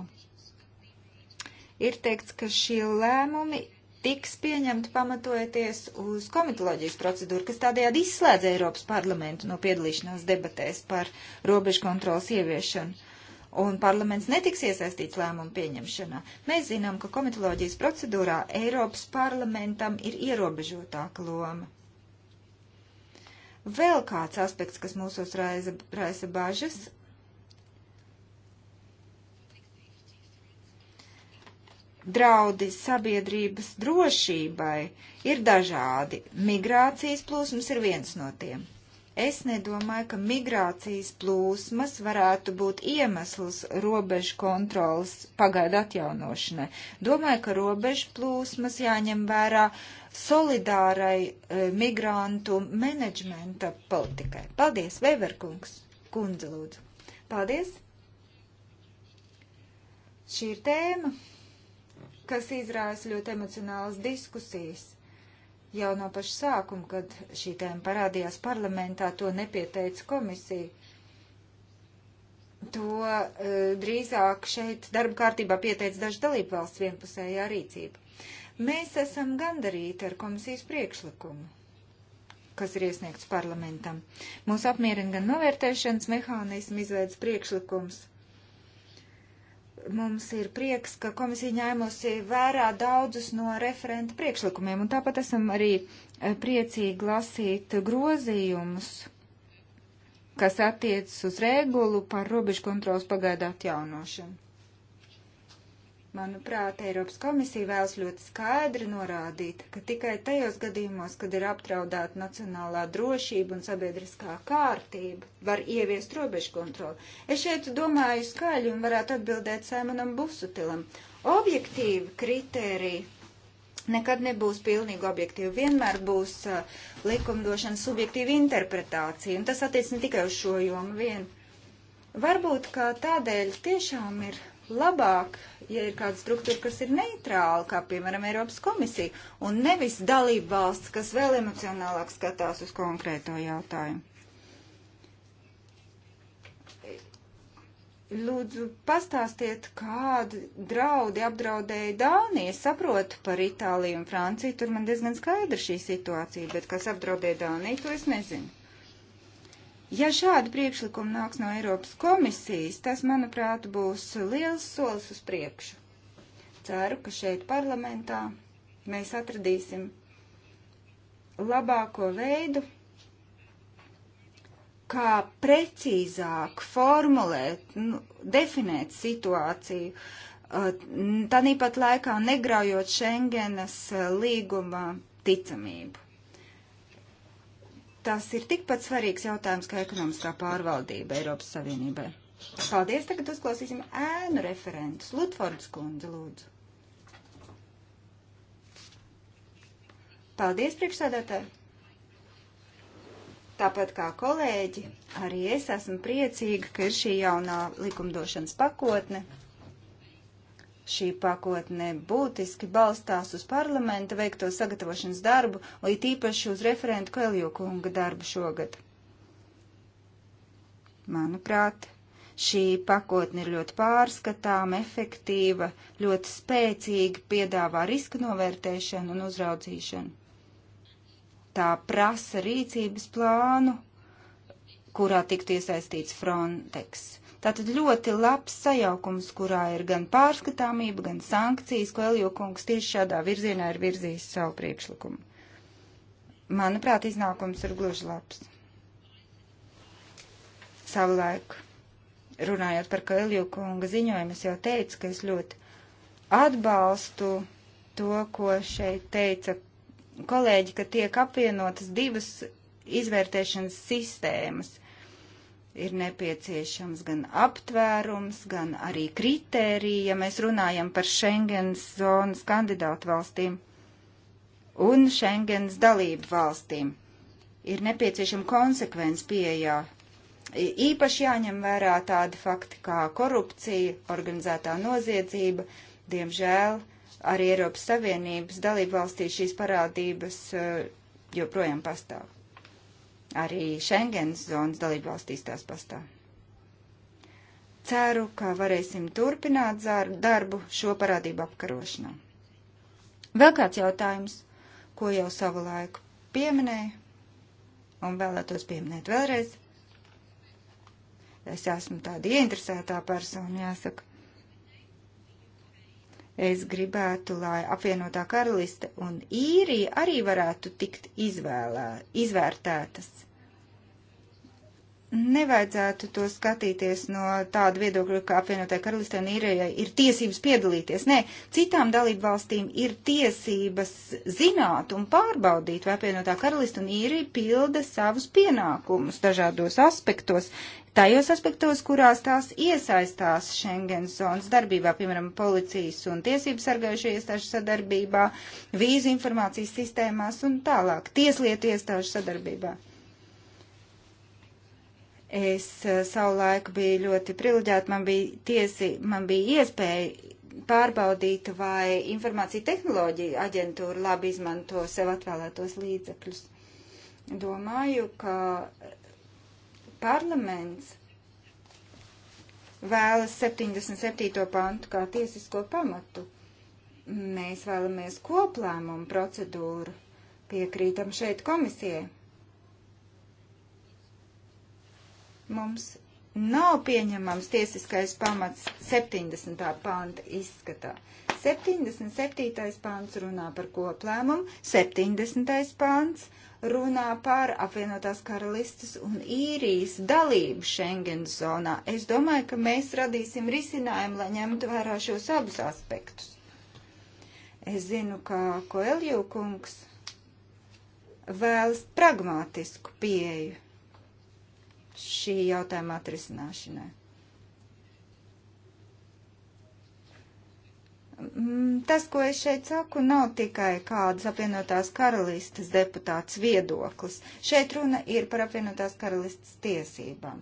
[SPEAKER 1] ir teikts, ka šie lēmumi tiks pieņemti pamatojoties uz komitoloģijas procedūru, kas tādējādi izslēdz Eiropas parlamentu no piedalīšanās debatēs par robežu kontrolas ieviešanu un parlaments netiks iesaistīts lēmumu pieņemšanā. Mēs zinām, ka komitoloģijas procedūrā Eiropas parlamentam ir ierobežotāka loma. Vēl kāds aspekts, kas mūsos raisa, raisa bažas, draudi sabiedrības drošībai ir dažādi. Migrācijas plūsmas ir viens no tiem. Es nedomāju, ka migrācijas plūsmas varētu būt iemesls robežu kontrolas pagaidu atjaunošanai. Domāju, ka robežu plūsmas jāņem vērā solidārai e, migrantu menedžmenta politikai. Paldies, Veverkungs, kundze lūdzu. Paldies. Šī ir tēma, kas izrāsa ļoti emocionālas diskusijas Jau no paša sākuma, kad šī tēma parādījās parlamentā, to nepieteica komisija. To e, drīzāk šeit darba kārtībā pieteica daži dalību valsts vienpusējā rīcība. Mēs esam gandarīti ar komisijas priekšlikumu, kas ir iesniegts parlamentam. Mūs apmierina gan novērtēšanas mehānismu izveids priekšlikums, mums ir prieks, ka komisija ņēmusi vērā daudzus no referenta priekšlikumiem, un tāpat esam arī e, priecīgi lasīt grozījumus, kas attiecas uz regulu par robežu kontrolas pagaidā atjaunošanu. Manuprāt, Eiropas komisija vēlas ļoti skaidri norādīt, ka tikai tajos gadījumos, kad ir aptraudēta nacionālā drošība un sabiedriskā kārtība, var ieviest robežu kontroli. Es šeit domāju skaļi un varētu atbildēt Saimonam Busutilam. Objektīvi kritēriji nekad nebūs pilnīgi objektīvi, vienmēr būs uh, likumdošana subjektīva interpretācija, un tas attiec ne tikai uz šo jomu vien. Varbūt, ka tādēļ tiešām ir labāk, ja ir kāda struktūra, kas ir neitrāla, kā piemēram Eiropas komisija, un nevis dalība valsts, kas vēl emocionālāk skatās uz konkrēto jautājumu. Lūdzu, pastāstiet, kādi draudi apdraudēja Dāniju. Es saprotu par Itāliju un Franciju, tur man diezgan skaidra šī situācija, bet kas apdraudēja Dāniju, to es nezinu. Ja šādi priekšlikumi nāks no Eiropas komisijas, tas, manuprāt, būs liels solis uz priekšu. Ceru, ka šeit parlamentā mēs atradīsim labāko veidu, kā precīzāk formulēt, nu, definēt situāciju, uh, tāpat laikā negraujot Schengenas uh, līguma ticamību. Tas ir tikpat svarīgs jautājums kā ekonomiskā pārvaldība Eiropas Savienībai. Paldies, tagad uzklausīsim ēnu referentus. Lutfords kundze, lūdzu. Paldies, priekšsēdētāji. Tāpat kā kolēģi, arī es esmu priecīga, ka ir šī jaunā likumdošanas pakotne. Šī pakotne būtiski balstās uz parlamenta veikto sagatavošanas darbu, lai tīpaši uz referentu Koelju kunga darbu šogad. Manuprāt, šī pakotne ir ļoti pārskatām, efektīva, ļoti spēcīgi piedāvā riska novērtēšanu un uzraudzīšanu. Tā prasa rīcības plānu, kurā tiktu iesaistīts Frontex. Tātad ļoti labs sajaukums, kurā ir gan pārskatāmība, gan sankcijas, ko Elio kungs tieši šādā virzienā ir virzījis savu priekšlikumu. Manuprāt, iznākums ir gluži labs. Savulaik, runājot par Kailju kunga ziņojumu, es jau teicu, ka es ļoti atbalstu to, ko šeit teica kolēģi, ka tiek apvienotas divas izvērtēšanas sistēmas. Uh, ir nepieciešams gan aptvērums, gan arī kritērija, ja mēs runājam par Schengens zonas kandidātu valstīm un Schengens dalību valstīm. Ir nepieciešama konsekvence pieejā. Īpaši jāņem vērā tādi fakti kā korupcija, organizētā noziedzība, diemžēl arī Eiropas Savienības dalību valstī šīs parādības eh, joprojām pastāv. Arī Schengens zonas dalību valstīs tās pastāv. Ceru, ka varēsim turpināt darbu šo parādību apkarošanā. Vēl kāds jautājums, ko jau savu laiku pieminēju un vēlētos pieminēt vēlreiz. Es esmu tāda ieinteresētā persona, jāsaka. Es gribētu, lai apvienotā karaliste un īrija arī varētu tikt izvēlē, izvērtētas. Nevajadzētu to skatīties no tāda viedokļa, ka apvienotai karalistē un īrējai ir tiesības piedalīties. Nē, citām dalību valstīm ir tiesības zināt un pārbaudīt, vai apvienotā karalista un īrija pilda savus pienākumus dažādos aspektos, tajos aspektos, kurās tās iesaistās Schengens zonas darbībā, piemēram, policijas un tiesības sargājušo iestāžu sadarbībā, vīzu informācijas sistēmās un tālāk, tieslietu iestāžu sadarbībā. Es eh, savulaik biju ļoti privileģēta, man bija tiesi, man bija iespēja pārbaudīt, vai informācija tehnoloģija aģentūra labi izmanto sev atvēlētos līdzekļus. Domāju, ka parlaments vēlas 77. pantu kā tiesisko pamatu. Mēs vēlamies koplēmumu procedūru. Piekrītam šeit komisijai. Mums nav pieņemams tiesiskais pamats 70. panta izskatā. 77. pants runā par koplēmumu, 70. pants runā par apvienotās karalistes un īrijas dalību Schengen zonā. Es domāju, ka mēs radīsim risinājumu, lai ņemtu vērā šos abus aspektus. Es zinu, ka Koelju kungs vēlas pragmātisku pieeju šī jautājuma atrisināšanai. Mm, tas, ko es šeit saku, nav tikai kādas apvienotās karalistes deputāts viedoklis. Šeit runa ir par apvienotās karalistes tiesībām.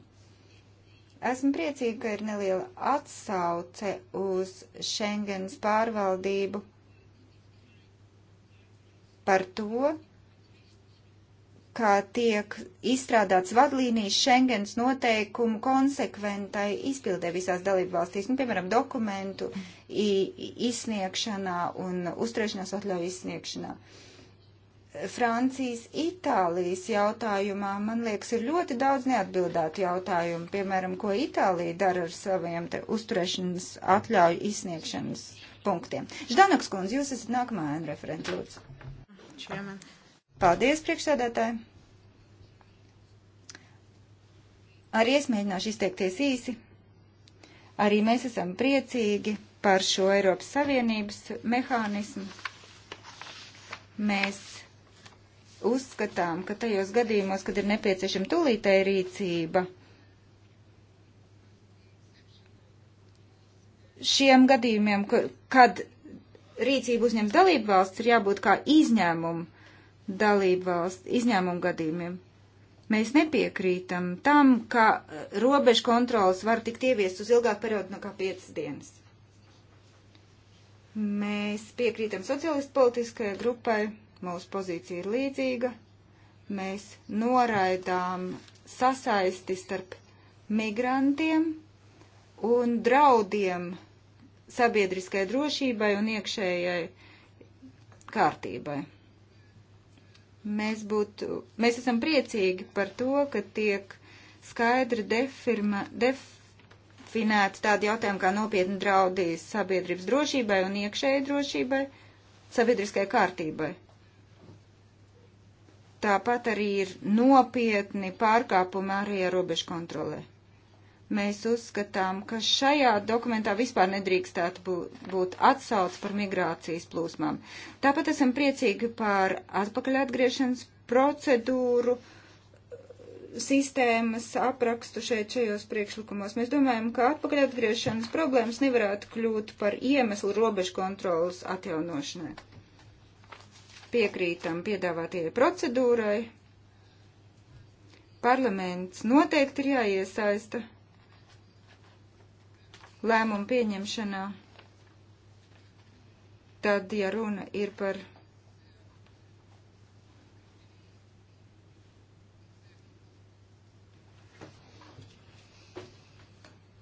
[SPEAKER 1] Esmu priecīga, ka ir neliela atsauce uz Schengens pārvaldību par to, ka tiek izstrādāts vadlīnijas Schengens noteikumu konsekventai izpildē visās dalību valstīs, nu, piemēram, dokumentu izsniegšanā un uzturēšanās atļauju izsniegšanā. Francijas, Itālijas jautājumā, man liekas, ir ļoti daudz neatbildētu jautājumu, piemēram, ko Itālija dara ar saviem te, uzturēšanas atļauju izsniegšanas punktiem. Ždanoks kundze, jūs esat nākamā referenta, lūdzu. Čiemen. Paldies, priekšsēdētāji! Arī es mēģināšu izteikties īsi. Arī mēs esam priecīgi par šo Eiropas Savienības mehānismu. Mēs uzskatām, ka tajos gadījumos, kad ir nepieciešama tūlītēja rīcība, šiem gadījumiem, kad rīcību uzņems dalību valsts, ir jābūt kā izņēmumu dalību valstu izņēmumu gadījumiem. Mēs nepiekrītam tam, ka eh, robežu kontrolas var tikt ieviest uz ilgāku periodu nekā no 5 dienas. Mēs piekrītam sociālistu politiskajai grupai, mūsu pozīcija ir līdzīga. Mēs noraidām sasaisti starp migrantiem un draudiem sabiedriskai drošībai un iekšējai kārtībai. Mēs, būtu, mēs esam priecīgi par to, ka tiek skaidri defirma, definēti tādi jautājumi kā nopietni draudi sabiedrības drošībai un iekšēji drošībai, sabiedriskai kārtībai. Tāpat arī ir nopietni pārkāpumi arī ar robežu kontrolē. Mēs uzskatām, ka šajā dokumentā vispār nedrīkstētu būt, būt atsauc par migrācijas plūsmām. Tāpat esam priecīgi par atpakaļatgriešanas procedūru sistēmas aprakstu šeit šajos priekšlikumos. Mēs domājam, ka atpakaļatgriešanas problēmas nevarētu kļūt par iemeslu robežu kontrolas atjaunošanai. Piekrītam piedāvātajai procedūrai. Parlaments noteikti ir jāiesaista lēmumu pieņemšanā, tad, ja runa ir par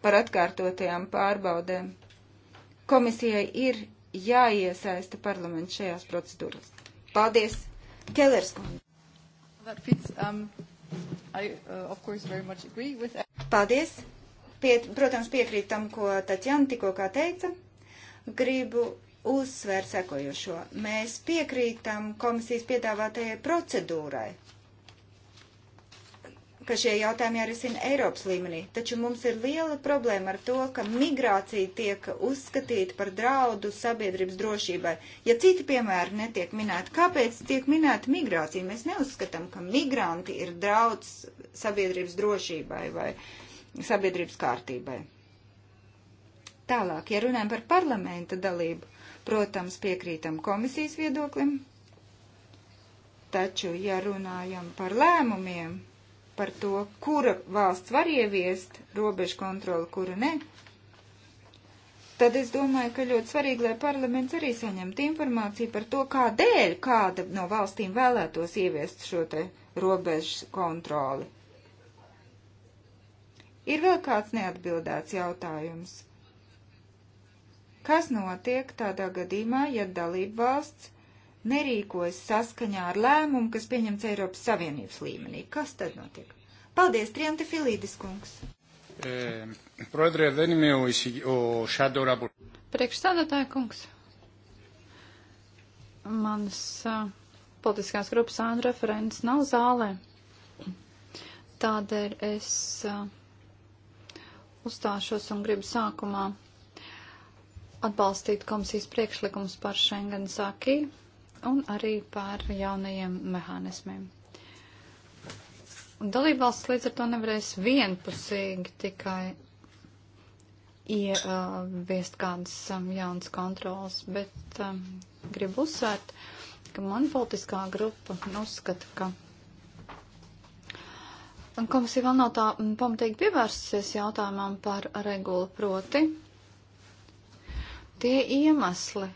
[SPEAKER 1] par atkārtotajām pārbaudēm, komisijai ir jāiesaista parlaments šajās procedūras. Paldies! Kellers kundze! Um,
[SPEAKER 3] uh, Paldies!
[SPEAKER 1] pie, protams, piekrīt tam, ko Taķiana tikko kā teica. Gribu uzsvērt sekojošo. Mēs piekrītam komisijas piedāvātajai procedūrai, ka šie jautājumi jārisina Eiropas līmenī, taču mums ir liela problēma ar to, ka migrācija tiek uzskatīta par draudu sabiedrības drošībai. Ja citi piemēri netiek minēti, kāpēc tiek minēta migrācija? Mēs neuzskatām, ka migranti ir drauds sabiedrības drošībai vai uh, sabiedrības kārtībai. Tālāk, ja runājam par parlamenta dalību, protams, piekrītam komisijas viedoklim, taču, ja runājam par lēmumiem, par to, kura valsts var ieviest robežu kontroli, kura ne, tad es domāju, ka ļoti svarīgi, lai parlaments arī saņemtu informāciju par to, kādēļ kāda no valstīm vēlētos ieviest šo te robežu kontroli. Ir vēl kāds neatbildēts jautājums. Kas notiek tādā gadījumā, ja dalība valsts nerīkojas saskaņā ar lēmumu, kas pieņemts Eiropas Savienības līmenī? Kas tad notiek? Paldies, Trianta Filīdis kungs!
[SPEAKER 3] Priekšstādātāja kungs, manas uh, politiskās grupas ānu referents nav zālē. Tādēļ es uh, uzstāšos un gribu sākumā atbalstīt komisijas priekšlikums par Schengen sākī un arī par jaunajiem mehānismiem. Un dalībvalsts līdz ar to nevarēs vienpusīgi tikai ieviest uh, kādas um, jaunas kontrolas, bet um, gribu uzsvērt, ka man politiskā grupa uzskata, ka Komisija vēl nav tā mm, pamatīgi pievērsusies jautājumam par regulu proti. Tie iemesli,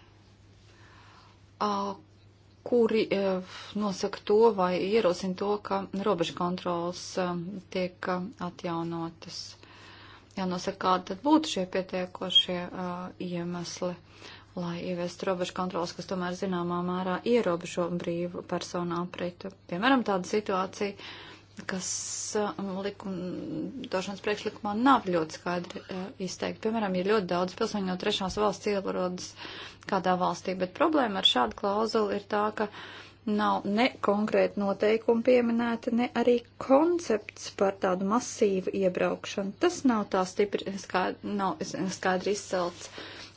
[SPEAKER 3] kuri e, nosaka to vai ierosina to, ka robežu kontrols e, tiek e, atjaunotas. Jānosaka, kāda tad būtu šie pietiekošie iemesli lai ieviestu robežu kontrolas, kas tomēr zināmā mērā ierobežo brīvu personu apritu. Piemēram, tāda situācija, kas um, likumdošanas priekšlikumā nav ļoti skaidri uh, izteikti. Piemēram, ir ļoti daudz pilsoņu no trešās valsts ielrodas kādā valstī, bet problēma ar šādu klauzulu ir tā, ka nav ne konkrēti noteikumi pieminēti, ne arī koncepts par tādu masīvu iebraukšanu. Tas nav tā stipri, skaidri, nav skaidri izcelts.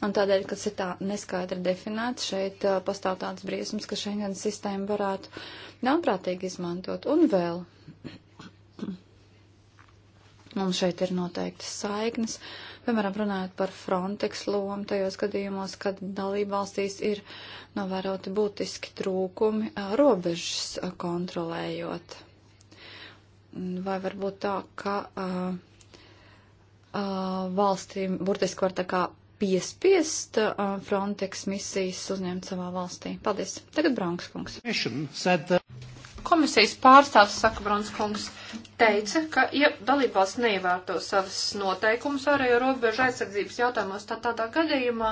[SPEAKER 3] Un tādēļ, kas ir tā neskaidri definēts, šeit uh, pastāv tāds briesmas, ka Schengen sistēma varētu ļaunprātīgi izmantot. Un vēl Mums šeit ir noteikti saiknes, piemēram, runājot par Frontex lomu tajos gadījumos, kad dalībvalstīs ir novēroti būtiski trūkumi robežas kontrolējot. Vai varbūt tā, ka a, a, valstīm burtiski var tā kā piespiest a, Frontex misijas uzņemt savā valstī?
[SPEAKER 2] Paldies. Tagad Branks kungs. Komisijas pārstāvs Saka Bronskungs teica, ka, ja dalībvalsts neievērto savas noteikumus ārējo robežu aizsardzības jautājumos, tad tādā gadījumā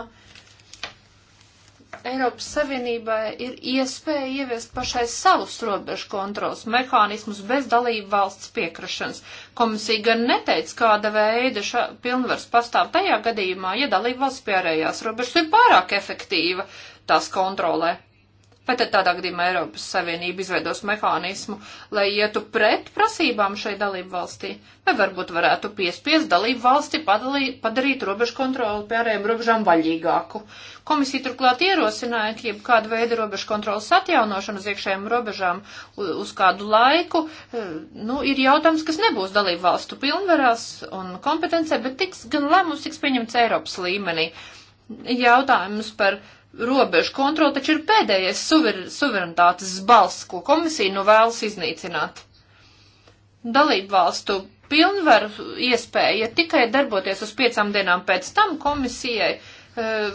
[SPEAKER 2] Eiropas Savienībai ir iespēja ieviest pašai savus robežu kontrols mehānismus bez dalību valsts piekrišanas. Komisija gan neteica, kāda veida šā pilnvars pastāv tajā gadījumā, ja dalību valsts pierējās robežas ir pārāk efektīva tās kontrolē. Vai tad tādā gadījumā Eiropas Savienība izveidos mehānismu, lai ietu pret prasībām šai dalību valstī? Vai varbūt varētu piespiest dalību valsti padalī, padarīt robežu kontroli pie ārējiem robežām vaļīgāku? Komisija turklāt ierosināja, ka jebkāda veida robežu kontrolas atjaunošana uz iekšējām robežām uz kādu laiku, e, nu, ir jautājums, kas nebūs dalību valstu pilnvarās un kompetencē, bet tiks gan lēmums, tiks pieņemts Eiropas līmenī. Jautājums par uh, robežu kontroli taču ir pēdējais suver suverenitātes balss, ko komisija nu vēlas iznīcināt. Dalību valstu pilnvaru iespēja tikai darboties uz piecām dienām pēc tam komisijai eh,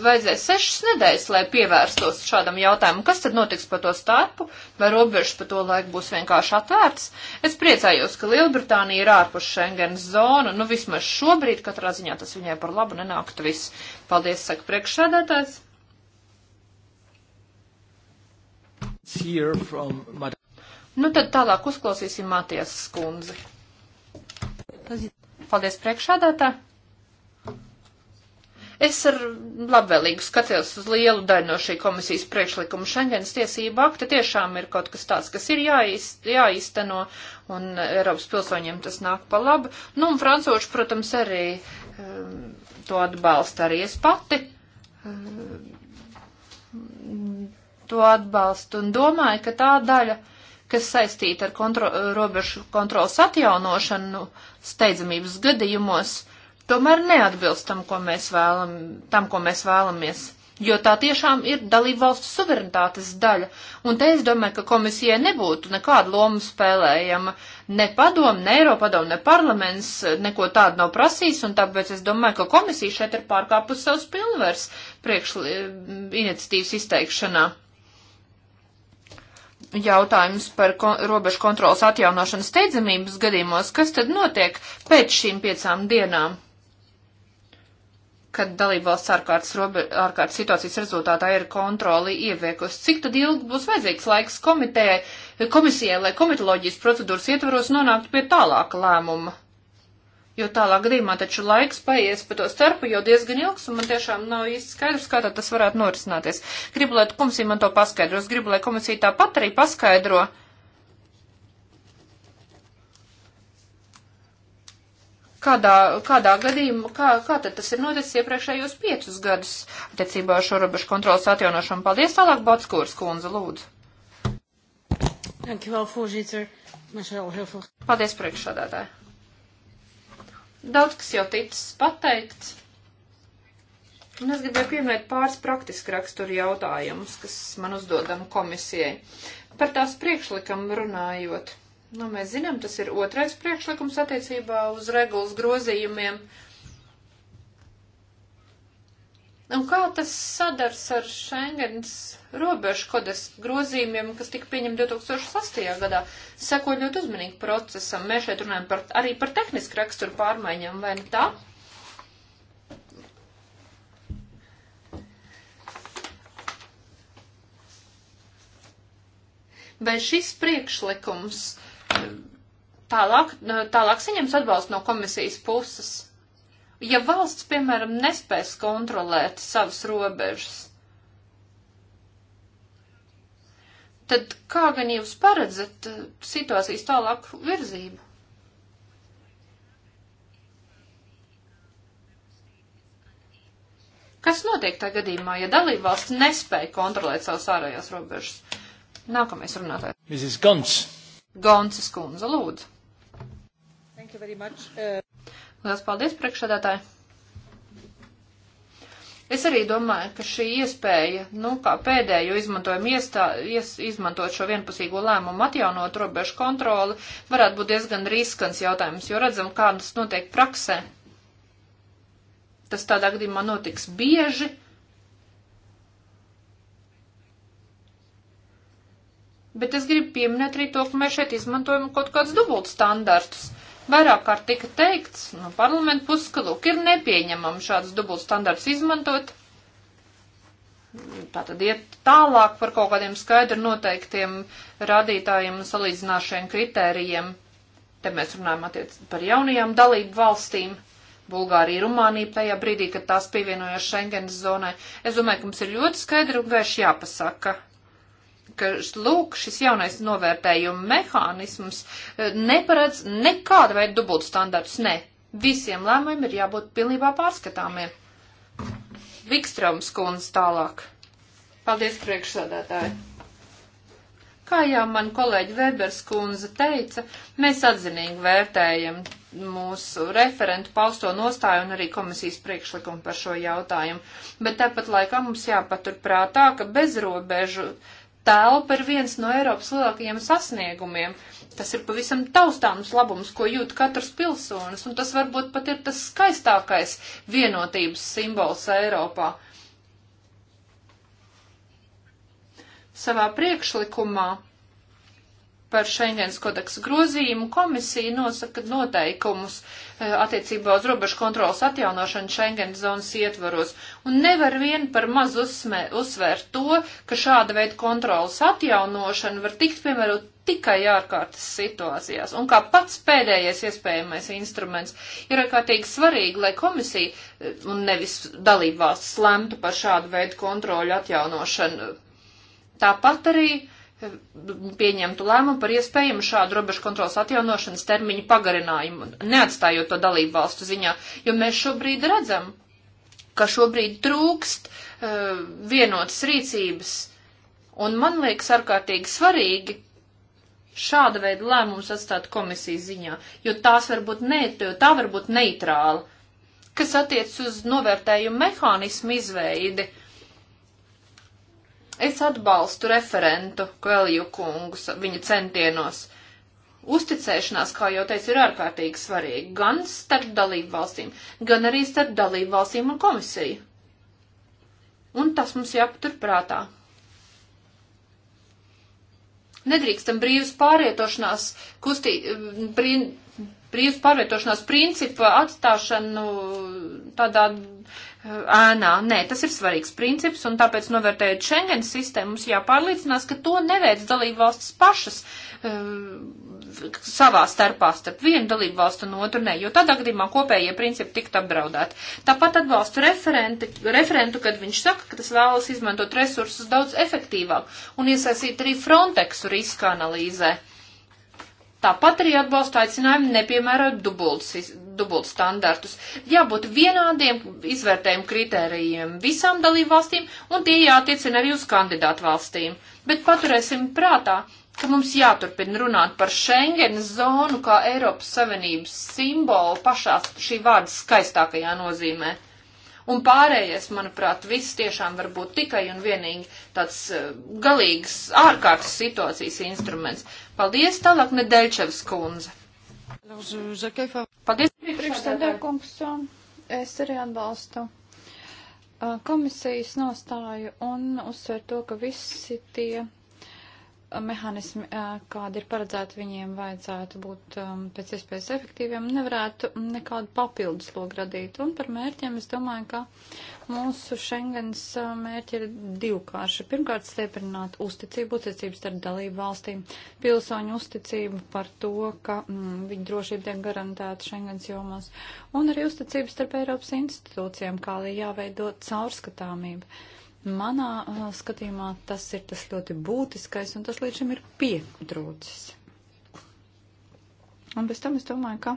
[SPEAKER 2] vajadzēs sešas nedēļas, lai pievērstos šādam jautājumam. Kas tad notiks pa to starpu? Vai robežas pa to laiku būs vienkārši atvērts? Es priecājos, ka Lielbritānija ir ārpus Schengens zonu. Nu, vismaz šobrīd katrā ziņā tas viņai par labu nenāktu viss. Paldies, saka priekšsēdētājs. From... Nu tad tālāk uzklausīsim Mātijas skundzi. Paldies priekšādātā. Es ar labvēlīgu skatījos uz lielu daļu no šī komisijas priekšlikuma. Šengens tiesība akta tiešām ir kaut kas tāds, kas ir jāīst, jāīsteno, un Eiropas pilsoņiem tas nāk pa labu. Nu, un francūši, protams, arī um, to atbalsta arī es pati. Um, to atbalstu un domāju, ka tā daļa, kas saistīta ar kontro, robežu kontrolas atjaunošanu steidzamības gadījumos, tomēr neatbilst tam, ko mēs, vēlam, tam, ko mēs vēlamies. Jo tā tiešām ir dalība valsts suverenitātes daļa, un te es domāju, ka komisijai nebūtu nekāda loma spēlējama. Ne padomu, ne Eiropadomu, ne parlaments neko tādu nav prasījis, un tāpēc es domāju, ka komisija šeit ir pārkāpus savus pilnvers priekš eh, iniciatīvas izteikšanā jautājums par ko robežu kontrolas atjaunošanas steidzamības gadījumos, kas tad notiek pēc šīm piecām dienām, kad dalībvalsts ārkārtas, ārkārtas situācijas rezultātā ir kontroli ieviekusi? Cik tad ilgi būs vajadzīgs laiks komitē, komisijai, lai komitoloģijas procedūras ietvaros nonāktu pie tālāka lēmuma? jo tālāk gadījumā taču laiks paies pa to starpu jau diezgan ilgs, un man tiešām nav īsti skaidrs, kā tas varētu norisināties. Gribu, lai komisija man to paskaidros, gribu, lai komisija tāpat arī paskaidro. Kādā, kādā gadījumā, kā, kā tad tas ir noticis iepriekšējos piecus gadus attiecībā ar šo robežu kontrolas atjaunošanu? Paldies tālāk, Batskūras kundze, lūdzu. Dankjewel, voorzitter. Maar zo heel veel. Paldies, priekšsādātāji. Daudz kas jau ticis pateikts. Un es gribēju pieminēt pāris praktiski raksturu jautājumus, kas man uzdodam komisijai. Par tās priekšlikumu runājot. Nu, mēs zinām, tas ir otrais priekšlikums attiecībā uz regulas grozījumiem. Uh, Un kā tas sadars ar Schengens robežu kodas grozījumiem, kas tika pieņemti 2008. gadā, seko ļoti uzmanīgi procesam. Mēs šeit runājam par, arī par tehnisku raksturu pārmaiņām, vai ne tā? Vai šis priekšlikums tālāk, tālāk saņems atbalstu no komisijas puses? Ja valsts, piemēram, nespēs kontrolēt savas robežas, tad kā gan jūs paredzat eh, situācijas tālāku virzību? Kas notiek tā gadījumā, ja dalībvalsts nespēja kontrolēt savas ārējās robežas? Nākamais runātājs. Mrs. Gons. Gonsas kundze, lūdzu. Thank you very much. Uh... Lielas paldies, priekšsēdētāji! Es arī domāju, ka šī iespēja, nu, kā pēdējo izmantojumu iestā, ies, izmantot šo vienpusīgo lēmumu atjaunot robežu kontroli, varētu būt diezgan riskants jautājums, jo redzam, kā tas notiek praksē. Tas tādā gadījumā notiks bieži. Bet es gribu pieminēt arī to, ka mēs šeit izmantojam kaut kādus dubultstandartus. standartus Vairāk kārt tika teikts no parlamenta puses, ka lūk, ir nepieņemami šādas dubultstandards izmantot. Tātad iet tālāk par kaut kādiem skaidri noteiktiem rādītājiem un salīdzināšiem kritērijiem. Te mēs runājam attiec par jaunajām dalību valstīm. Bulgārija, Rumānija tajā brīdī, kad tās pievienojās Schengenas zonai. Es domāju, ka mums ir ļoti skaidri un gaiši jāpasaka, ka lūk, šis jaunais novērtējuma mehānisms e, neparedz nekāda veida dubultu standartus. Nē, visiem lēmumiem ir jābūt pilnībā pārskatāmiem. Vikstroms kundze tālāk. Paldies, priekšsādātāji. Kā jau man kolēģi Webers kundze teica, mēs atzinīgi vērtējam mūsu referentu pausto nostāju un arī komisijas priekšlikumu par šo jautājumu. Bet tāpat laikā mums jāpatur prātā, ka bezrobežu telpa ir viens no Eiropas lielākajiem sasniegumiem. Tas ir pavisam taustāms labums, ko jūt katrs pilsonis, un tas varbūt pat ir tas skaistākais vienotības simbols Eiropā. Savā priekšlikumā par Schengens kodeksa grozījumu komisija nosaka noteikumus eh, attiecībā uz robežu kontrolas atjaunošanu Schengens zonas ietvaros. Un nevar vien par maz uzsmē, uzsvērt to, ka šāda veida kontrolas atjaunošana var tikt piemērot tikai ārkārtas situācijās. Un kā pats pēdējais iespējamais instruments ir ārkārtīgi svarīgi, lai komisija eh, un nevis dalībvalsts lemtu par šādu veidu kontroļu atjaunošanu. Tāpat arī uh, pieņemtu lēmumu par iespējamu šādu robežu kontrolas atjaunošanas termiņu pagarinājumu, neatstājot to dalību valstu ziņā, jo mēs šobrīd redzam, ka šobrīd trūkst uh, vienotas rīcības, un man liekas ārkārtīgi svarīgi šāda veida lēmumus atstāt komisijas ziņā, jo tās varbūt ne, jo tā varbūt neitrāla, kas attiec uz novērtējumu mehānismu izveidi. Uh, Es atbalstu referentu Kvelju kungus viņa centienos. Uzticēšanās, kā jau teicu, ir ārkārtīgi svarīga gan starp dalību valstīm, gan arī starp dalību valstīm un komisiju. Un tas mums jāpatur prātā. Nedrīkstam brīvas pārvietošanās, kustī, brī, brīvas pārvietošanās principu atstāšanu tādā ēnā. Nē, tas ir svarīgs princips, un tāpēc, novērtējot Schengen sistēmu, mums jāpārliecinās, ka to neveic dalību valstis pašas uh, savā starpā, starp vienu dalību valstu un otru nē, jo tādā gadījumā kopējie principi tiktu apdraudēti. Tāpat atbalstu referenti, referentu, kad viņš saka, ka tas vēlas izmantot resursus daudz efektīvāk un iesaistīt arī Frontexu riska analīzē. Tāpat arī atbalsta aicinājumu nepiemērot dubultus dubult standartus. Jābūt vienādiem izvērtējumu kritērijiem visām dalībvalstīm, un tie jātiecina arī uz kandidātu valstīm. Bet paturēsim prātā, ka mums jāturpina runāt par Schengenas zonu kā Eiropas Savienības simbolu pašā šī vārda skaistākajā nozīmē. Un pārējais, manuprāt, viss tiešām var būt tikai un vienīgi tāds eh, galīgs ārkārtas situācijas instruments. Paldies, tālāk Nedeļčevs kundze. Paldies, priekšsēdētāj
[SPEAKER 3] kungs. Es arī atbalstu uh, komisijas nostāju un uzsver to, ka visi tie mehānismi, kādi ir paredzēti viņiem, vajadzētu būt um, pēc iespējas efektīviem, nevarētu nekādu papildus logu radīt. Un par mērķiem es domāju, ka mūsu Schengens mērķi ir divkārši. Pirmkārt, stiprināt uzticību, uzticības starp dalību valstīm, pilsoņu uzticību par to, ka mm, viņa drošība tiek garantēta Schengens jomās, un arī uzticības starp Eiropas institūcijām, kā arī jāveido caurskatāmība Manā uh, skatījumā tas ir tas ļoti būtiskais, un tas līdz šim ir pietrūcis. Un bez tam es domāju, ka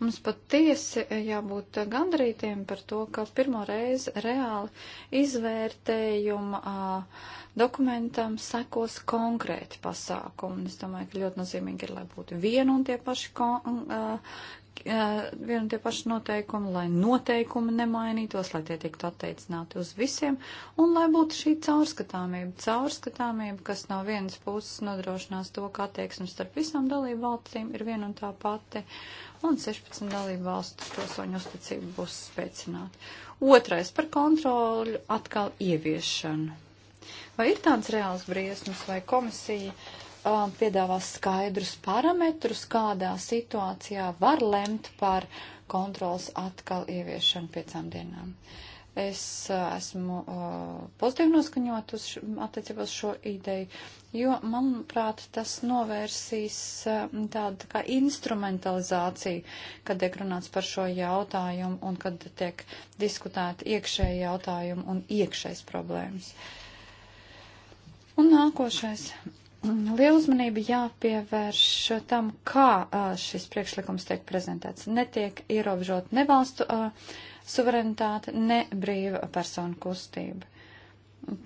[SPEAKER 3] mums patiesi eh, jābūt eh, gandarītiem par to, ka pirmo reizi reāli izvērtējuma uh, dokumentam sekos konkrēti pasākumi. Es domāju, ka ļoti nozīmīgi ir, lai būtu viena un tie paši kon, uh, viena un tie paši noteikumi, lai noteikumi nemainītos, lai tie tiktu attiecināti uz visiem, un lai būtu šī caurskatāmība. Caurskatāmība, kas no vienas puses nodrošinās to, ka attieksme starp visām dalību valstīm ir viena un tā pati, un 16 dalību valstu pilsoņu uzticība būs spēcināta. Otrais par kontroļu atkal ieviešanu. Vai ir tāds reāls briesmas vai komisija? Uh, uh, piedāvās skaidrus parametrus, kādā situācijā var lemt par kontrols atkal ieviešanu piecām dienām. Es uh, esmu uh, pozitīvi noskaņot uz attiecībā uz šo ideju, jo, manuprāt, tas novērsīs uh, tādu kā instrumentalizāciju, kad tiek runāts par šo jautājumu un kad tiek diskutēti iekšēji jautājumi un iekšējas problēmas. Un nākošais Liela uzmanība jāpievērš tam, kā šis priekšlikums tiek prezentēts. Netiek ierobežot ne valstu suverenitāte, ne brīva personu kustība.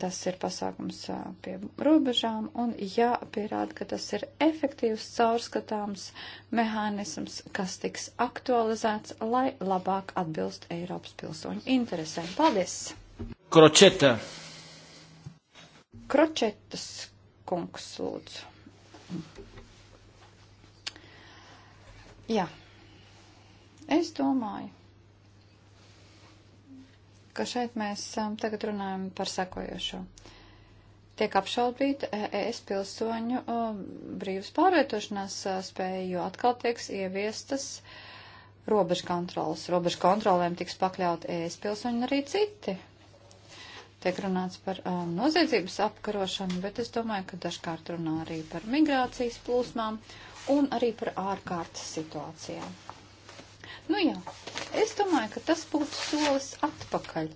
[SPEAKER 3] Tas ir pasākums pie robežām un jāpierāda, ka tas ir efektīvs, caurskatāms mehānisms, kas tiks aktualizēts, lai labāk atbilst Eiropas pilsoņu interesēm. Paldies! Kročeta! Kročetas kungs, lūdzu. Jā, es domāju, ka šeit mēs um, tagad runājam par sekojošo. Tiek apšaubīta ES e pilsoņu um, brīvas pārvietošanās uh, spēja, jo atkal tieks ieviestas robežu kontrolas. Robežu kontrolēm tiks pakļaut ES e pilsoņi un arī citi tiek runāts par um, noziedzības apkarošanu, bet es domāju, ka dažkārt runā arī par migrācijas plūsmām un arī par ārkārtas situācijām. Nu jā, es domāju, ka tas būtu solis atpakaļ,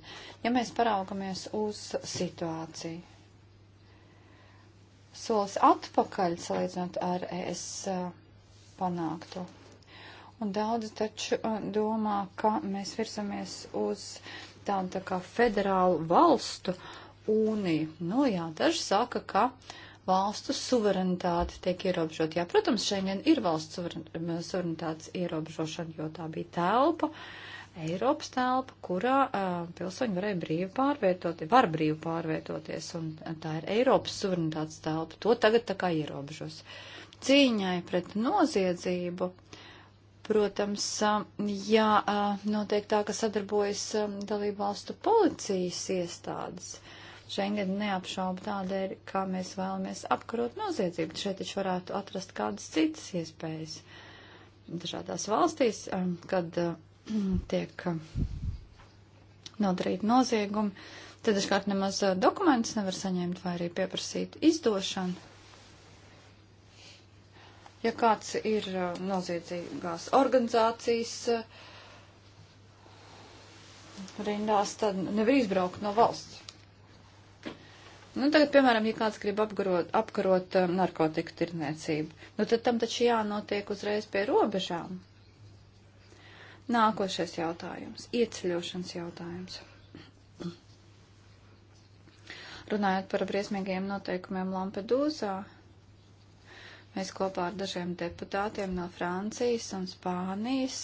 [SPEAKER 3] ja mēs paraugamies uz situāciju. Solis atpakaļ salīdzinot ar es uh, panākto. Un daudzi taču uh, domā, ka mēs virzamies uz tādu tā kā federālu valstu uniju. Nu jā, daži saka, ka valstu suverenitāte tiek ierobežota. Jā, protams, Schengen ir valsts suverenitātes ierobežošana, jo tā bija telpa, Eiropas telpa, kurā uh, pilsoņi varēja brīvi pārvietoties, var brīvi pārvietoties, un tā ir Eiropas suverenitātes telpa. To tagad tā kā ierobežos. Cīņai pret noziedzību. Uh, Protams, um, jā, uh, notiek tā, ka sadarbojas um, dalību valstu policijas iestādes. Šengen neapšauba tādēļ, kā mēs vēlamies apkarot noziedzību. Šeit taču varētu atrast kādas citas iespējas dažādās valstīs, um, kad uh, tiek nodarīti noziegumi, tad dažkārt nemaz uh, dokumentus nevar saņemt vai arī pieprasīt izdošanu. Ja kāds ir noziedzīgās uh, organizācijas uh, rindās, tad nevar izbraukt no valsts. Nu, tagad, piemēram, ja kāds grib apkarot, apkarot uh, um, narkotiku tirniecību, nu tad tam taču jānotiek uzreiz pie robežām. Nākošais jautājums - ieceļošanas jautājums. Runājot par briesmīgajiem noteikumiem Lampedūzā, Mēs kopā ar dažiem deputātiem no Francijas un Spānijas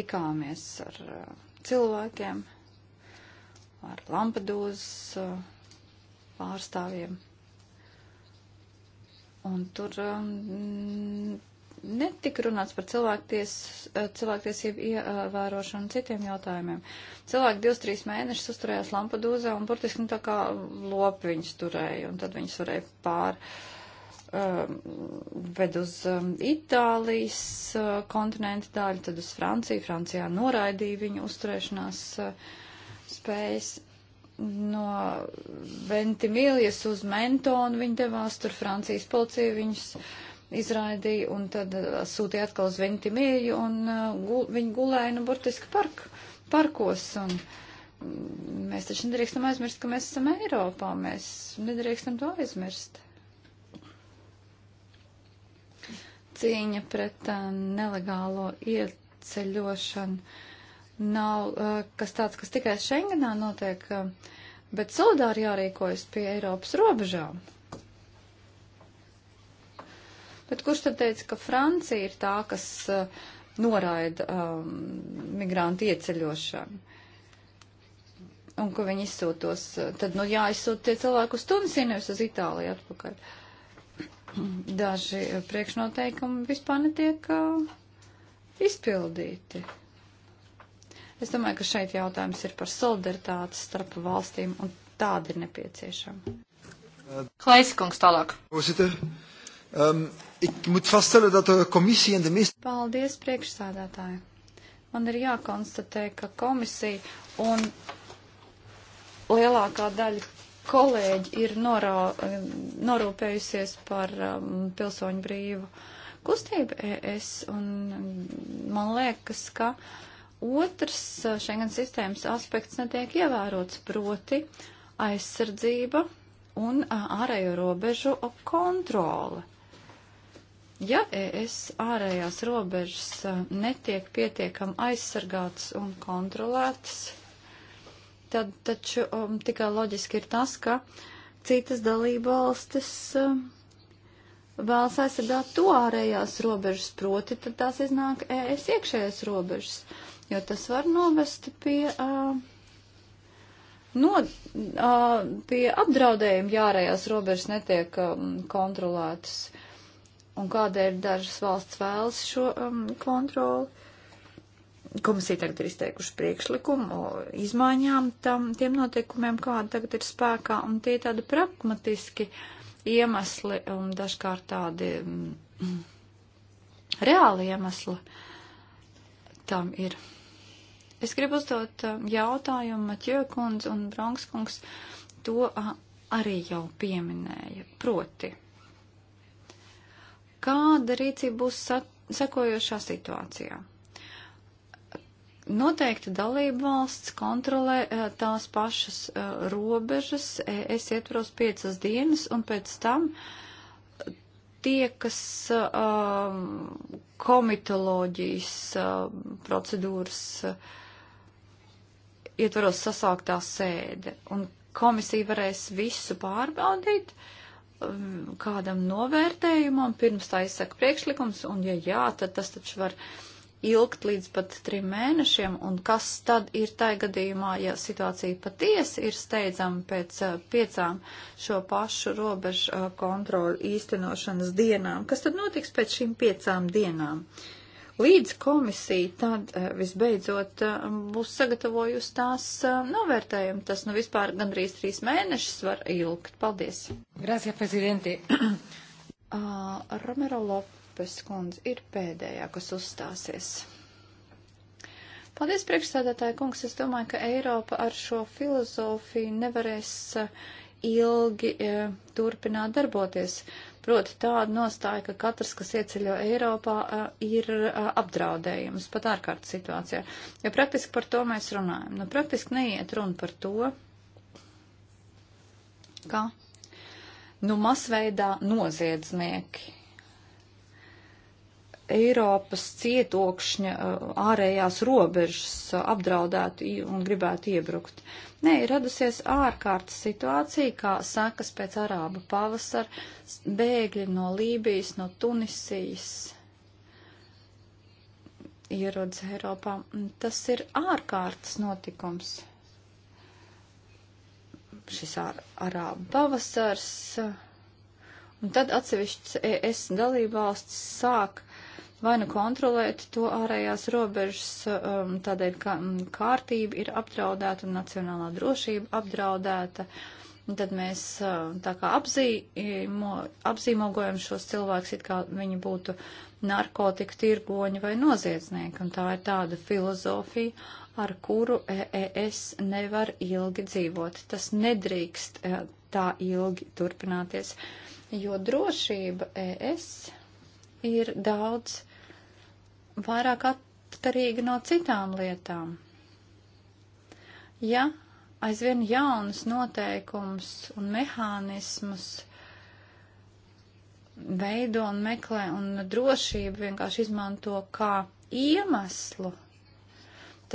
[SPEAKER 3] tikāmies ar uh, cilvēkiem, ar Lampedūzas uh, pārstāvjiem. Un tur um, netika runāts par cilvēkties, eh, cilvēktiesību ievērošanu citiem jautājumiem. Cilvēki divus, trīs mēnešus uzturējās Lampedūzā un burtiski nu, tā kā lopi viņus turēja, un tad viņus varēja pār um, ved uz um, Itālijas uh, eh, kontinentu daļu, tad uz Franciju. Francijā noraidīja viņu uzturēšanās uh, spējas no Ventimīlijas uz Mentonu. Viņi devās tur Francijas policija viņus uh, izraidīja un tad uh, sūtīja atkal uz Ventimēju un uh, gul, viņi gulēja, nu, burtiski park, parkos. Un, mm, Mēs taču nedrīkstam aizmirst, ka mēs esam Eiropā. Mēs nedrīkstam to aizmirst. Cīņa pret uh, nelegālo ieceļošanu nav uh, kas tāds, kas tikai Schengenā notiek, uh, bet solidāri jārīkojas pie Eiropas robežām. Bet kurš tad teica, ka Francija ir tā, kas uh, noraida um, migrantu ieceļošanu? Un ka viņi izsūtos, eh, tad nu jāizsūt tie cilvēki uz Tunisiju, nevis uz Itāliju atpakaļ. Daži eh, priekšnoteikumi vispār netiek uh, izpildīti. Es domāju, ka šeit jautājums ir par solidaritāti starp valstīm, un tāda ir nepieciešama.
[SPEAKER 2] Klaiskungs tālāk. Um, Ik moet vaststellen dat de komisija en de meeste.
[SPEAKER 3] Paldies, priekšsādātāji. Man ir jākonstatē, ka komisija un lielākā daļa kolēģi ir norā, norūpējusies par um, pilsoņu brīvu kustību e, ES. Un man liekas, ka otrs uh, Schengen sistēmas aspekts netiek ievērots, proti aizsardzība un uh, ārējo robežu kontrole. Ja ES ārējās robežas netiek pietiekam aizsargātas un kontrolētas, tad taču um, tikai loģiski ir tas, ka citas dalībvalstis um, vēlas aizsargāt to ārējās robežas, proti tad tās iznāk ES iekšējās robežas, jo tas var novest pie. Uh, no, a, pie apdraudējuma jārējās robežas netiek a, um, kontrolētas un kādēļ dažas valsts vēlas šo um, kontroli. Komisija tagad ir izteikuši priekšlikumu izmaiņām tam, tiem noteikumiem, kāda tagad ir spēkā, un tie tādi pragmatiski iemesli un um, dažkārt tādi mm, reāli iemesli tam ir. Es gribu uzdot um, jautājumu Maķio kundze un Bronks kungs to arī jau pieminēja. Proti. Kāda rīcība būs sekojošā situācijā? Noteikti dalība valsts kontrolē eh, tās pašas uh, robežas, es ietveros piecas dienas, un pēc tam tie, kas uh, komitoloģijas uh, procedūras ietveros sasāktā sēde, un komisija varēs visu pārbaudīt, uh, Mm, kādam novērtējumam, pirms tā izsaka priekšlikums, un ja jā, tad tas taču var ilgt līdz pat trim mēnešiem, un kas tad ir tai gadījumā, ja situācija patiesi ir steidzama pēc uh, piecām šo pašu robežu uh, eh, kontroli īstenošanas dienām? Kas tad notiks pēc šīm piecām dienām? Uh, līdz komisija tad eh, visbeidzot eh, būs sagatavojusi tās eh, novērtējumu. Tas nu vispār gandrīz trīs mēnešus var ilgt. Paldies. Grazie, prezidenti. Uh, ah, Romero Lopes kundze ir pēdējā, kas uzstāsies. Paldies, priekšstādātāji kungs. Es domāju, ka Eiropa ar šo filozofiju nevarēs ilgi uh, turpināt darboties. Uh, Proti tāda nostāja, ka katrs, kas ieceļo Eiropā, ir apdraudējums pat ārkārtas situācijā. Jo praktiski par to mēs runājam. Nu, praktiski neiet runa par to, kā, nu, masveidā noziedznieki Eiropas cietokšņa eh, ārējās robežas eh, apdraudētu un gribētu iebrukt. Nē, ir radusies ārkārtas situācija, kā sakas pēc arāba pavasara, bēgļi no Lībijas, no Tunisijas ierodas Eiropā. Tas ir ārkārtas notikums. Šis ar, arāba pavasars. Eh, un tad atsevišķas ES dalībvalsts sāk vai nu kontrolēt to ārējās robežas, um, tādēļ, ka mm, kārtība ir apdraudēta un nacionālā drošība apdraudēta. Un tad mēs uh, tā kā apzīmo, apzīmogojam šos cilvēkus, it kā viņi būtu narkotika tirgoņi vai noziedznieki. Un tā ir tāda filozofija, ar kuru EES nevar ilgi dzīvot. Tas nedrīkst uh, tā ilgi turpināties, jo drošība ES e ir daudz vairāk atkarīgi no citām lietām. Ja aizvien jaunas noteikums un mehānismus veido un meklē un drošību vienkārši izmanto kā iemeslu,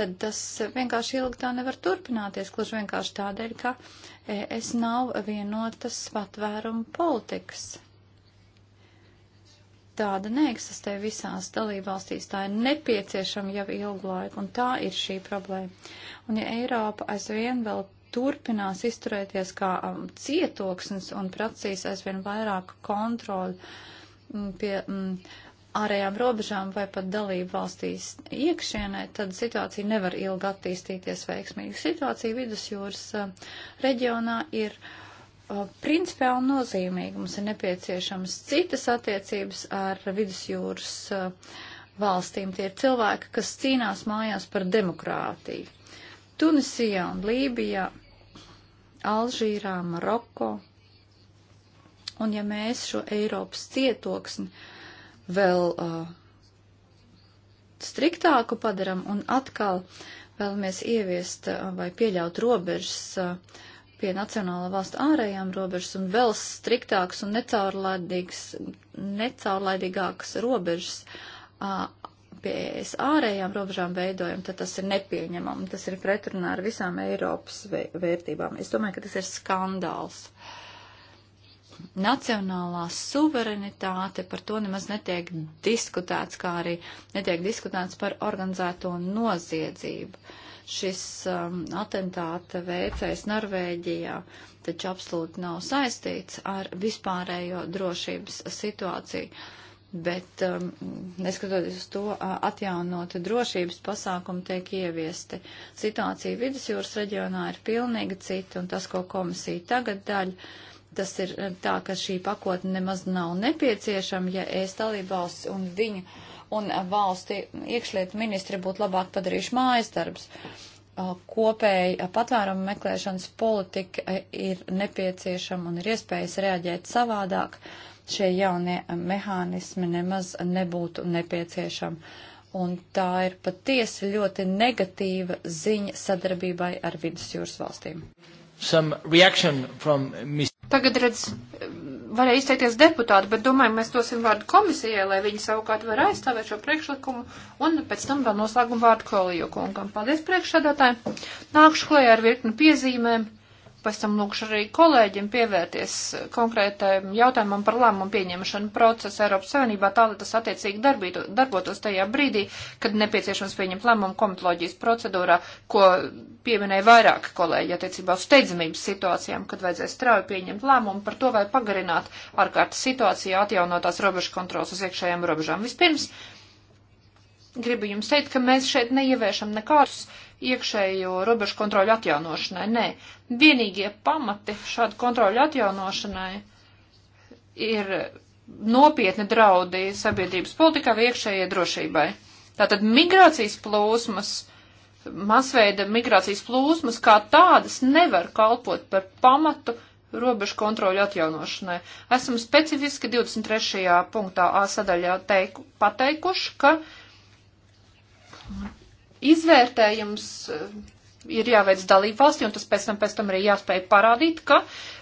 [SPEAKER 3] tad tas vienkārši ilgi tā nevar turpināties, kluži vienkārši tādēļ, ka e, es nav vienotas patvērumu politikas tāda neeksistē visās dalībvalstīs. Tā ir nepieciešama jau ilgu laiku, un tā ir šī problēma. Un ja Eiropa aizvien vēl turpinās izturēties kā um, cietoksnis un pracīs aizvien vairāk kontroli mm, pie um, ārējām robežām vai pat dalību valstīs iekšienē, tad situācija nevar ilgi attīstīties veiksmīgi. Situācija vidusjūras uh, reģionā ir uh, Uh, principiāli nozīmīgi. Mums ir nepieciešamas citas attiecības ar vidusjūras uh, valstīm. Tie ir cilvēki, kas cīnās mājās par demokrātiju. Tunisijā un Lībijā, Alžīrā, Maroko. Un ja mēs šo Eiropas cietoksni vēl uh, striktāku padaram un atkal vēlamies ieviest uh, vai pieļaut robežas uh, pie nacionāla valstu ārējām robežas un vēl striktāks un necaurlaidīgākas robežas a, pie es ārējām robežām veidojam, tad tas ir nepieņemami. Tas ir pretrunā ar visām Eiropas vērtībām. Es domāju, ka tas ir skandāls. Nacionālā suverenitāte par to nemaz netiek diskutēts, kā arī netiek diskutēts par organizēto noziedzību. Uh, šis um, atentāta veicējs Norvēģijā taču absolūti nav saistīts ar vispārējo drošības situāciju. Bet, um, neskatoties uz to, atjaunota drošības pasākumi tiek ieviesti. Situācija vidusjūras reģionā ir pilnīgi cita, un tas, ko komisija tagad daļa, tas ir uh, tā, ka šī pakotne nemaz nav nepieciešama, ja ēst dalībvalsts un viņu uh, un valsti iekšlietu ministri būtu labāk padarījuši mājas darbs. Kopēji patvērumu meklēšanas politika ir nepieciešama un ir iespējas reaģēt savādāk. Šie jaunie mehānismi nemaz nebūtu nepieciešami. Un tā ir patiesi ļoti negatīva ziņa
[SPEAKER 2] sadarbībai ar vidusjūras valstīm. Tagad redz varēja izteikties deputāti, bet domāju, mēs dosim vārdu komisijai, lai viņi savukārt var aizstāvēt šo priekšlikumu, un pēc tam vēl noslēgumu vārdu koliju kungam. Paldies priekšsēdētāji! Nākšu klajā ar virkni piezīmēm pēc tam lūkšu arī kolēģiem pievērties eh, konkrētajam jautājumam par lēmumu pieņemšanu procesu Eiropas Savienībā, tā lai tas attiecīgi darbītu, darbotos tajā brīdī, kad nepieciešams pieņemt lēmumu komitoloģijas procedūrā, ko pieminēja vairāki kolēģi attiecībā uz steidzamības situācijām, kad vajadzēs strauji pieņemt lēmumu par to, vai pagarināt ārkārtas situāciju atjaunotās robežu kontrolas uz iekšējām robežām. Vispirms, uh, gribu jums teikt, ka mēs šeit neievēršam nekādus iekšējo robežu kontroļu atjaunošanai. Nē, vienīgie pamati šādu kontroļu atjaunošanai ir nopietni draudi sabiedrības politikā vai iekšējai drošībai. Tātad migrācijas plūsmas, masveida migrācijas plūsmas kā tādas nevar kalpot par pamatu robežu kontroļu atjaunošanai. Esam specifiski 23. punktā A sadaļā teiku, pateikuši, ka uh, Izvērtējums eh, ir jāveic dalību valstī, un tas pēc tam, pēc tam arī jāspēj parādīt, ka,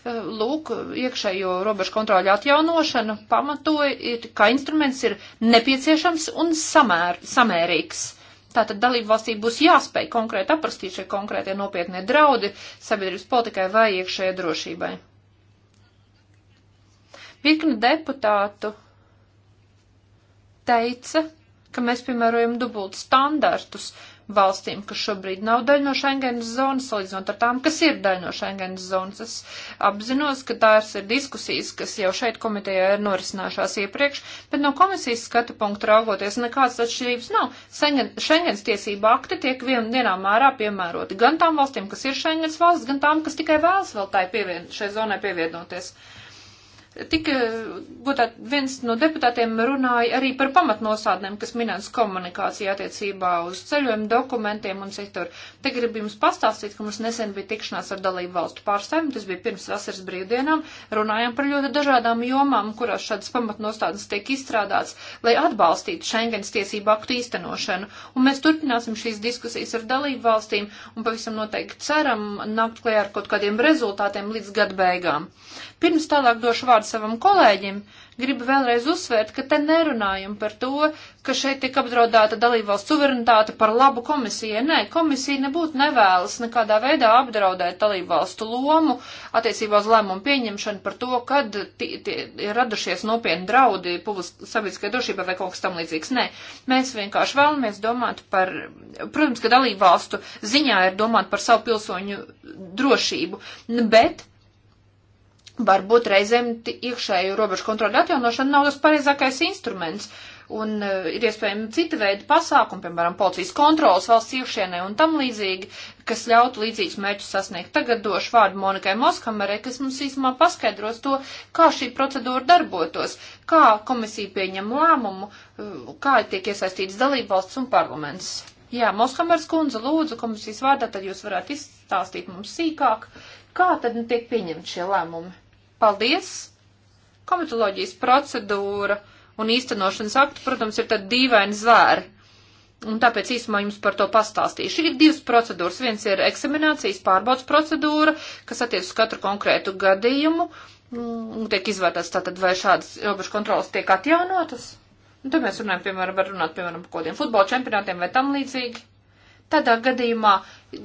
[SPEAKER 2] eh, lūk, iekšējo robežu kontroļu atjaunošana pamatoja, ir, kā instruments ir nepieciešams un samēr, samērīgs. Tātad dalību valstī būs jāspēj konkrēti aprastīt šie konkrētie nopietnie draudi sabiedrības politikai vai iekšējai drošībai. Virkni deputātu teica, ka mēs piemērojam dubult standartus valstīm, kas šobrīd nav daļa no Schengenas zonas, salīdzinot ar tām, kas ir daļa no Schengenas zonas. Es apzinos, ka tās ir diskusijas, kas jau šeit komitejā ir norisinājušās iepriekš, bet no komisijas skatu punktu raugoties nekādas atšķirības nav. Schengenas tiesība akti tiek vienā mērā piemēroti gan tām valstīm, kas ir Schengenas valsts, gan tām, kas tikai vēlas vēl tai pievien, šai zonai pievienoties. Uh, Tika, būtāt, eh, viens no deputātiem runāja arī par pamatnosādnēm, kas minētas komunikācijā attiecībā uz ceļojumu dokumentiem un citur. Te gribu jums pastāstīt, ka mums nesen bija tikšanās ar dalību valstu pārstāvjiem, tas bija pirms vasaras brīvdienām, runājām par ļoti dažādām jomām, kurās šādas pamatnostādnes tiek izstrādāts, lai atbalstītu Schengens tiesību aktu īstenošanu. Un mēs turpināsim šīs diskusijas ar dalību valstīm un pavisam noteikti ceram nākt klajā ar kaut kādiem rezultātiem līdz gada beigām. Pirms tālāk došu vārdu savam kolēģim, gribu vēlreiz uzsvērt, ka te nerunājam par to, ka šeit tiek apdraudēta dalībvalsts suverenitāte par labu komisijai. Nē, komisija nebūtu nevēlas nekādā veidā apdraudēt dalībvalstu lomu attiecībā uz lēmumu pieņemšanu par to, kad ir radušies nopietni draudi sabiedriskajai drošībai vai kaut kas tam līdzīgs. Nē, mēs vienkārši vēlamies domāt par, protams, ka dalībvalstu ziņā ir domāt par savu pilsoņu drošību, bet Varbūt reizēm iekšēju robežu kontroli atjaunošana nav tas pareizākais instruments. Un uh, ir iespējami cita veida pasākumi, piemēram, policijas kontrolas valsts iekšienē un tam līdzīgi, kas ļautu līdzīgus mērķus sasniegt. Tagad došu vārdu Monikai Moskamerē, kas mums īsumā paskaidros to, kā šī procedūra darbotos, kā komisija pieņem lēmumu, eh, kā tiek iesaistīts dalībvalsts un parlaments. Jā, Moskamers kundze, lūdzu, komisijas vārdā, tad jūs varētu izstāstīt mums sīkāk, kā tad nu, tiek pieņemti šie lēmumi. Paldies! Komitoloģijas procedūra un īstenošanas akti, protams, ir tad dīvaini zvēri. Un tāpēc īsumā jums par to pastāstīšu. Ir divas procedūras. Viens ir eksaminācijas pārbaudas procedūra, kas attiec uz katru konkrētu gadījumu. Tiek izvērtēts tātad, vai šādas robežu kontrolas tiek atjaunotas. Un tad mēs runājam, piemēram, var runāt, piemēram, par kaut kādiem futbola čempionātiem vai tam līdzīgi. Tādā gadījumā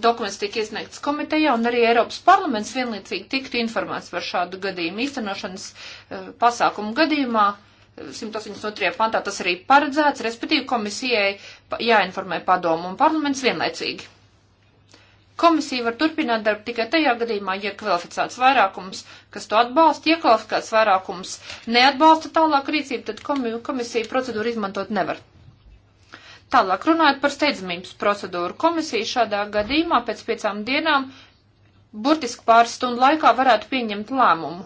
[SPEAKER 2] dokuments tika iesniegts komitejā un arī Eiropas parlaments vienlīdzīgi tiktu informēts par šādu gadījumu. Īstenošanas eh, pasākumu gadījumā 183. Eh, pantā tas arī paredzēts, respektīvi komisijai jāinformē padomu un parlaments vienlaicīgi. Komisija var turpināt darbu tikai tajā gadījumā, ja kvalificēts vairākums, kas to atbalsta, ja kvalificēts vairākums neatbalsta tālāk rīcību, tad komisija procedūru izmantot nevar. Tālāk runājot par steidzamības procedūru, komisija šādā gadījumā pēc piecām dienām burtiski pāris stundu laikā varētu pieņemt lēmumu.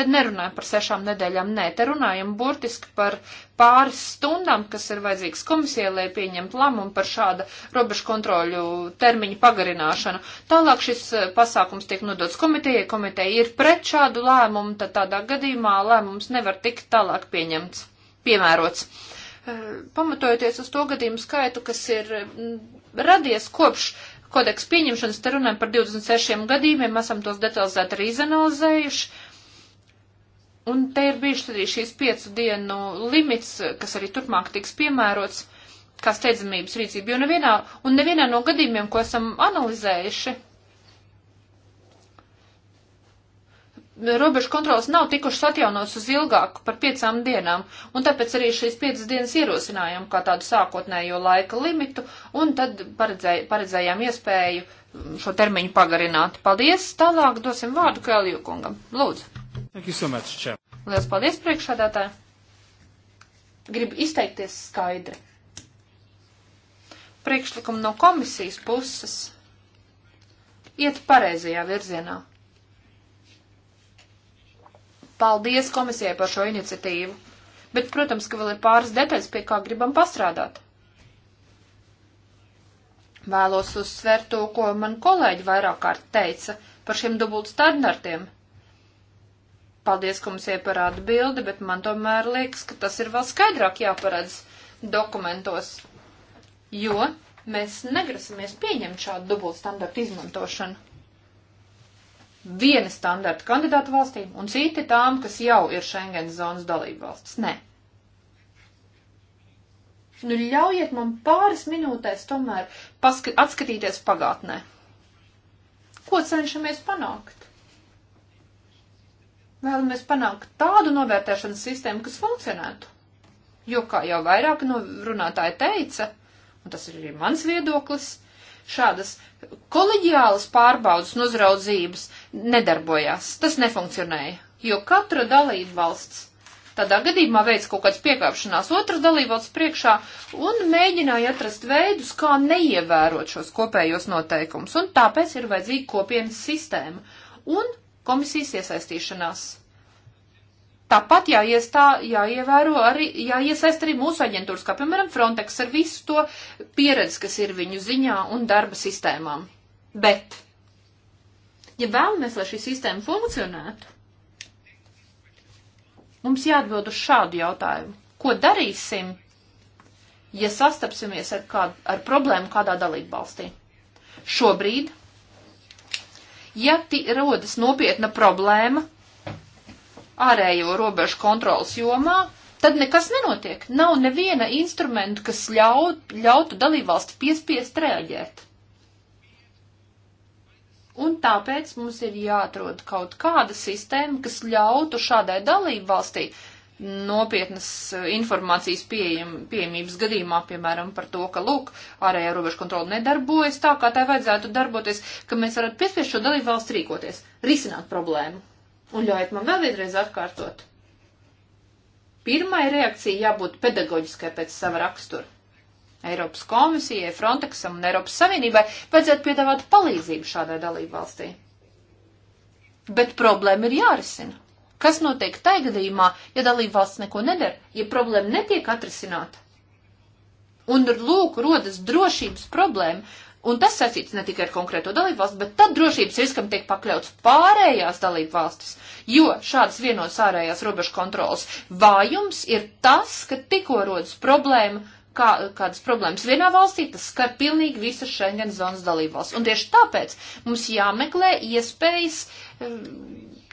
[SPEAKER 2] Tad nerunājam par sešām nedēļām, nē, te runājam burtiski par pāris stundām, kas ir vajadzīgs komisijai, lai pieņemtu lēmumu par šāda robežu kontroļu termiņu pagarināšanu. Tālāk šis eh, pasākums tiek nodots komitejai, komiteja ir pret šādu lēmumu, tad tādā gadījumā lēmums nevar tikt tālāk pieņemts, piemērots. Eh, pamatojoties uz to gadījumu skaitu, kas ir mm, radies kopš kodeksa pieņemšanas, te runājam par 26 gadījumiem, esam tos detalizēti arī izanalizējuši. Un te ir bijuši arī šīs piecu dienu limits, kas arī turpmāk tiks piemērots kā steidzamības rīcība, jo nevienā, un nevienā no gadījumiem, ko esam analizējuši, robežu kontrolas nav tikušas atjaunotas uz ilgāku par piecām dienām, un tāpēc arī šīs piecas dienas ierosinājām kā tādu sākotnējo laika limitu, un tad paredzēj, paredzējām iespēju mm, šo termiņu pagarināt. Paldies! Tālāk dosim vārdu Kēliju kungam. Lūdzu! So much, Lielas paldies priekšādātāji! Gribu izteikties skaidri. Priekšlikumu no komisijas puses iet pareizajā virzienā Paldies komisijai par šo iniciatīvu. Bet, protams, ka vēl ir pāris detaļas, pie kā gribam pastrādāt. Vēlos uzsvērt to, ko man kolēģi vairāk kārt teica par šiem dubult standartiem. Paldies komisijai par atbildi, bet man tomēr liekas, ka tas ir vēl skaidrāk jāparedz dokumentos, jo mēs negrasamies pieņemt šādu dubult standartu izmantošanu viena standarta kandidātu valstīm un citi tām, kas jau ir Schengen zonas dalība valsts. Nē. Nu, ļaujiet man pāris minūtēs tomēr paska, atskatīties pagātnē. Ko cenšamies panākt? Vēlamies panākt tādu novērtēšanas sistēmu, kas funkcionētu. Jo, kā jau vairāk no runātāja teica, un tas ir arī mans viedoklis, šādas koleģiālas pārbaudas un uzraudzības nedarbojās. Tas nefunkcionēja, jo katra dalība valsts tādā gadījumā veids kaut kāds piekāpšanās otras dalībvalsts priekšā un mēģināja atrast veidus, kā neievērot šos kopējos noteikumus. Un tāpēc ir vajadzīga kopienas sistēma un komisijas iesaistīšanās. Tāpat jāiestā, jāievēro arī, jāiesaist arī mūsu aģentūras, kā piemēram Frontex ar visu to pieredzi, kas ir viņu ziņā un darba sistēmām. Bet, ja vēlamies, lai šī sistēma funkcionētu, mums jāatbild uz šādu jautājumu. Ko darīsim, ja sastapsimies ar, kādu, ar problēmu kādā dalību valstī? Šobrīd, ja rodas nopietna problēma, ārējo robežu kontrolas jomā, tad nekas nenotiek. Nav neviena instrumenta, kas ļaut, ļautu dalībvalsti piespiest reaģēt. Un tāpēc mums ir jāatrod kaut kāda sistēma, kas ļautu šādai dalībvalstī nopietnas eh, informācijas pieejam, pieejamības gadījumā, piemēram, par to, ka, lūk, ārējā robeža kontrola nedarbojas tā, kā tai vajadzētu darboties, ka mēs varētu piespiest šo dalībvalstu rīkoties, risināt problēmu. Un ļaujiet man vēl vienreiz atkārtot. Pirmai reakcijai jābūt pedagoģiskai pēc sava rakstura. Eiropas komisijai, Frontexam un Eiropas Savienībai vajadzētu piedāvāt palīdzību šādai dalību valstī. Bet problēma ir jārisina. Kas notiek tajā gadījumā, ja dalība valsts neko nedara, ja problēma netiek atrisināta? Un lūk, rodas drošības problēma, Un tas sasīts ne tikai ar konkrēto dalību valstu, bet tad drošības riskam tiek pakļauts pārējās dalību valstis, jo šādas vienotas ārējās robežu kontrolas vājums ir tas, ka tikko rodas problēma, kā, kādas problēmas vienā valstī, tas skar pilnīgi visas Schengen zonas dalību valsts. Un tieši tāpēc mums jāmeklē iespējas eh,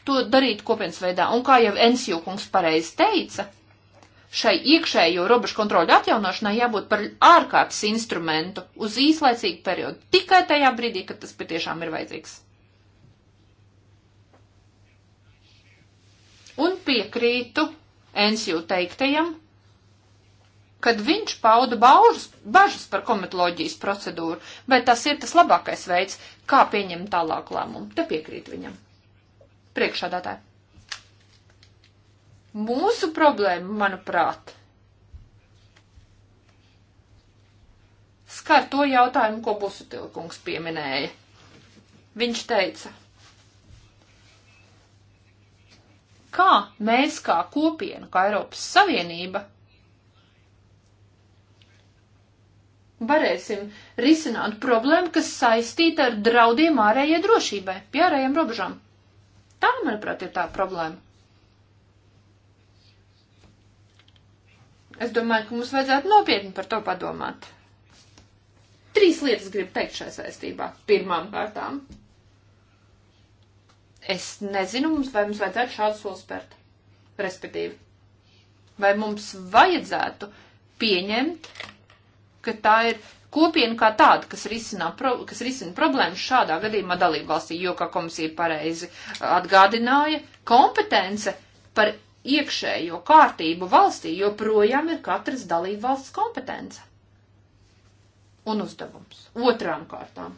[SPEAKER 2] to darīt kopienas veidā. Un kā jau Ensjūkungs pareizi teica, šai iekšējo robežu kontroļu atjaunošanai jābūt par ārkārtas instrumentu uz īslaicīgu periodu, tikai tajā brīdī, kad tas patiešām ir vajadzīgs. Un piekrītu Ensju teiktajam, kad viņš pauda baužas, bažas par komitoloģijas procedūru, vai tas ir tas labākais veids, kā pieņemt tālāk lēmumu. Te piekrīt viņam. Priekšādātāji. Mūsu problēma, manuprāt, skar to jautājumu, ko Busutilkungs pieminēja. Viņš teica, kā mēs kā kopiena, kā Eiropas Savienība, varēsim risināt problēmu, kas saistīta ar draudiem ārējai drošībai, pie ārējiem robežām. Tā, manuprāt, ir tā problēma. Es domāju, ka mums vajadzētu nopietni par to padomāt. Trīs lietas gribu teikt šai saistībā. Pirmām kārtām. Es nezinu, mums, vai mums vajadzētu šādu soli spērt. Respektīvi. Vai mums vajadzētu pieņemt, ka tā ir kopiena kā tāda, kas risina, pro, kas risina problēmas šādā gadījumā dalībvalstī, jo, kā komisija pareizi atgādināja, kompetence par iekšējo kārtību valstī joprojām ir katras dalībvalsts kompetence un uzdevums. Otrām kārtām.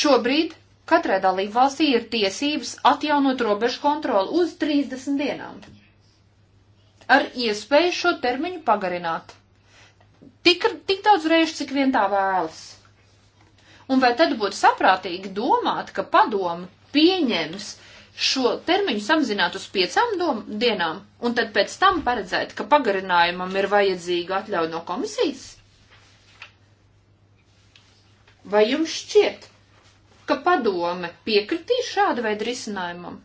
[SPEAKER 2] Šobrīd katrai dalībvalstī ir tiesības atjaunot robežu kontroli uz 30 dienām, ar iespēju šo termiņu pagarināt. Tik, tik daudz reižu, cik vien tā vēlas. Un vai tad būtu saprātīgi domāt, ka padomu pieņems šo termiņu samazināt uz piecām dom, dienām, un tad pēc tam paredzēt, ka pagarinājumam ir vajadzīga atļauja no komisijas? Vai jums šķiet, ka padome piekritīs šāda veida risinājumam?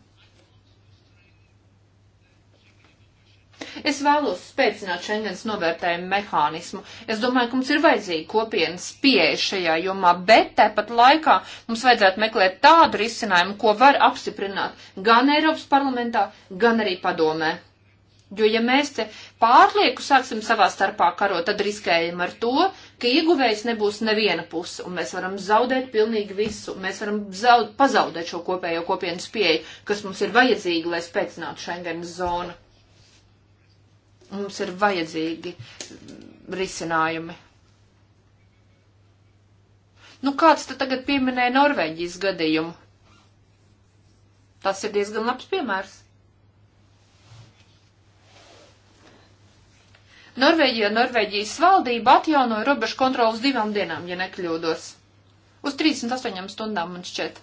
[SPEAKER 2] Es vēlos spēcināt Schengens novērtējumu mehānismu. Es domāju, ka mums ir vajadzīga kopienas pieeja šajā jomā, bet tāpat laikā mums vajadzētu meklēt tādu risinājumu, ko var apstiprināt gan Eiropas parlamentā, gan arī padomē. Jo, ja mēs te pārlieku sāksim savā starpā karot, tad riskējam ar to, ka ieguvējs nebūs neviena puse, un mēs varam zaudēt pilnīgi visu, mēs varam zaud, pazaudēt šo kopējo kopienas pieeju, kas mums ir vajadzīga, lai spēcinātu Schengenas zonu. Mums ir vajadzīgi risinājumi. Nu, kāds te tagad pieminēja Norvēģijas gadījumu? Tas ir diezgan labs piemērs. Norvēģija, Norvēģijas valdība atjaunoja robežu kontroli uz divām dienām, ja nekļūdos. Uz 38 stundām man šķiet.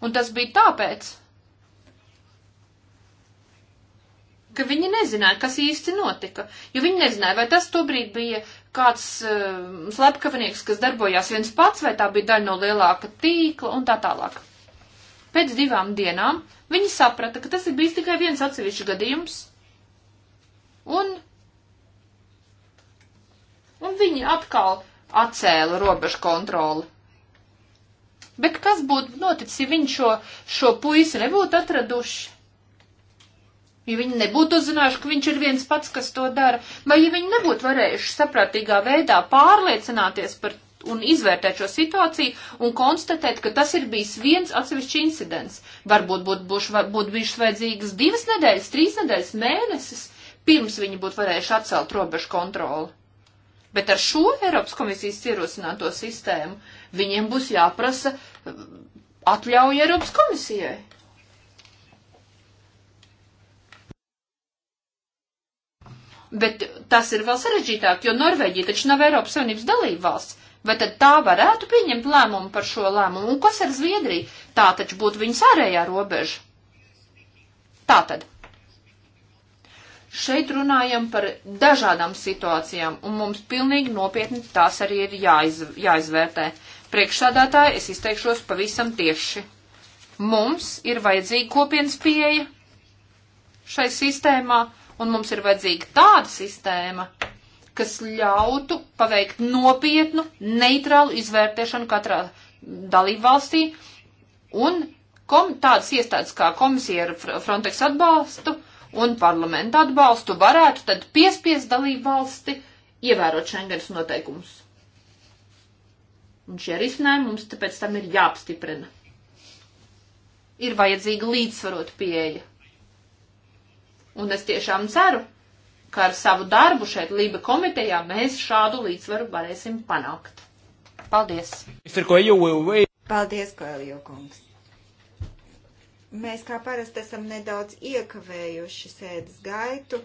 [SPEAKER 2] Un tas bija tāpēc, ka viņi nezināja, kas īsti notika, jo viņi nezināja, vai tas tobrīd bija kāds uh, slepkavinieks, kas darbojās viens pats, vai tā bija daļa no lielāka tīkla un tā tālāk. Pēc divām dienām viņi saprata, ka tas ir bijis tikai viens atsevišķs gadījums, un, un viņi atkal atcēla robežu kontroli. Bet kas būtu noticis, ja viņi šo, šo puisi nebūtu atraduši? Ja viņi nebūtu uzzinājuši, ka viņš ir viens pats, kas to dara, vai ja viņi nebūtu varējuši saprātīgā veidā pārliecināties par un izvērtēt šo situāciju un konstatēt, ka tas ir bijis viens atsevišķs incidents. Varbūt būtu būt, būt bijušas vajadzīgas divas nedēļas, trīs nedēļas, mēnesis, pirms viņi būtu varējuši atcelt robežu kontroli. Bet ar šo Eiropas komisijas ierosināto sistēmu viņiem būs jāprasa uh, atļauja Eiropas komisijai. Bet tas ir vēl sarežģītāk, jo Norvēģija taču nav Eiropas Savienības dalība valsts. Vai tad tā varētu pieņemt lēmumu par šo lēmumu? Un kas ar Zviedriju? Tā taču būtu viņas ārējā robeža. Tā tad. Šeit runājam par dažādām situācijām, un mums pilnīgi nopietni tās arī ir jāiz, jāizvērtē. Priekšsādātāji es izteikšos pavisam tieši. Mums ir vajadzīga kopienas pieeja šai sistēmā un mums ir vajadzīga tāda sistēma, kas ļautu paveikt nopietnu, neitrālu izvērtēšanu katrā dalībvalstī un kom, tādas iestādes kā komisija ar Frontex atbalstu un parlamentu atbalstu varētu tad piespies dalību valsti ievērot Schengens noteikumus. Un šie risinājumi mums tāpēc tam ir jāapstiprina. Ir vajadzīga līdzsvarota pieeja. Un es tiešām ceru, ka ar savu darbu šeit Lība komitejā mēs šādu līdzsvaru varēsim panākt. Paldies!
[SPEAKER 1] Paldies, Koelio kungs! Mēs kā parasti esam nedaudz iekavējuši sēdes gaitu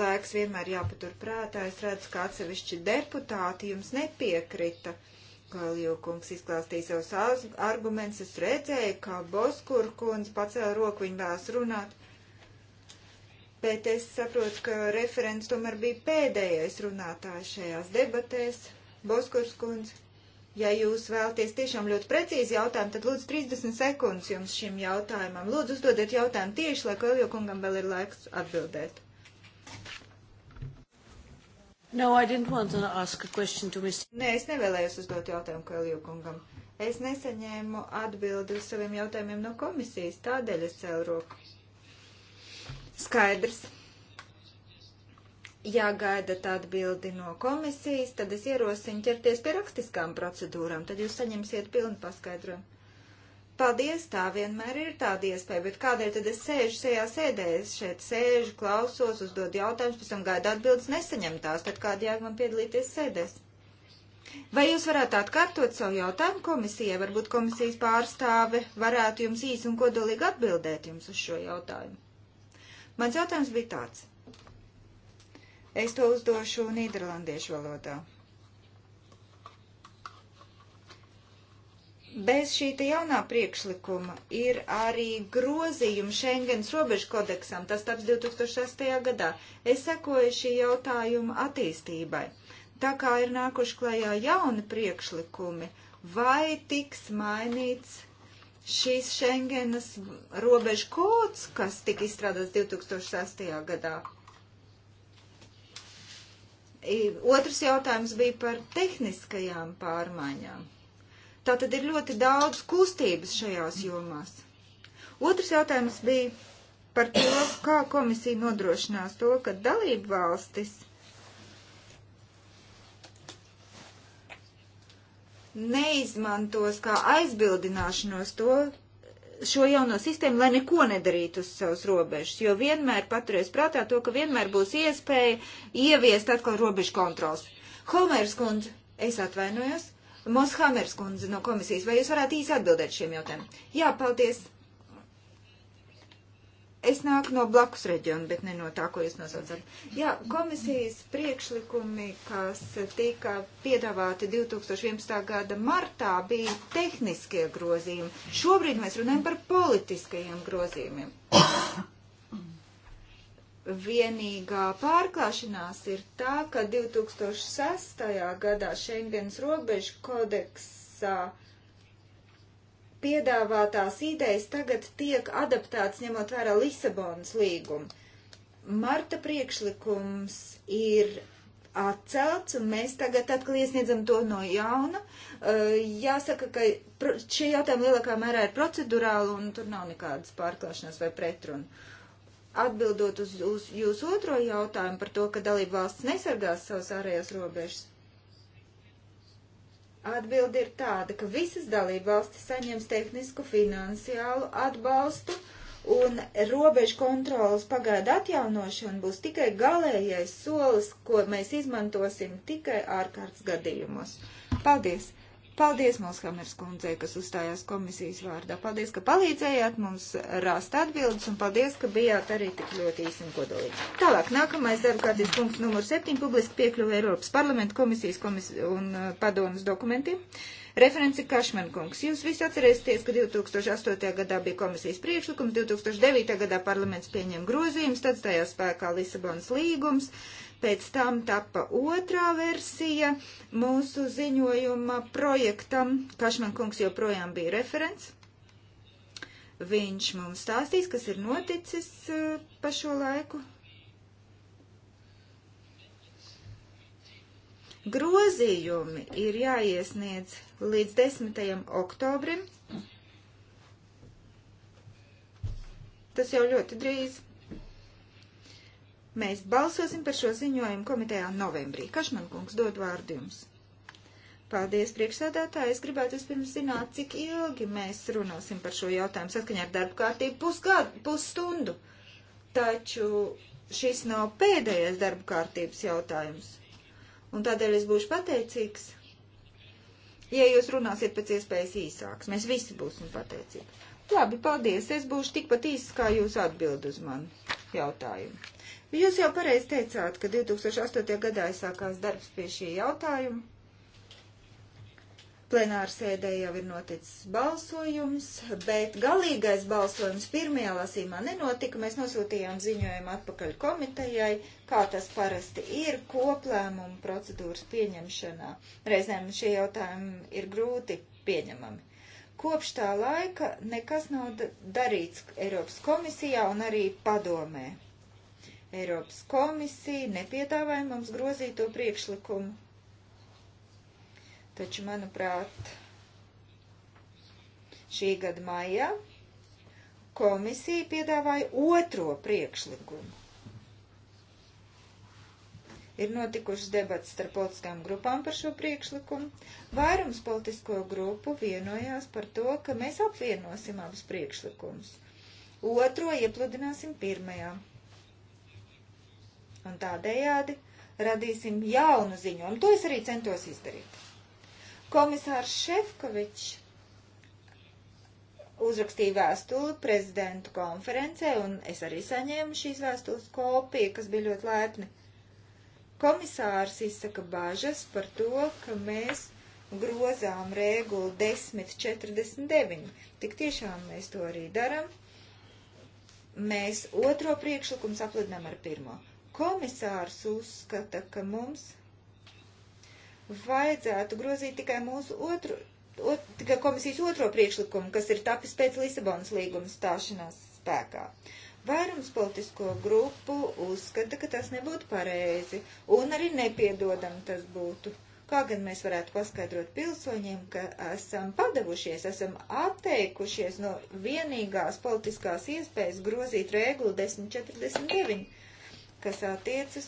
[SPEAKER 1] laiks vienmēr jāpatur prātā. Es redzu, ka atsevišķi deputāti jums nepiekrita. Kalju kungs izklāstīja savus argumentus. Es redzēju, ka Boskur kungs pacēla roku, viņa vēlas runāt bet es saprotu, ka referents tomēr bija pēdējais runātājs šajās debatēs. Boskurs kundze, ja jūs vēlaties tiešām ļoti precīzi jautājumu, tad lūdzu 30 sekundes jums šim jautājumam. Lūdzu, uzdodiet jautājumu tieši, lai Kaljo kungam vēl ir laiks atbildēt. No, I didn't want to ask a question to Mr. Nē, es nevēlējos uzdot jautājumu Kaljo kungam. Es nesaņēmu atbildi uz saviem jautājumiem no komisijas, tādēļ es cēlu roku skaidrs. Jāgaida tāda bildi no komisijas, tad es ierosinu ķerties pie rakstiskām procedūrām, tad jūs saņemsiet pilnu paskaidrojumu. Paldies, tā vienmēr ir tāda iespēja, bet kādēļ tad es sēžu šajā sēdē? Es šeit sēžu, klausos, uzdod jautājumus, pēc tam gaidu atbildes nesaņem tās, tad kādi jāk man piedalīties sēdēs? Vai jūs varētu atkārtot savu jautājumu komisijai? Varbūt komisijas pārstāve varētu jums īsi un kodolīgi atbildēt jums uz šo jautājumu. Mans jautājums bija tāds. Es to uzdošu nīderlandiešu valodā. Bez šī jaunā priekšlikuma ir arī grozījumi Schengens robežu kodeksam, tas taps 2006. gadā. Es sekoju šī jautājuma attīstībai. Tā kā ir nākuši klajā jauni priekšlikumi, vai tiks mainīts šīs Schengenas robežu kods, kas tika izstrādāts 2008. gadā. Otrs jautājums bija par tehniskajām pārmaiņām. Tā tad ir ļoti daudz kustības šajās jomās. Otrs jautājums bija par to, kā komisija nodrošinās to, ka dalību valstis – neizmantos kā aizbildināšanos to, šo jauno sistēmu, lai neko nedarītu uz savas robežas, jo vienmēr paturēs prātā to, ka vienmēr būs iespēja ieviest atkal robežu kontrols. Homērs kundze, es atvainojos, Mos Hamers kundze no komisijas, vai jūs varētu īsi atbildēt šiem jautājumiem? Jā, paldies! Es nāku no blakus reģiona, bet ne no tā, ko jūs nosaucat. Jā, komisijas priekšlikumi, kas tika piedāvāti 2011. gada martā, bija tehniskie grozījumi. Šobrīd mēs runājam par politiskajiem grozījumiem. Vienīgā pārklāšanās ir tā, ka 2006. gadā Schengens robežu kodeksā uh, piedāvātās idejas tagad tiek adaptētas ņemot vērā Lisabonas līgumu. Marta priekšlikums ir atcelts, un mēs tagad atkal iesniedzam to no jauna. Uh, jāsaka, ka šie jautājumi lielākā mērā ir procedurāli, un tur nav nekādas pārklāšanās vai pretrunu. Atbildot uz, uz jūsu otro jautājumu par to, ka dalība valsts nesargās savas ārējās robežas, Atbildi ir tāda, ka visas dalībvalstis saņems tehnisku finansiālu atbalstu un robežu kontrolas pagaidu atjaunošana būs tikai galējais solis, ko mēs izmantosim tikai ārkārtas gadījumos. Paldies! Paldies Molshamers kundzei, kas uzstājās komisijas vārdā. Paldies, ka palīdzējāt mums rast atbildes un paldies, ka bijāt arī tik ļoti īsi un kodolīgi. Tālāk, nākamais darba kārtības punkts numur 7 - publiski piekļuva Eiropas parlamenta komisijas komis un uh, padomas dokumentiem. Referenci Kašmenkungs. Jūs visi atcerēsieties, ka 2008. gadā bija komisijas priekšlikums, 2009. gadā parlaments pieņēma grozījumus, tad stājās spēkā Lisabonas līgums. Pēc tam tapa otrā versija mūsu ziņojuma projektam. Kašman kungs joprojām bija referents. Viņš mums stāstīs, kas ir noticis eh, pa šo laiku. Grozījumi ir jāiesniedz līdz 10. oktobrim. Tas jau ļoti drīz. Mēs balsosim par šo ziņojumu komitejā novembrī. Kašman kungs dod vārdu jums. Paldies, priekšsēdētāji. Es gribētu vispirms zināt, cik ilgi mēs runāsim par šo jautājumu saskaņā ar darbu kārtību pusgadu, pusstundu. Taču šis nav pēdējais darbu kārtības jautājums. Un tādēļ es būšu pateicīgs, ja jūs runāsiet pēc iespējas īsāks. Mēs visi būsim pateicīgi. Labi, paldies. Es būšu tikpat īsts, kā jūs atbild uz manu jautājumu. Jūs jau pareizi teicāt, ka 2008. gadā sākās darbs pie šī jautājuma. Plenāra sēdē jau ir noticis balsojums, bet galīgais balsojums pirmajā lasīmā nenotika. Mēs nosūtījām ziņojumu atpakaļ komitejai, kā tas parasti ir koplēmumu procedūras pieņemšanā. Reizēm šie jautājumi ir grūti pieņemami kopš tā laika nekas nav darīts Eiropas komisijā un arī padomē. Eiropas komisija nepiedāvāja mums grozīto priekšlikumu. Taču, manuprāt, šī gada maijā komisija piedāvāja otro priekšlikumu. Ir notikušas debats starp politiskām grupām par šo priekšlikumu. Vairums politisko grupu vienojās par to, ka mēs apvienosim abus priekšlikumus. Otro iepludināsim pirmajā un tādējādi radīsim jaunu ziņojumu. To es arī centos izdarīt. Komisārs Šefkovičs uzrakstīja vēstuli prezidentu konferencē, un es arī saņēmu šīs vēstules kopiju, kas bija ļoti lēpni. Komisārs izsaka bažas par to, ka mēs grozām regulu 1049. Tik tiešām mēs to arī daram. Mēs otro priekšlikumu sapludinām ar pirmo. Komisārs uzskata, ka mums vajadzētu grozīt tikai mūsu otru, ot, tikai komisijas otro priekšlikumu, kas ir tapis pēc Lisabonas līguma stāšanās spēkā. Vairums politisko grupu uzskata, ka tas nebūtu pareizi un arī nepiedodam tas būtu. Kā gan mēs varētu paskaidrot pilsoņiem, ka esam padavušies, esam atteikušies no vienīgās politiskās iespējas grozīt regulu 1049? kas attiecas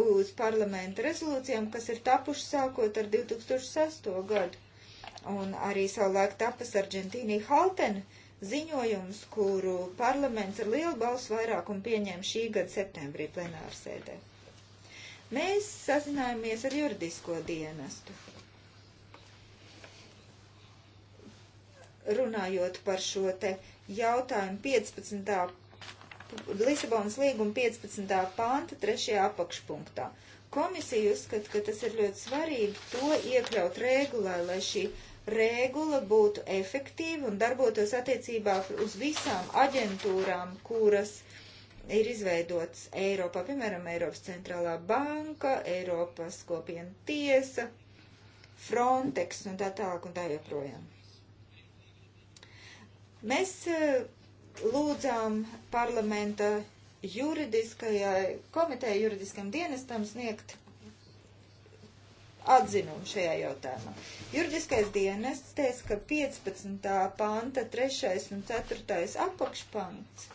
[SPEAKER 1] uz parlamenta rezolūcijām, kas ir tapušas sākot ar 2006. gadu. Un arī savulaik tapas Argentīnija Haltena ziņojums, kuru parlaments ar lielu balsu vairākumu pieņēma šī gada septembrī plenārsēdē. Mēs sazinājāmies ar juridisko dienestu. Runājot par šo te jautājumu 15. Lisabonas līguma 15. panta 3. apakšpunktā. Komisija uzskata, ka tas ir ļoti svarīgi to iekļaut regulā, lai šī regula būtu efektīva un darbotos attiecībā uz visām aģentūrām, kuras ir izveidotas Eiropā, piemēram, Eiropas centrālā banka, Eiropas kopiena tiesa, Frontex un tā tālāk un tā joprojām. Mēs eh, lūdzām parlamenta juridiskajai komiteja juridiskam dienestam sniegt atzinumu šajā jautājumā. Juridiskais dienests teica, ka 15. panta 3. un 4. apakšpants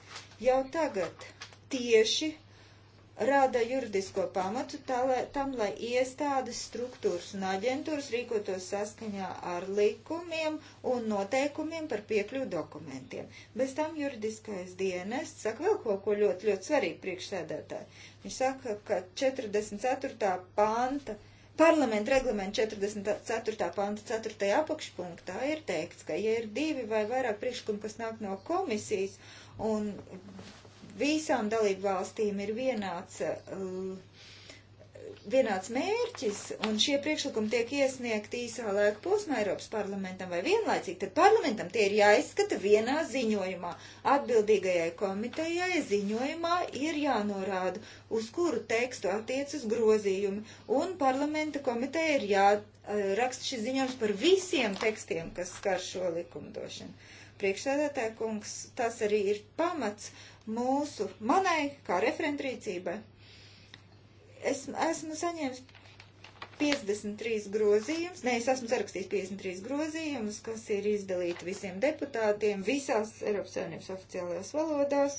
[SPEAKER 1] jau tagad tieši rada juridisko pamatu tā, lai, tam, lai iestādes, struktūras un aģentūras rīkotos saskaņā ar likumiem un noteikumiem par piekļuvu dokumentiem. Bez tam juridiskais dienests saka vēl kaut ko ļoti, ļoti svarīgu priekšsēdētāju. Viņš saka, ka 44. panta. Parlamenta reglamenta 44. panta 4. apakšpunktā ir teikts, ka ja ir divi vai vairāk priekšlikumi, kas nāk no komisijas un visām dalību valstīm ir vienāds, eh, vienāds mērķis, un šie priekšlikumi tiek iesniegti īsā laika posmā Eiropas parlamentam vai vienlaicīgi, tad parlamentam tie ir jāizskata vienā ziņojumā. Atbildīgajai komitejai ziņojumā ir jānorāda, uz kuru tekstu attiecas grozījumi, un parlamenta komiteja ir jāraksta eh, šis ziņojums par visiem tekstiem, kas skar šo likumdošanu priekšsēdētāja kungs, tas arī ir pamats, mūsu manai, kā referentrīcībai. Es esmu saņēmis 53 grozījumus, ne, es esmu sarakstījis 53 grozījumus, kas ir izdalīti visiem deputātiem visās Eiropas Savienības oficiālajās valodās.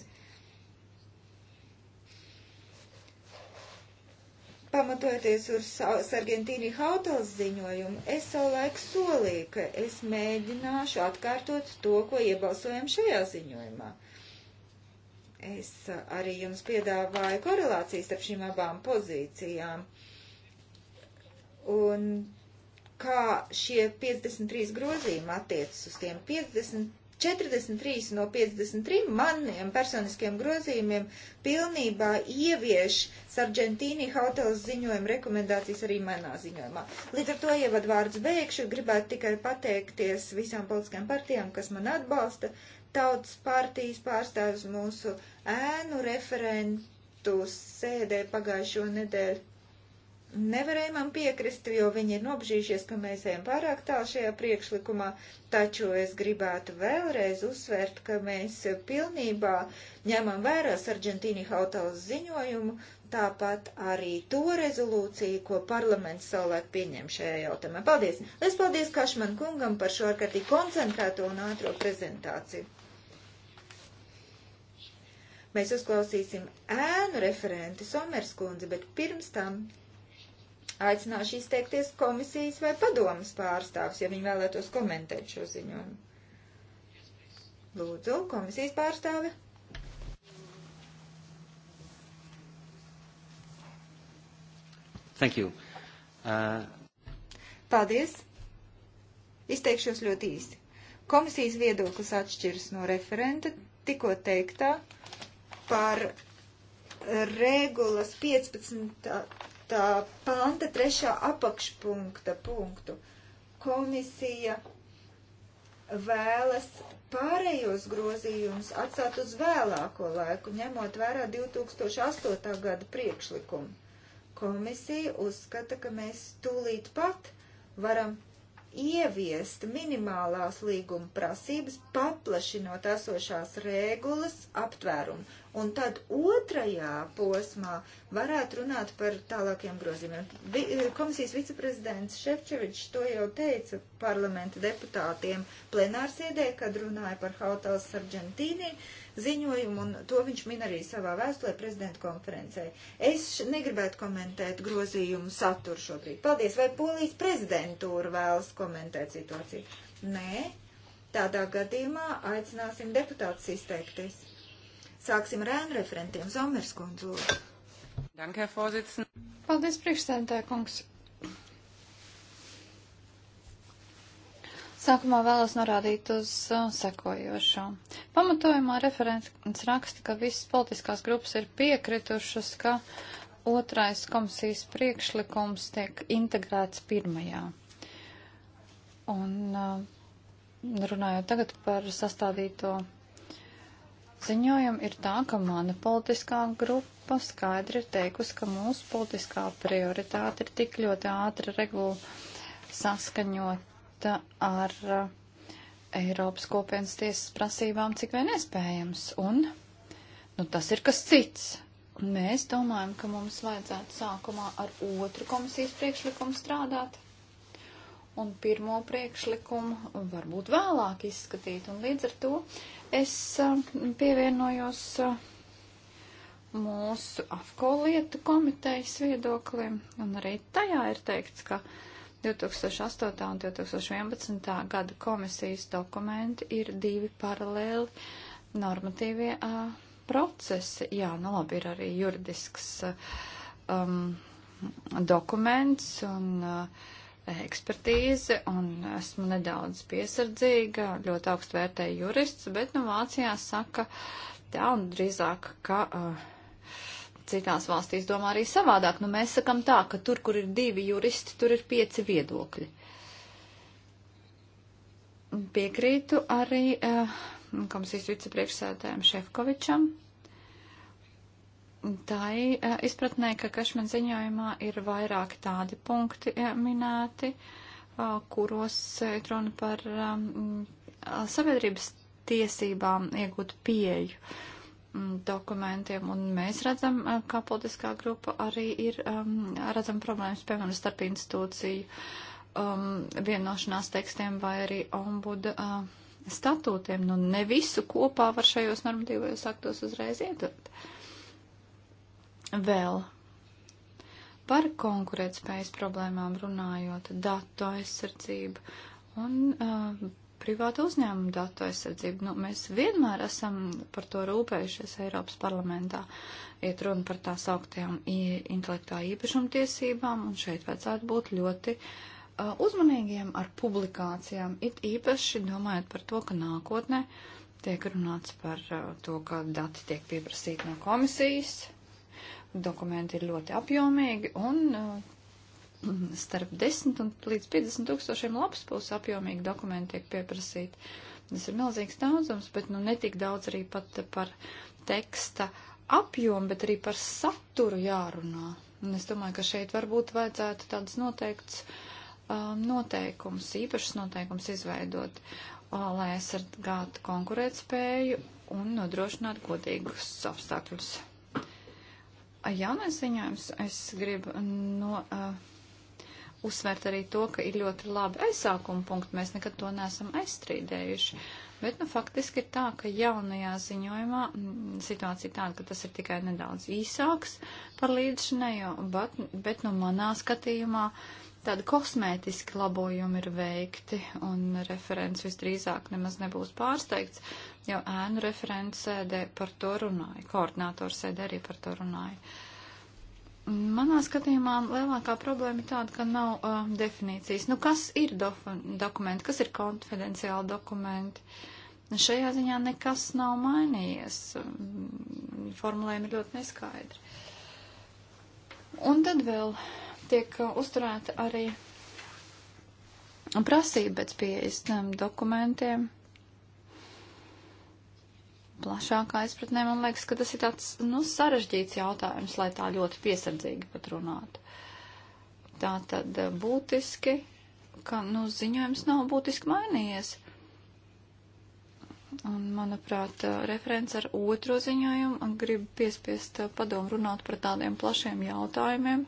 [SPEAKER 1] Pamatojoties uz Sargentīni Hautals ziņojumu, es savulaik solīju, ka es mēģināšu atkārtot to, ko iebalsojam šajā ziņojumā. Es arī jums piedāvāju korelācijas starp šīm abām pozīcijām. Un kā šie 53 grozījumi attiecas uz tiem 50, 43 no 53 maniem personiskiem grozījumiem pilnībā ievieš Sargentīni Hautels ziņojuma rekomendācijas arī manā ziņojumā. Līdz ar to ievad vārds beigšu, gribētu tikai pateikties visām politiskajām partijām, kas man atbalsta. Uh, tautas partijas pārstāvis mūsu ēnu referentu sēdē pagājušo nedēļu. Nevarēja man piekrist, jo viņi ir nobžījušies, ka mēs ejam pārāk tālu šajā priekšlikumā, taču es gribētu vēlreiz uzsvērt, ka mēs pilnībā ņemam vērā Sargentīni Hautalas ziņojumu, tāpat arī to rezolūciju, ko parlaments savulaik pieņem šajā jautājumā. Paldies! Es paldies Kašman kungam par šo ārkārtīgi koncentrēto un ātro prezentāciju. Mēs uzklausīsim ēnu referenti Somers kundzi, bet pirms tam aicināšu izteikties komisijas vai padomas pārstāvs, ja viņi vēlētos komentēt šo ziņojumu. Lūdzu, komisijas pārstāve.
[SPEAKER 3] Thank you. Uh...
[SPEAKER 1] Paldies. Izteikšos ļoti īsi. Komisijas viedoklis atšķiras no referenta tikko teiktā par regulas 15. panta 3. apakšpunkta punktu. Komisija vēlas pārējos grozījumus atstāt uz vēlāko laiku, ņemot vērā 2008. gada priekšlikumu. Komisija uzskata, ka mēs tūlīt pat varam ieviest minimālās līguma prasības, paplašinot esošās regulas aptvērumu. Un tad otrajā posmā varētu runāt par tālākiem grozījumiem. Vi, komisijas viceprezidents Šefčevičs to jau teica parlamenta deputātiem plenārsēdē, kad runāja par Hautals Sargentīniju ziņojumu, un to viņš min arī savā vēstulē prezidenta konferencē. Es negribētu komentēt grozījumu saturu šobrīd. Paldies, vai Polijas prezidentūra vēlas komentēt situāciju? Nē, tādā gadījumā aicināsim deputātus izteikties. Sāksim ar ēnu referentiem Zomerskundzu.
[SPEAKER 2] Danke, Herr Vorsitzende.
[SPEAKER 3] Paldies, priekšstādātāja kungs. Sākumā vēlos norādīt uz uh, sekojošo. Pamatojumā referents raksta, ka visas politiskās grupas ir piekritušas, ka otrais komisijas priekšlikums tiek integrēts pirmajā. Un uh, runājot tagad par sastādīto ziņojumu, ir tā, ka mana politiskā grupa skaidri ir teikusi, ka mūsu politiskā prioritāte ir tik ļoti ātri regula saskaņot saskaņota ar eh, Eiropas kopienas tiesas prasībām, cik vien iespējams. Un, nu, tas ir kas cits. Mēs domājam, ka mums vajadzētu sākumā ar otru komisijas priekšlikumu strādāt un pirmo priekšlikumu varbūt vēlāk izskatīt. Un līdz ar to es eh, pievienojos eh, mūsu AFCO lietu komitejas viedoklim un arī tajā ir teikts, ka 2008. un 2011. gada komisijas dokumenti ir divi paralēli normatīvie uh, procesi. Jā, nu labi, ir arī juridisks um, dokuments un uh, ekspertīze, un esmu nedaudz piesardzīga, ļoti augstu vērtēju jurists, bet nu Vācijā saka tā un drīzāk, ka. Uh, citās valstīs domā arī savādāk. Nu, mēs sakam tā, ka tur, kur ir divi juristi, tur ir pieci viedokļi. Piekrītu arī uh, komisijas vicepriekšsēdētājiem Šefkovičam. Tā ir uh, eh, izpratnē, ka Kašman ziņojumā ir vairāki tādi punkti uh, minēti, uh, kuros ir uh, runa par um, sabiedrības tiesībām iegūt pieju. Uh, Mm, dokumentiem, un mēs redzam, eh, kā politiskā grupa arī ir, um, redzam problēmas, piemēram, starp institūciju um, vienošanās tekstiem vai arī ombuda uh, statūtiem. Nu, ne visu kopā var šajos normatīvajos aktos uzreiz iedot. Vēl par konkurētspējas problēmām runājot, datu aizsardzību un uh, privātu uzņēmumu datu aizsardzību. Nu, mēs vienmēr esam par to rūpējušies Eiropas parlamentā. Iet runa par tā sauktajām intelektā īpašumtiesībām, un šeit vajadzētu būt ļoti uh, uzmanīgiem ar publikācijām. It īpaši domājot par to, ka nākotnē tiek runāts par uh, to, ka dati tiek pieprasīti no komisijas, dokumenti ir ļoti apjomīgi, un uh, starp 10 un līdz 50 tūkstošiem lapspūs apjomīgi dokumenti tiek pieprasīti. Tas ir milzīgs daudzums, bet nu netik daudz arī pat par teksta apjomu, bet arī par saturu jārunā. Un es domāju, ka šeit varbūt vajadzētu tādas noteikts um, noteikums, īpašas noteikums izveidot, uh, lai aizsargātu konkurētspēju un nodrošinātu godīgus apstākļus. Jaunais ziņojums es gribu no. Uh, uzsvērt arī to, ka ir ļoti labi aizsākuma punkti, mēs nekad to neesam aizstrīdējuši. Bet, nu, faktiski ir tā, ka jaunajā ziņojumā mm, situācija tāda, ka tas ir tikai nedaudz īsāks par līdzšanējo, bet, bet, nu, manā skatījumā tādi kosmētiski labojumi ir veikti, un referents visdrīzāk nemaz nebūs pārsteigts, jo ēnu referents sēdē par to runāja, koordinātors sēdē arī par to runāja. Uh, Manā skatījumā lielākā problēma ir tāda, ka nav uh, definīcijas. Nu, kas ir do dokumenti, kas ir konfidenciāli dokumenti? Šajā ziņā nekas nav mainījies. Mm, formulējumi ir ļoti neskaidri. Un tad vēl tiek uzturēta arī prasība pēc pieejas dokumentiem plašākā izpratnē, man liekas, ka tas ir tāds, nu, sarežģīts jautājums, lai tā ļoti piesardzīgi pat runātu. Tā tad eh, būtiski, ka, nu, ziņojums nav būtiski mainījies. Un, manuprāt, eh, referents ar otro ziņojumu grib piespiest eh, padomu runāt par tādiem plašiem jautājumiem,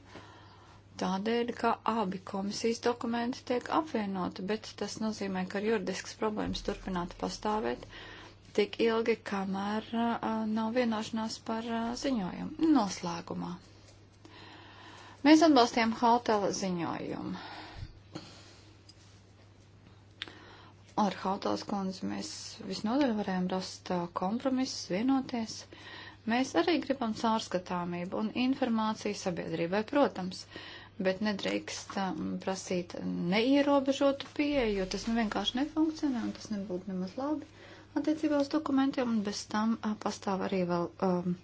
[SPEAKER 3] tādēļ, ka abi komisijas dokumenti tiek apvienoti, bet tas nozīmē, ka juridisks problēmas turpinātu pastāvēt. Uh, tik ilgi, kamēr uh, nav vienošanās par uh, ziņojumu. Noslēgumā. Mēs atbalstījām Hautela ziņojumu. Ar Hautels kundzi mēs visnodaļ varējām rast kompromisus, vienoties. Mēs arī gribam caurskatāmību un informāciju sabiedrībai, protams, bet nedrīkst prasīt neierobežotu pieeju, jo tas nu vienkārši nefunkcionē un tas nebūtu nemaz labi attiecībā uz dokumentiem, un bez tam uh, pastāv arī vēl um,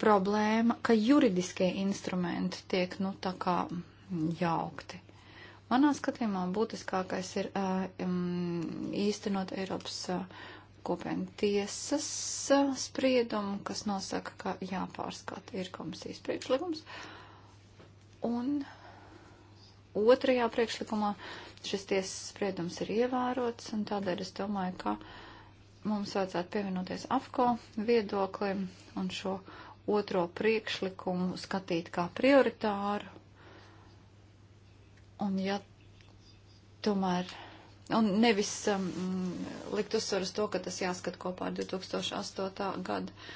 [SPEAKER 3] problēma, ka juridiskie instrumenti tiek, nu, tā kā jaukti. Manā skatījumā būtiskākais ir uh, um, īstenot Eiropas uh, kopienu tiesas uh, spriedumu, kas nosaka, ka jāpārskata ir komisijas priekšlikums. Un otrajā priekšlikumā uh, šis tiesas spriedums ir ievērots, un tādēļ es domāju, ka mums vajadzētu pievienoties AFCO viedoklim un šo otro priekšlikumu skatīt kā prioritāru. Un ja tomēr, un nevis um, likt uzsvaru uz to, ka tas jāskat kopā ar 2008. gadu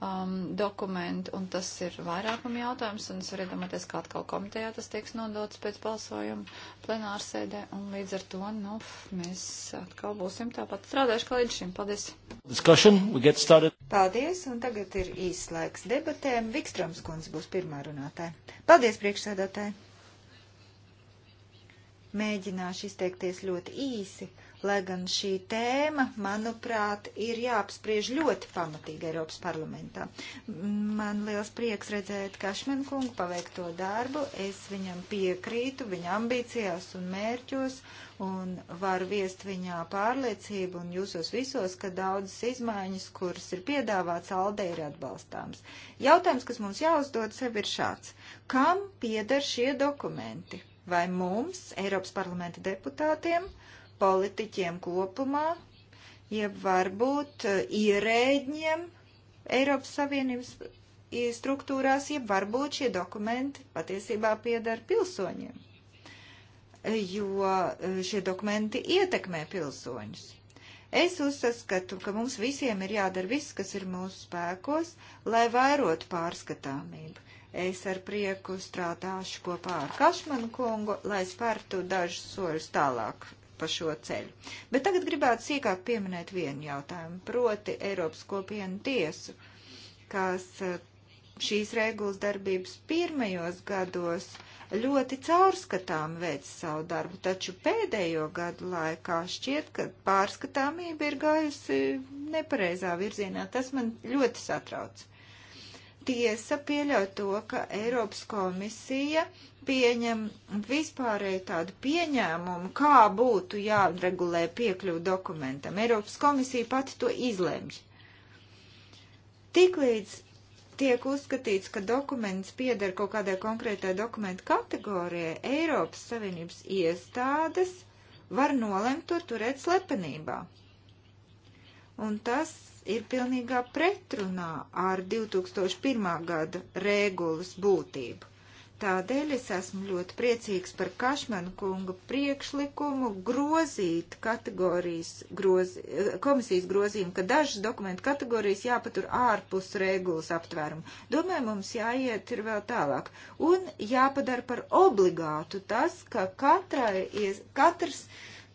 [SPEAKER 3] um, dokumentu, un tas ir vairākuma jautājums, un es varu iedomāties, kā atkal komitejā tas tiks nodots pēc balsojuma plenārsēdē, un līdz ar to, nu, mēs atkal būsim tāpat strādājuši kā līdz šim.
[SPEAKER 1] Paldies!
[SPEAKER 3] Paldies, un tagad ir īsts laiks debatēm. Vikstroms
[SPEAKER 1] kundze būs pirmā runātāja. Paldies, priekšsēdētāji! Mēģināšu izteikties ļoti īsi lai gan šī tēma, manuprāt, ir jāapspriež ļoti pamatīgi Eiropas parlamentā. Man liels prieks redzēt Kašmenu kungu paveikto darbu, es viņam piekrītu, viņa ambīcijās un mērķos, un varu viest viņā pārliecību un jūsos visos, ka daudzas izmaiņas, kuras ir piedāvāts Aldei, ir atbalstāms. Jautājums, kas mums jāuzdod sev ir šāds. Kam pieder šie dokumenti? Vai mums, Eiropas parlamenta deputātiem, uh, politiķiem kopumā, jeb varbūt eh, ierēģiem Eiropas Savienības struktūrās, jeb varbūt šie dokumenti patiesībā piedara pilsoņiem, jo eh, šie dokumenti ietekmē pilsoņus. Es uzskatu, ka mums visiem ir jādara viss, kas ir mūsu spēkos, lai vairotu pārskatāmību. Es ar prieku strādāšu kopā ar Kašmanu kungu, lai spērtu dažus soļus tālāk pa šo ceļu. Bet tagad gribētu sīkāk pieminēt vienu jautājumu, proti Eiropas kopienu tiesu, kas eh, šīs regulas darbības pirmajos gados ļoti caurskatām veic savu darbu, taču pēdējo gadu laikā šķiet, ka pārskatāmība ir gājusi nepareizā virzienā. Tas man ļoti satrauc. Tiesa pieļauj to, ka Eiropas komisija jāpieņem vispārēji tādu pieņēmumu, kā būtu jāregulē piekļuvu dokumentam. Eiropas komisija pati to izlemj. Tiklīdz tiek uzskatīts, ka dokuments pieder kaut kādai konkrētai dokumentu kategorijai, Eiropas Savienības iestādes var nolemt to turēt slepenībā. Un tas ir pilnīgā pretrunā ar 2001. gada regulas būtību. Tādēļ es esmu ļoti priecīgs par Kašmanu kunga priekšlikumu grozīt kategorijas grozi, komisijas grozījumu, ka dažas dokumentu kategorijas jāpatur ārpus regulas aptvērumu. Domāju, mums jāiet ir vēl tālāk. Un jāpadara par obligātu tas, ka katrai, katrs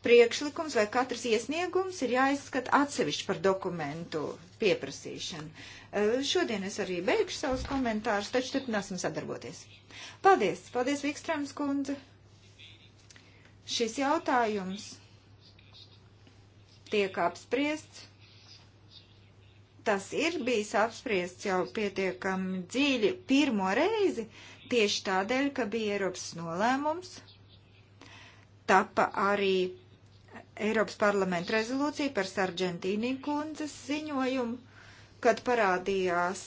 [SPEAKER 1] priekšlikums vai katrs iesniegums ir jāizskata atsevišķi par dokumentu pieprasīšanu. E, šodien es arī beigšu savus komentārus, taču turpināsim sadarboties. Paldies! Paldies, Vikstrēms kundze! Šis jautājums tiek apspriests. Tas ir bijis apspriests jau pietiekami dziļi pirmo reizi, tieši tādēļ, ka bija Eiropas nolēmums, tapa arī Eiropas parlamenta rezolūciju par Sargentīnī kundzes ziņojumu, kad parādījās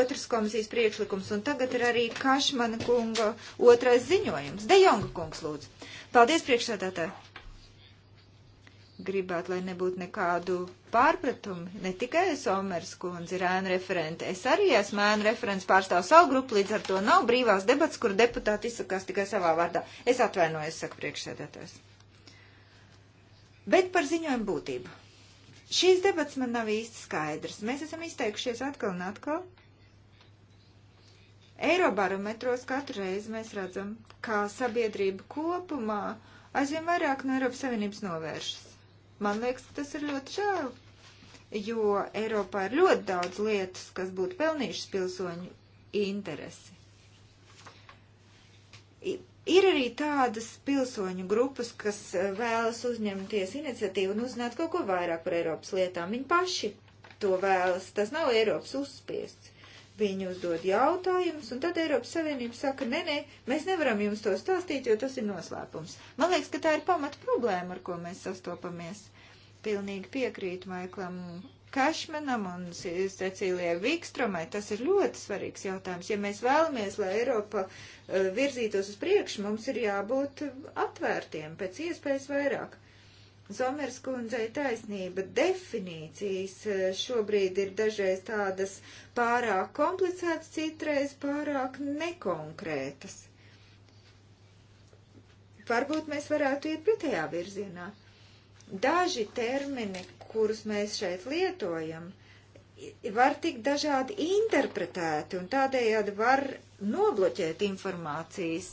[SPEAKER 1] otrs komisijas priekšlikums, un tagad ir arī Kašmana kunga otrais ziņojums. De Jonga kungs, lūdzu. Paldies, priekšsēdētāji. Gribētu, lai nebūtu nekādu pārpratumu. Ne tikai Somers kundze ir ēna referente. Es arī esmu ēna referents pārstāv savu grupu, līdz ar to nav brīvās debats, kur deputāti izsakās tikai savā vārdā. Es atvainojos, saka priekšsēdētājs. Bet par ziņojumu būtību. Šīs debats man nav īsti skaidrs. Mēs esam izteikušies atkal un atkal. Eirobarometros katru reizi mēs redzam, kā sabiedrība kopumā aizvien vairāk no Eiropas Savienības novēršas. Man liekas, tas ir ļoti žēl, jo Eiropā ir ļoti daudz lietas, kas būtu pelnījušas pilsoņu interesi. Ir arī tādas pilsoņu grupas, kas eh, vēlas uzņemties iniciatīvu un uzzināt kaut ko vairāk par Eiropas lietām. Viņi paši to vēlas. Tas nav Eiropas uzspiests. Viņi uzdod jautājumus, un tad Eiropas Savienība saka, nē, nē, mēs nevaram jums to stāstīt, jo tas ir noslēpums. Man liekas, ka tā ir pamata problēma, ar ko mēs sastopamies. Pilnīgi piekrītu Maiklam Kašmanam un Cecīlijai Vikstromai. Tas ir ļoti svarīgs jautājums. Ja mēs vēlamies, lai Eiropa uh, Eh, virzītos uz priekšu, mums ir jābūt atvērtiem pēc iespējas vairāk. Zomers kundzei taisnība definīcijas eh, šobrīd ir dažreiz tādas pārāk komplicētas, citreiz pārāk nekonkrētas. Varbūt mēs varētu iet pretējā virzienā. Daži termini, kurus mēs šeit lietojam, var tik dažādi interpretēti un tādējādi var nobloķēt informācijas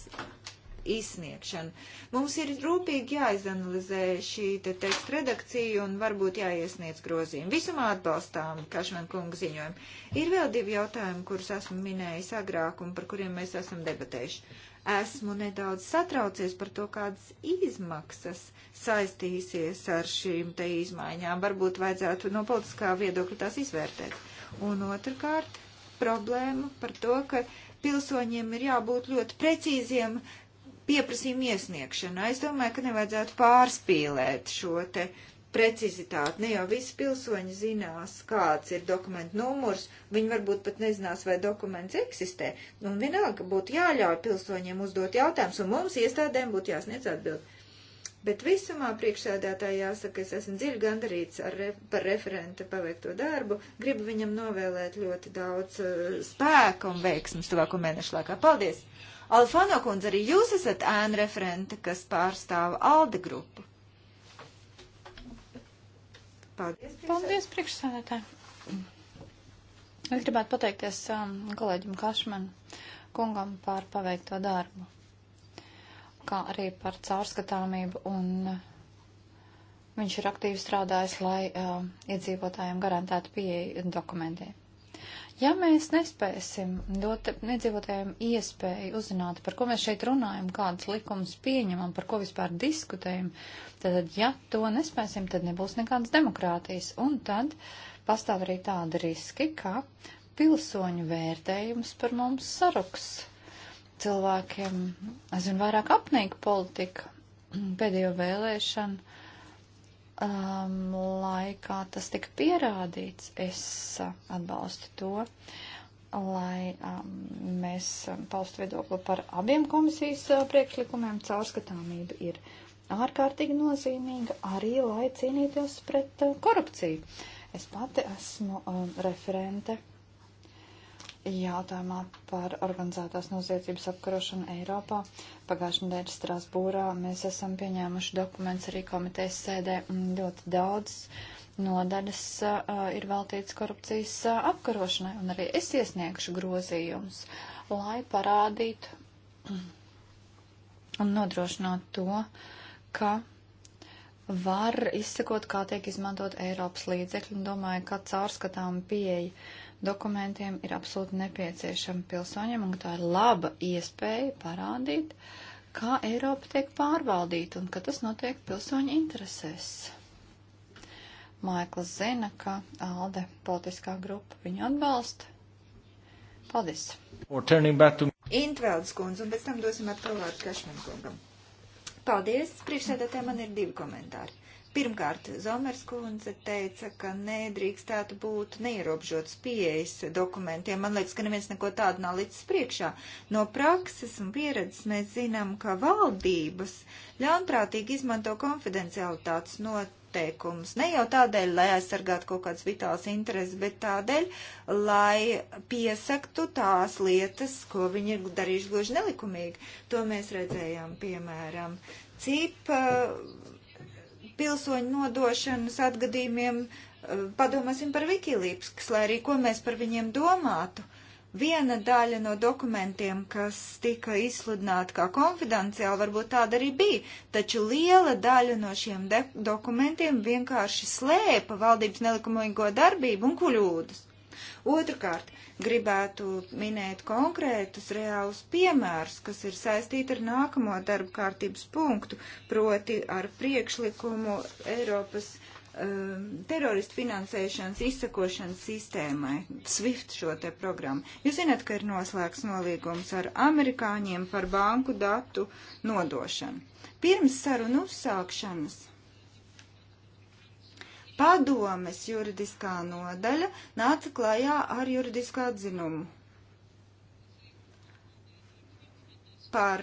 [SPEAKER 1] izsniegšanu. Mums ir rūpīgi jāizanalizē šī te teksta redakcija un varbūt jāiesniedz grozījumi. Visumā atbalstām Kašman kunga ziņojumu. Ir vēl divi jautājumi, kurus esmu minējis agrāk un par kuriem mēs esam debatējuši. Esmu nedaudz satraucies par to, kādas izmaksas saistīsies ar šīm te izmaiņām. Varbūt vajadzētu no politiskā viedokļa tās izvērtēt. Un otrkārt, problēma par to, ka pilsoņiem ir jābūt ļoti precīziem pieprasījumu iesniegšanā. Es domāju, ka nevajadzētu pārspīlēt šo te uh, precizitāti. Ne jau visi pilsoņi zinās, kāds ir dokumentu numurs, viņi varbūt pat nezinās, vai dokuments eksistē. Un vienalga būtu jāļauj pilsoņiem uzdot jautājumus, un mums iestādēm būtu jāsniedz atbild. Bet visumā priekšsēdētāji jāsaka, es esmu dziļi gandarīts ar re, par referenta paveikto darbu. Gribu viņam novēlēt ļoti daudz uh, spēka un veiksmas tuvāko mēnešu laikā. Paldies! Alfano kundze, arī jūs esat ēna referenta, kas pārstāv Alde grupu. Paldies,
[SPEAKER 3] Paldies priekšsēdētāji. Es gribētu pateikties um, kolēģim Kašmanam kungam par paveikto darbu, kā arī par caurskatāmību, un uh, viņš ir aktīvi strādājis, lai uh, iedzīvotājiem garantētu pieeju dokumentiem. Ja mēs nespēsim dot nedzīvotājiem iespēju uzzināt, par ko mēs šeit runājam, kādas likumas pieņemam, par ko vispār diskutējam, tad, ja to nespēsim, tad nebūs nekādas demokrātijas. Un tad pastāv arī tādi riski, ka pilsoņu vērtējums par mums saruks. Cilvēkiem aizvien vairāk apnīk politika pēdējo vēlēšanu um, laikā tas tika pierādīts, es uh, atbalstu to, lai um, mēs ehm, paustu viedokli par abiem komisijas uh, priekšlikumiem. Caurskatāmība ir ārkārtīgi nozīmīga arī, lai cīnītos pret uh, korupciju. Es pati esmu um, referente jautājumā par organizētās noziedzības apkarošanu Eiropā. Pagājušajā nedēļā Strasbūrā mēs esam pieņēmuši dokumentus arī komitejas sēdē. Ļoti daudz nodaļas uh, ir veltīts korupcijas uh, apkarošanai, un arī es iesniegšu grozījumus, lai parādītu un nodrošinātu to, ka var izsekot, kā tiek izmantot Eiropas līdzekļi, un domāju, ka caurskatām pieeja dokumentiem ir absolūti nepieciešama pilsoņiem, un tā ir laba iespēja parādīt, kā Eiropa tiek pārvaldīta un ka tas notiek pilsoņu interesēs. Maikls zina, ka ALDE politiskā grupa viņu atbalsta. Paldies!
[SPEAKER 1] To...
[SPEAKER 3] Intveldes kundze, un pēc tam dosim atkal vārdu Kašman kungam.
[SPEAKER 1] Paldies! Priekšsēdētē man ir divi komentāri. Pirmkārt, Zomers kundze teica, ka nedrīkstētu būt neierobežotas pieejas dokumentiem. Man liekas, ka neviens neko tādu nav licis priekšā. No prakses un pieredzes mēs zinām, ka valdības ļaunprātīgi izmanto konfidencialitātes noteikumus. Ne jau tādēļ, lai aizsargātu kaut kādas vitāls intereses, bet tādēļ, lai piesaktu tās lietas, ko viņi ir darījuši gluži nelikumīgi. To mēs redzējām, piemēram, CIP. Uh, pilsoņu nodošanas atgadījumiem, eh, padomāsim par Wikileaks, kas, lai arī ko mēs par viņiem domātu, viena daļa no dokumentiem, kas tika izsludināta kā konfidenciāli, varbūt tāda arī bija, taču liela daļa no šiem dokumentiem vienkārši slēpa valdības nelikumīgo darbību un kļūdas. Otrakārt, gribētu minēt konkrētus reālus piemērus, kas ir saistīti ar nākamo darba kārtības punktu, proti ar priekšlikumu Eiropas um, teroristu finansēšanas izsakošanas sistēmai, SWIFT šo te programmu. Jūs zināt, ka ir noslēgts nolīgums ar amerikāņiem par banku datu nodošanu. Pirms sarunu uzsākšanas padomes juridiskā nodaļa nāca klajā ar juridisku atzinumu par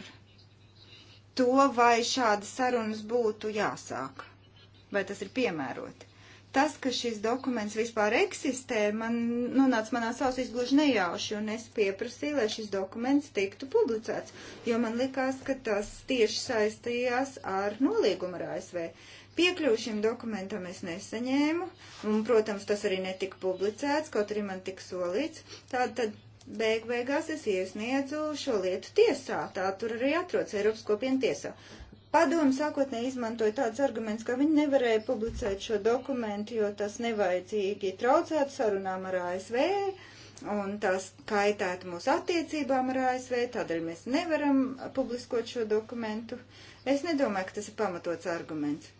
[SPEAKER 1] to, vai šādas sarunas būtu jāsāk, vai tas ir piemēroti. Tas, ka šis dokuments vispār eksistē, man nonāca manā ausīs gluži nejauši, un es pieprasīju, lai šis dokuments tiktu publicēts, jo man likās, ka tas tieši saistījās ar nolīgumu ar ASV. Piekļuvu šim dokumentam es nesaņēmu, un, protams, tas arī netika publicēts, kaut arī man tika solīts. Tātad beig beigās es iesniedzu šo lietu tiesā, tā tur arī atrodas Eiropas kopienu tiesā. Padomu sākotnēji izmantoja tādus argumentus, ka viņi nevarēja publicēt šo dokumentu, jo tas nevajadzīgi traucētu sarunām ar ASV, un tas kaitētu mūsu attiecībām ar ASV, tādēļ mēs nevaram publiskot šo dokumentu. Es nedomāju, ka tas ir pamatots arguments.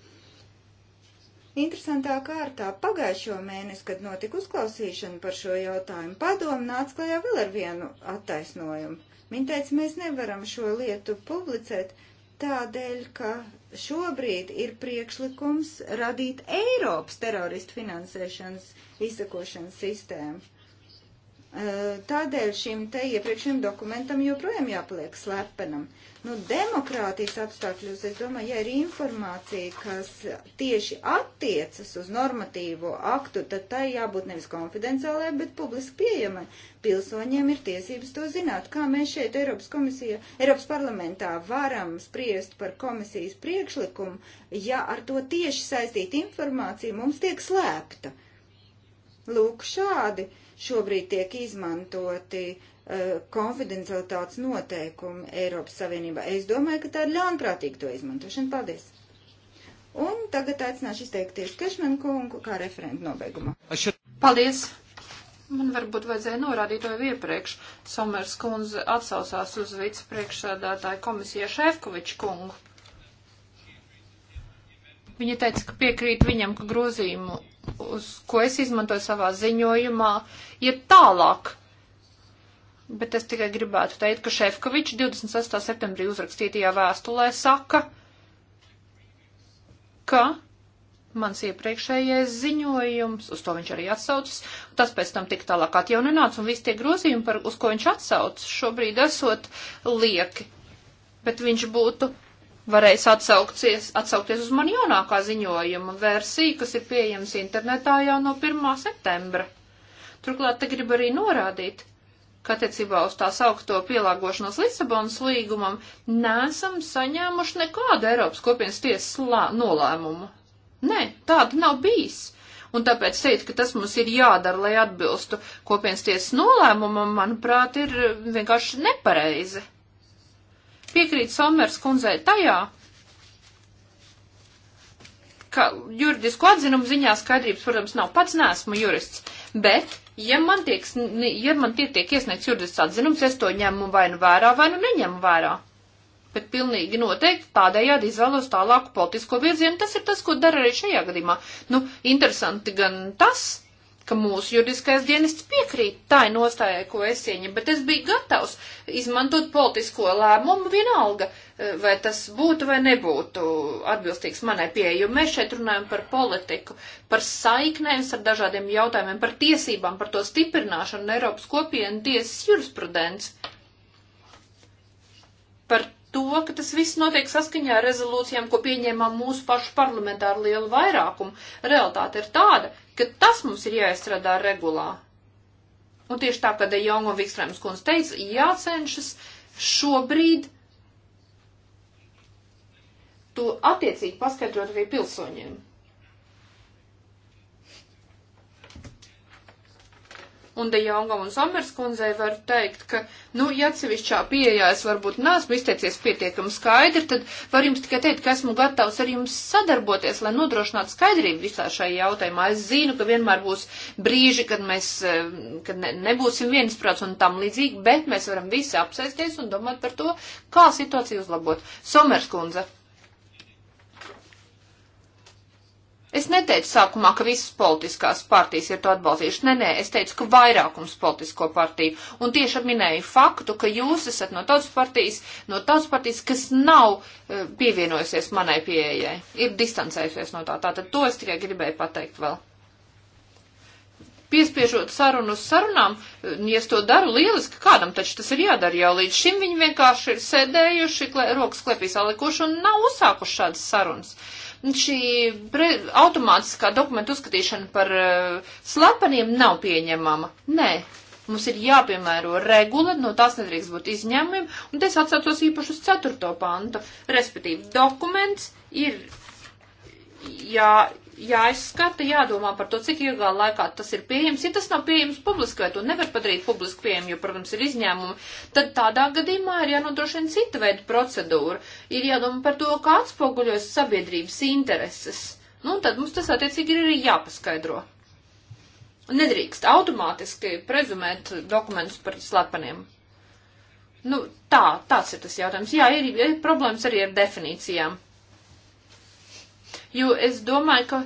[SPEAKER 1] Interesantā kārtā pagājušo mēnesi, kad notika uzklausīšana par šo jautājumu, padomu nāca klajā vēl ar vienu attaisnojumu. Viņa teica, mēs nevaram šo lietu publicēt tādēļ, ka šobrīd ir priekšlikums radīt Eiropas teroristu finansēšanas izsakošanas sistēmu. Eh, tādēļ šim te iepriekšējiem dokumentam joprojām jāpaliek slepenam. Nu, demokrātijas apstākļos, es domāju, ja ir informācija, kas tieši attiecas uz normatīvo aktu, tad tai jābūt nevis konfidenciālai, bet publiski pieejamai. Pilsoņiem ir tiesības to zināt, kā mēs šeit Eiropas komisijā, Eiropas parlamentā varam spriest par komisijas priekšlikumu, ja ar to tieši saistīta informācija mums tiek slēpta. Lūk, šādi. Uh, šobrīd tiek izmantoti uh, konfidencialitātes noteikumi Eiropas Savienībā. Es domāju, ka tā ir ļaunprātīga to izmantošana. Paldies! Un tagad aicināšu izteikties Kešmenu kungu kā referentu
[SPEAKER 2] nobeigumā. Paldies! Man varbūt vajadzēja norādīt to jau iepriekš. Somers kundze atsaucās uz vicepriekšsēdētāju komisijā Šefkoviču kungu. Viņa teica, ka piekrīt viņam, ka grozījumu uz ko es izmantoju savā ziņojumā, iet tālāk. Bet es tikai gribētu teikt, ka Šefkovičs 28. septembrī uzrakstītajā vēstulē saka, ka mans iepriekšējais ziņojums, uz to viņš arī atsaucas, tas pēc tam tik tālāk atjaunināts, un visi tie grozījumi, par, uz ko viņš atsaucas, šobrīd esot lieki. Bet viņš būtu varēs atsaukties, atsaukties uz man jaunākā ziņojuma versiju, kas ir pieejams internetā jau no 1. septembra. Turklāt te gribu arī norādīt, ka attiecībā uz tā saukto pielāgošanos Lisabonas līgumam nesam saņēmuši nekādu Eiropas kopienas tiesas nolēmumu. Nē, tāda nav bijis. Un tāpēc teikt, ka tas mums ir jādara, lai atbilstu kopienas tiesas nolēmumam, manuprāt, ir vienkārši nepareizi. Piekrīt Somers kundzei tajā, ka juridisku atzinumu ziņā skaidrības, protams, nav. Pats neesmu jurists, bet, ja man tiek, ja man tiek, tiek iesniegts juridisks atzinums, es to ņemu vai nu vērā, vai nu neņemu vērā. Bet pilnīgi noteikti tādējādi izvēlos tālāku politisko virzienu. Tas ir tas, ko dara arī šajā gadījumā. Nu, interesanti gan tas, ka mūsu juridiskais dienests piekrīt tai nostājai, ko es ieņemu, bet es biju gatavs izmantot politisko lēmumu vienalga, eh, vai tas būtu vai nebūtu atbilstīgs manai pieeja, jo mēs šeit runājam par politiku, par saiknēm ar dažādiem jautājumiem, par tiesībām, par to stiprināšanu Eiropas kopienu tiesas jurisprudents, par to, ka tas viss notiek saskaņā ar rezolūcijām, ko pieņēmām mūsu pašu parlamentāru lielu vairākumu. Realtāte ir tāda, ka tas mums ir jāizstrādā regulā. Un tieši tā, kad Jonga Vikstrēms kundze teica, jācenšas šobrīd to attiecīgi paskaidrot arī pilsoņiem. un De Jongam un Somerskundzei varu teikt, ka, nu, ja atsevišķā pieejā es varbūt neesmu izteicies pietiekami skaidri, tad varu jums tikai teikt, ka esmu gatavs ar jums sadarboties, lai nodrošinātu skaidrību visā šajā jautājumā. Es zinu, ka vienmēr būs brīži, kad mēs, eh, kad ne, nebūsim viensprāts un tam līdzīgi, bet mēs varam visi apsēsties un domāt par to, kā situāciju uzlabot. Somerskundze. Es neteicu sākumā, ka visas politiskās partijas ir to atbalstījušas. Nē, nē, es teicu, ka vairākums politisko partiju. Un tieši minēju faktu, ka jūs esat no tautas partijas, no tautas partijas, kas nav eh, pievienojusies manai pieejai, ir distancējusies no tā. Tātad to es tikai gribēju pateikt vēl. Piespiežot sarunu uz sarunām, eh, ja es to daru, lieliski kādam taču tas ir jādara jau līdz šim. Viņi vienkārši ir sēdējuši, rokas klepīs alikuši un nav uzsākuši šādas sarunas. Uh, šī pre, automātiskā dokumentu uzskatīšana par uh, slepeniem nav pieņemama. Nē. Mums ir jāpiemēro regula, no tās nedrīkst būt izņēmumiem, un te es atsaucos īpaši uz ceturto pantu. Respektīvi, dokuments ir jā, jāizskata, jādomā par to, cik ilgā laikā tas ir pieejams. Ja tas nav pieejams publiski vai to nevar padarīt publiski pieejam, jo, protams, ir izņēmumi, tad tādā gadījumā ir jānodrošina cita veida procedūra. Ir jādomā par to, kā atspoguļos sabiedrības intereses. Nu, tad mums tas attiecīgi ir arī jāpaskaidro. Nedrīkst automātiski prezumēt dokumentus par slepeniem. Nu, tā, tāds ir tas jautājums. Jā, ir, ir problēmas arī ar definīcijām jo es domāju, ka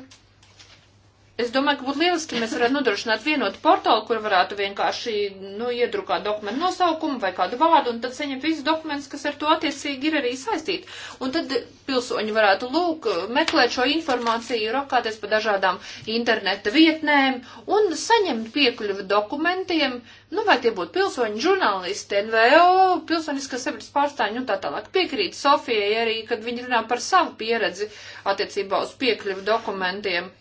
[SPEAKER 2] Es domāju, ka būtu lieliski, ja mēs varētu nodrošināt vienotu portālu, kur varētu vienkārši nu, iedrukāt dokumentu nosaukumu vai kādu vārdu, un tad saņemt visus dokumentus, kas ar to attiecīgi ir arī saistīti. Un tad pilsoņi varētu lūk, meklēt šo informāciju, rokāties pa dažādām interneta vietnēm un saņemt piekļuvi dokumentiem, nu vai tie būtu pilsoņi, žurnālisti, NVO, pilsoniskas sabiedrības pārstāvji, un nu, tā tālāk. Piekrīt Sofijai arī, kad viņi runā par savu pieredzi attiecībā uz piekļuvi dokumentiem.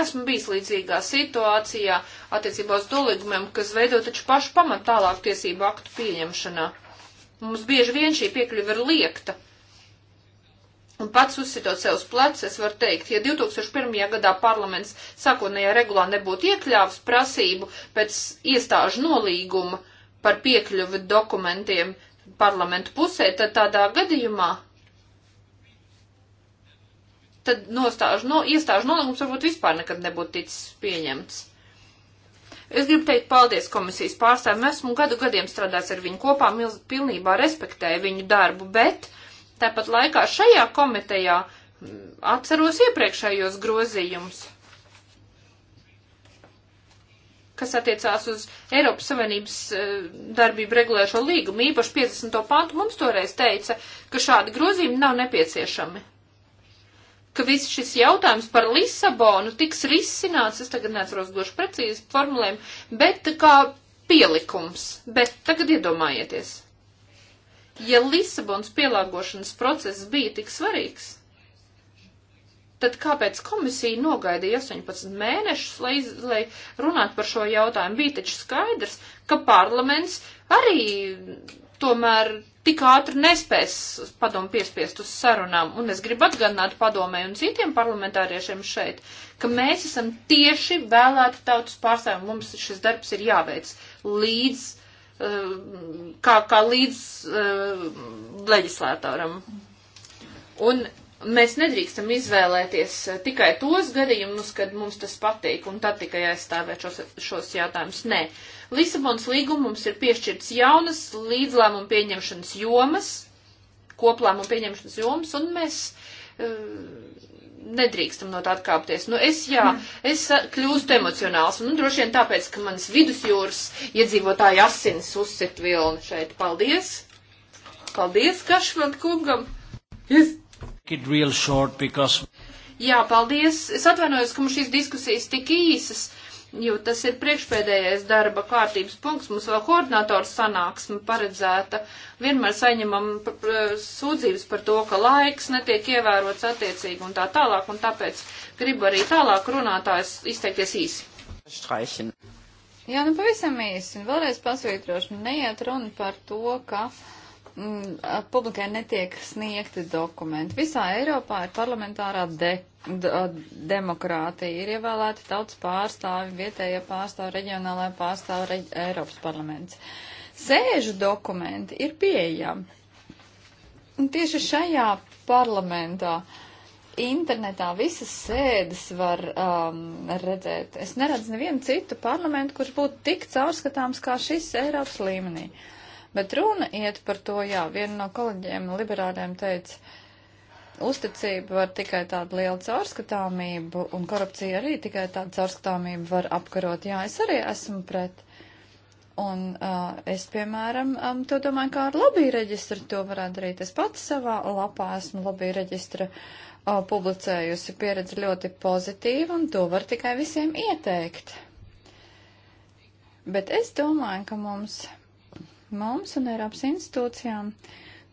[SPEAKER 2] Esmu bijis līdzīgā situācijā attiecībā uz dolīgumiem, kas veido taču pašu pamatu tālāk tiesību aktu pieņemšanā. Mums bieži vien šī piekļuva ir liekta. Un pats uzsitot sev uz pleca, es varu teikt, ja 2001. gadā parlaments sākotnējā regulā nebūtu iekļāvis prasību pēc iestāžu nolīguma par piekļuvi dokumentiem parlamentu pusē, tad tādā gadījumā tad nostāžu, no, iestāžu nolīgums varbūt vispār nekad nebūtu ticis pieņemts. Es gribu teikt paldies komisijas pārstāvjiem. Esmu gadu gadiem strādājis ar viņu kopā, milz, pilnībā respektēju viņu darbu, bet tāpat laikā šajā komitejā atceros iepriekšējos grozījumus, kas attiecās uz Eiropas Savienības e, darbību regulēšo līgumu, īpaši 50. pantu, mums toreiz teica, ka šādi grozījumi nav nepieciešami ka viss šis jautājums par Lisabonu tiks risināts, es tagad neatceros gluži precīzi formulēm, bet kā pielikums. Bet tagad iedomājieties, ja Lisabonas pielāgošanas process bija tik svarīgs, tad kāpēc komisija nogaidīja 18 mēnešus, lai, lai runātu par šo jautājumu? Bija taču skaidrs, ka parlaments arī tomēr tik ātri nespēs padomu piespiest uz sarunām. Un es gribu atgādināt padomē un citiem parlamentāriešiem šeit, ka mēs esam tieši vēlēti tautas pārstāvjumi. Mums šis darbs ir jāveic līdz, eh, kā, kā līdz eh, leģislētoram. Un mēs nedrīkstam izvēlēties eh, tikai tos gadījumus, kad mums tas patīk, un tad tikai aizstāvēt šos, šos jautājumus. Nē, Lisabons līguma mums ir piešķirts jaunas līdzlēmumu pieņemšanas jomas, koplēmumu pieņemšanas jomas, un mēs uh, nedrīkstam no tā atkāpties. Nu, es, jā, mhm. es eh, kļūstu emocionāls, un nu, droši vien tāpēc, ka manas vidusjūras iedzīvotāji asins uzsit vilni šeit. Paldies! Paldies Kašman kungam!
[SPEAKER 3] Yes. Because...
[SPEAKER 2] Jā, paldies. Es atvainojos, ka mums šīs diskusijas tik īsas, jo tas ir priekšpēdējais darba kārtības punkts. Mums vēl koordinators sanāksme paredzēta. Vienmēr saņemam sūdzības par to, ka laiks netiek ievērots attiecīgi un tā tālāk, un tāpēc gribu arī tālāk runātājs izteikties īsi. Streichen.
[SPEAKER 3] Jā, nu pavisam īsi. Vēlreiz pasvītrošu. Nu neiet runa par to, ka Mm, publikai netiek sniegti dokumenti. Visā Eiropā ir parlamentārā de, de, demokrātija, ir ievēlēti tautas pārstāvi, vietējie pārstāvi, reģionālajie pārstāvi, reģ, Eiropas parlaments. Sēžu dokumenti ir pieejami. Un tieši šajā parlamentā internetā visas sēdes var um, redzēt. Es neredzu nevienu citu parlamentu, kurš būtu tik caurskatāms kā šis Eiropas līmenī. Uh, Bet runa iet par to, jā, viena no kolēģiem liberāļiem teica, uzticība var tikai tādu lielu caurskatāmību, un korupcija arī tikai tādu caurskatāmību var apkarot. Jā, es arī esmu pret. Un uh, es, piemēram, um, to domāju, kā ar lobby reģistru to varētu darīt. Es pats savā lapā esmu lobby reģistra uh, publicējusi pieredzi ļoti pozitīvu, un to var tikai visiem ieteikt. Bet es domāju, ka mums mums un Eiropas institūcijām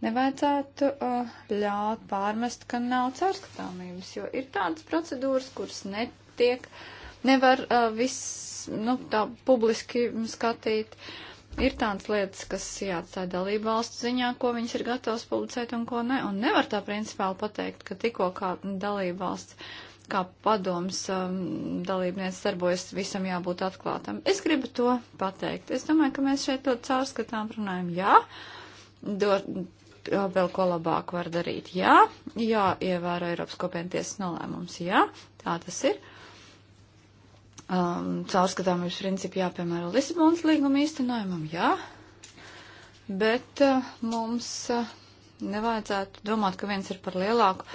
[SPEAKER 3] nevajadzētu uh, ļaut pārmest, ka nav caurskatāmības, jo ir tādas procedūras, kuras netiek, nevar uh, viss, nu, tā publiski skatīt. Ir tādas lietas, kas jāatstāja dalību valstu ziņā, ko viņas ir gatavas publicēt un ko ne, un nevar tā principāli pateikt, ka tikko kā dalību valsts kā padoms um, dalībnieks darbojas, visam jābūt atklātam. Es gribu to pateikt. Es domāju, ka mēs šeit ļoti caurskatām runājam, jā, do, vēl ko labāk var darīt, jā, jā, ievēro Eiropas kopienties nolēmums, jā, tā tas ir. Um, caurskatāmības principi jāpiemēro Lisabonas līguma īstenojumam, jā, bet uh, mums. Uh, Nevajadzētu domāt, ka viens ir par lielāku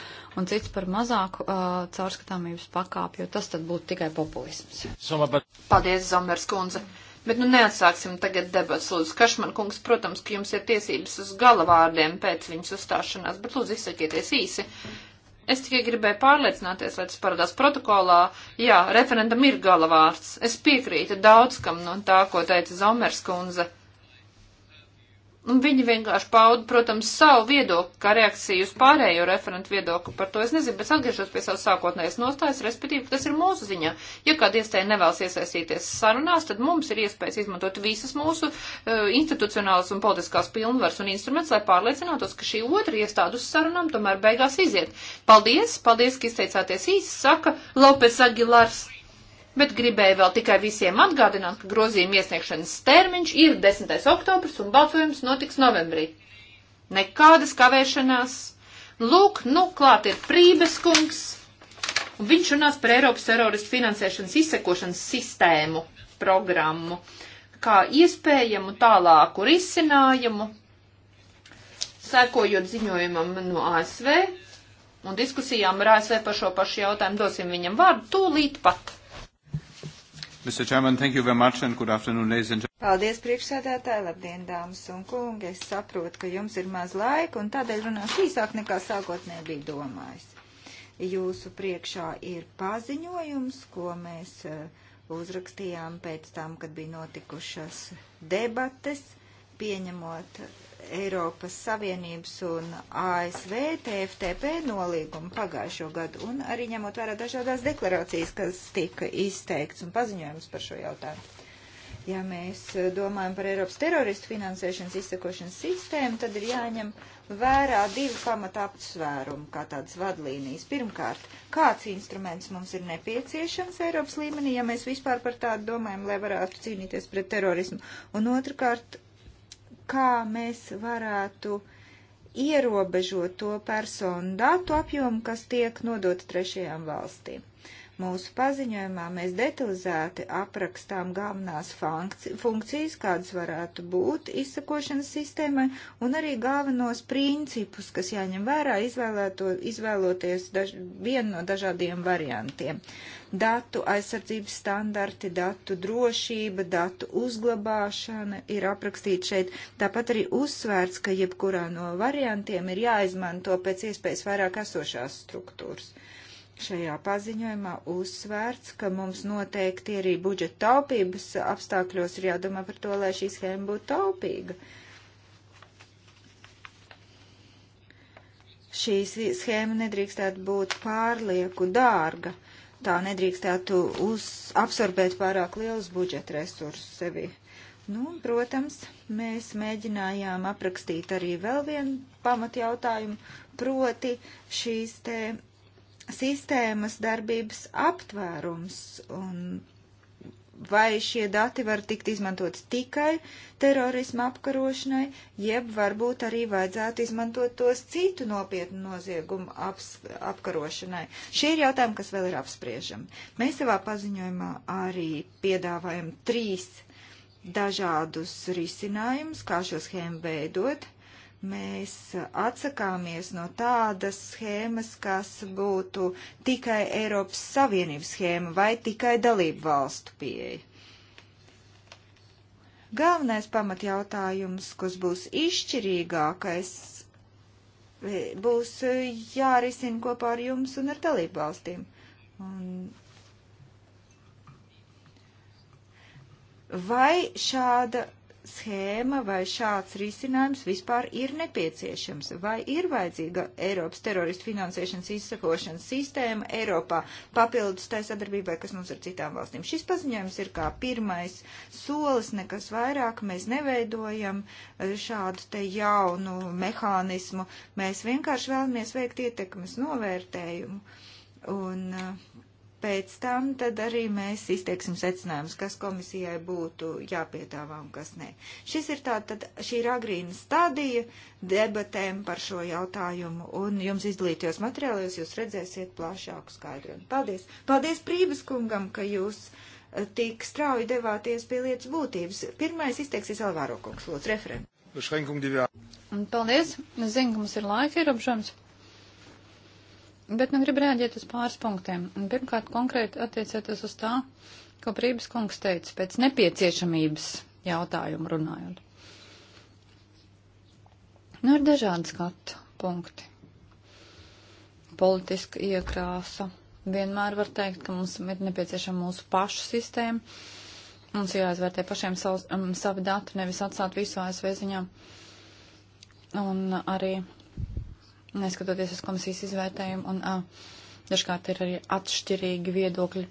[SPEAKER 3] un cits par mazāku uh, caurskatāmības pakāpi, jo tas tad būtu tikai populisms.
[SPEAKER 2] Paldies, Zomers kundze. Bet nu neatsāksim tagad debats, lūdzu. Kašman kungs, protams, ka jums ir tiesības uz galavārdiem pēc viņas uzstāšanās, bet lūdzu izsakieties īsi. Es tikai gribēju pārliecināties, lai tas parādās protokolā. Jā, referendam ir galavārds. Es piekrītu daudz kam no tā, ko teica Zomers kundze. Un nu, viņi vienkārši pauda, protams, savu viedokli, kā reakciju uz pārējo referentu viedokli par to. Es nezinu, bet atgriežos pie savas sākotnējas nostājas, respektīvi, tas ir mūsu ziņā. Ja kāda iestāja nevēlas iesaistīties sarunās, tad mums ir iespējas izmantot visas mūsu uh, institucionālas un politiskās pilnvaras un instruments, lai pārliecinātos, ka šī otra iestāde uz sarunām tomēr beigās iziet. Paldies, paldies, ka izteicāties īsi, saka Lopes Agilars. Bet gribēju vēl tikai visiem atgādināt, ka grozījuma iesniegšanas termiņš ir 10. oktobrs un balsojums notiks novembrī. Nekādas kavēšanās. Lūk, nu, klāt ir Prības kungs, un viņš runās par Eiropas teroristu finansēšanas izsekošanas sistēmu programmu, kā iespējamu tālāku risinājumu, sekojot ziņojumam no ASV un diskusijām ar ASV par šo pašu jautājumu, dosim viņam vārdu tūlīt pat. Mr. Chairman, thank you very much and good afternoon, ladies and gentlemen. Paldies, priekšsēdētāji, labdien, dāmas
[SPEAKER 1] un kungi. Es saprotu, ka jums ir maz laika un tādēļ runāšu īsāk nekā sākotnēji bija domājis. Jūsu priekšā ir paziņojums, ko mēs eh, uzrakstījām pēc tam, kad bija notikušas debates, pieņemot Eiropas Savienības un ASV TFTP nolīgumu pagājušo gadu un arī ņemot vērā dažādās deklarācijas, kas tika izteikts un paziņojums par šo jautājumu. Ja mēs domājam par Eiropas teroristu finansēšanas izsekošanas sistēmu, tad ir jāņem vērā divi pamata apsvērumi, kā tādas vadlīnijas. Pirmkārt, kāds instruments mums ir nepieciešams Eiropas līmenī, ja mēs vispār par tādu domājam, lai varētu cīnīties pret terorismu. Un otrkārt, kā mēs varētu ierobežot to personu datu apjomu, kas tiek nodota trešajām valstīm. Mūsu paziņojumā mēs detalizēti aprakstām galvenās funkcijas, kādas varētu būt izsakošanas sistēmai, un arī galvenos principus, kas jāņem vērā, izvēloties daž, vienu no dažādiem variantiem datu aizsardzības standarti, datu drošība, datu uzglabāšana ir aprakstīta šeit. Tāpat arī uzsvērts, ka jebkurā no variantiem ir jāizmanto pēc iespējas vairāk esošās struktūras. Šajā paziņojumā uzsvērts, ka mums noteikti arī budžeta taupības apstākļos ir jādomā par to, lai šī schēma būtu taupīga. Šī schēma nedrīkstētu būt pārlieku dārga. Tā nedrīkstētu uz, absorbēt pārāk lielus budžeta resursus sevī. Nu, un, protams, mēs mēģinājām aprakstīt arī vēl vienu pamatjautājumu, proti šīs te sistēmas darbības aptvērums un vai šie dati var tikt izmantot tikai terorisma apkarošanai, jeb varbūt arī vajadzētu izmantot tos citu nopietnu noziegumu aps, apkarošanai. Šie ir jautājumi, kas vēl ir apspriežami. Mēs savā paziņojumā arī piedāvājam trīs dažādus risinājumus, kā šo schēmu veidot. Mēs atsakāmies no tādas schēmas, kas būtu tikai Eiropas Savienības schēma vai tikai dalību valstu pieeja. Galvenais pamatjautājums, kas būs izšķirīgākais, e, būs jārisina kopā ar jums un ar dalību valstīm. Un vai šāda schēma vai šāds risinājums vispār ir nepieciešams? Vai ir vajadzīga Eiropas teroristu finansēšanas izsakošanas sistēma Eiropā papildus tai sadarbībai, kas mums ar citām valstīm? Šis paziņojums ir kā pirmais solis, nekas vairāk. Mēs neveidojam e, šādu te jaunu mehānismu. Mēs vienkārši vēlamies veikt ietekmes novērtējumu. Un, uh, pēc tam tad arī mēs izteiksim secinājumus, kas komisijai būtu jāpietāvā un kas nē. Šis ir tā, tad šī ir agrīna stadija debatēm par šo jautājumu, un jums izglītajos materiālos jūs redzēsiet plašāku skaidrojumu. Paldies! Paldies Prības kungam, ka jūs eh, tik strauji devāties pie lietas būtības. Pirmais izteiksies Alvaro kungs, lūdzu, referent.
[SPEAKER 3] Paldies! Es zinu, ka mums ir laika ierobežojums. Bet nu gribu rēģēt uz pāris punktiem. Pirmkārt, konkrēti attiecēties uz tā, ko Prības kungs teica pēc nepieciešamības jautājumu runājot. Nu, ir dažādi skatu punkti. Politiska iekrāsa. Vienmēr var teikt, ka mums ir nepieciešama mūsu pašu sistēma. Mums jāizvērtē pašiem savs, um, savi dati, nevis atstāt visu ASV ziņā. Un arī neskatoties uz komisijas izvērtējumu. Un, uh, Dažkārt ir arī atšķirīgi viedokļi,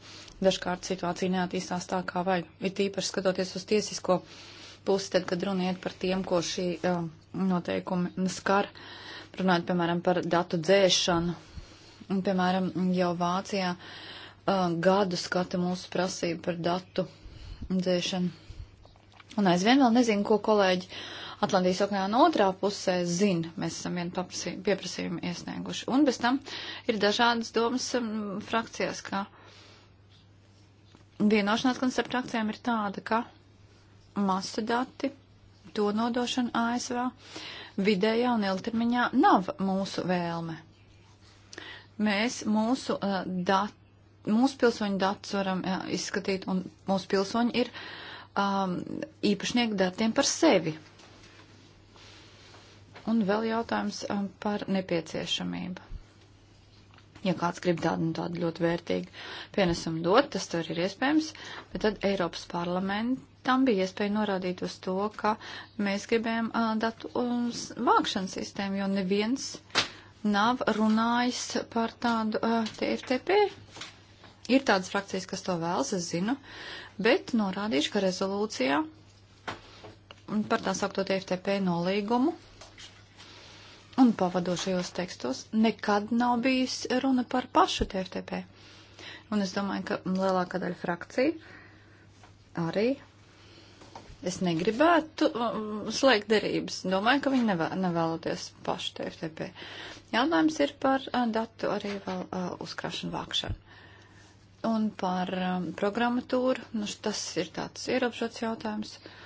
[SPEAKER 3] dažkārt situācija neattīstās tā, kā vajag. Ir tīpaši skatoties uz tiesisko pusi, tad, kad runiet par tiem, ko šī uh, noteikumi skar, runājot, piemēram, par datu dzēšanu. Un, piemēram, jau Vācijā uh, gadu skata mūsu prasība par datu dzēšanu. Un aizvien vēl nezinu, ko kolēģi uh, Atlantijas okeāna otrā pusē zina, mēs esam vienu pieprasījumu iesnieguši. Un bez tam ir dažādas domas um, frakcijās, ka vienošanās koncepta frakcijām ir tāda, ka masu dati, to nodošana ASV vidējā un ilgtermiņā nav mūsu vēlme. Mēs mūsu uh, dati mūsu pilsoņu datus varam jā, uh, izskatīt, un mūsu pilsoņi ir um, īpašnieki datiem par sevi. Un vēl jautājums um, par nepieciešamību. Ja kāds grib tādu, nu, tādu ļoti vērtīgu pienesumu dot, tas tur ir iespējams, bet tad Eiropas parlamentam bija iespēja norādīt uz to, ka mēs gribējam uh, datu um, vākšanas sistēmu, jo neviens nav runājis par tādu uh, TFTP. Ir tādas frakcijas, kas to vēlas, es zinu, bet norādīšu, ka rezolūcijā par tā saukto TFTP nolīgumu un pavadošajos tekstos nekad nav bijis runa par pašu TFTP. Un es domāju, ka lielākā daļa frakcija arī. Es negribētu um, slēgt derības. Domāju, ka viņi nevē, nevēloties pašu TFTP. Jautājums ir par uh, datu arī vēl uh, uzkrāšanu vākšanu. Un par um, programmatūru, nu, tas ir tāds ierobežots jautājums. Uh,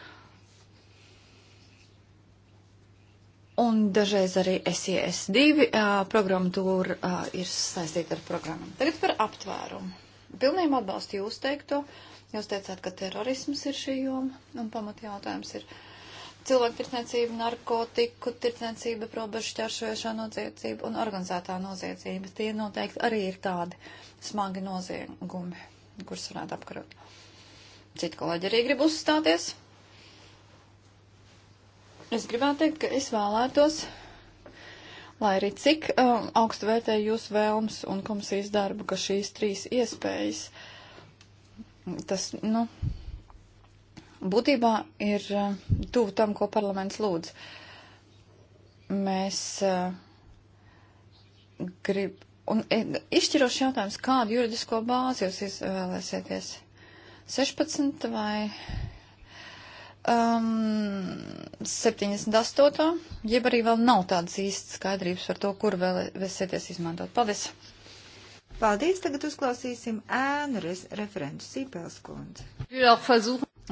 [SPEAKER 3] Un dažreiz arī SES2 programmatūra a, ir saistīta ar programmu. Tagad par aptvērumu. Pilnībā atbalstu jūs teikto. Jūs teicāt, ka terorisms ir šī joma, un pamatjautājums ir cilvēku tirdzniecība, narkotiku tirdzniecība, robežu ķeršojošā noziedzība un organizētā noziedzība. Tie noteikti arī ir tādi smagi noziegumi, kurus varētu apkarot. Citi kolēģi arī grib uzstāties. Es gribētu teikt, ka es vēlētos, lai arī cik um, augstu vērtēju jūsu vēlmes un komisijas darbu, ka šīs trīs iespējas, tas, nu, būtībā ir uh, tuvu tam, ko parlaments lūdz. Mēs uh, grib. Un e, izšķirošs jautājums, kādu juridisko bāzi jūs izvēlēsieties? 16 vai um, 78. jeb arī vēl nav tādas īstas skaidrības par to, kur vēl vēsieties izmantot. Paldies!
[SPEAKER 1] Paldies! Tagad uzklausīsim ēnu referentu Sīpels kundzi.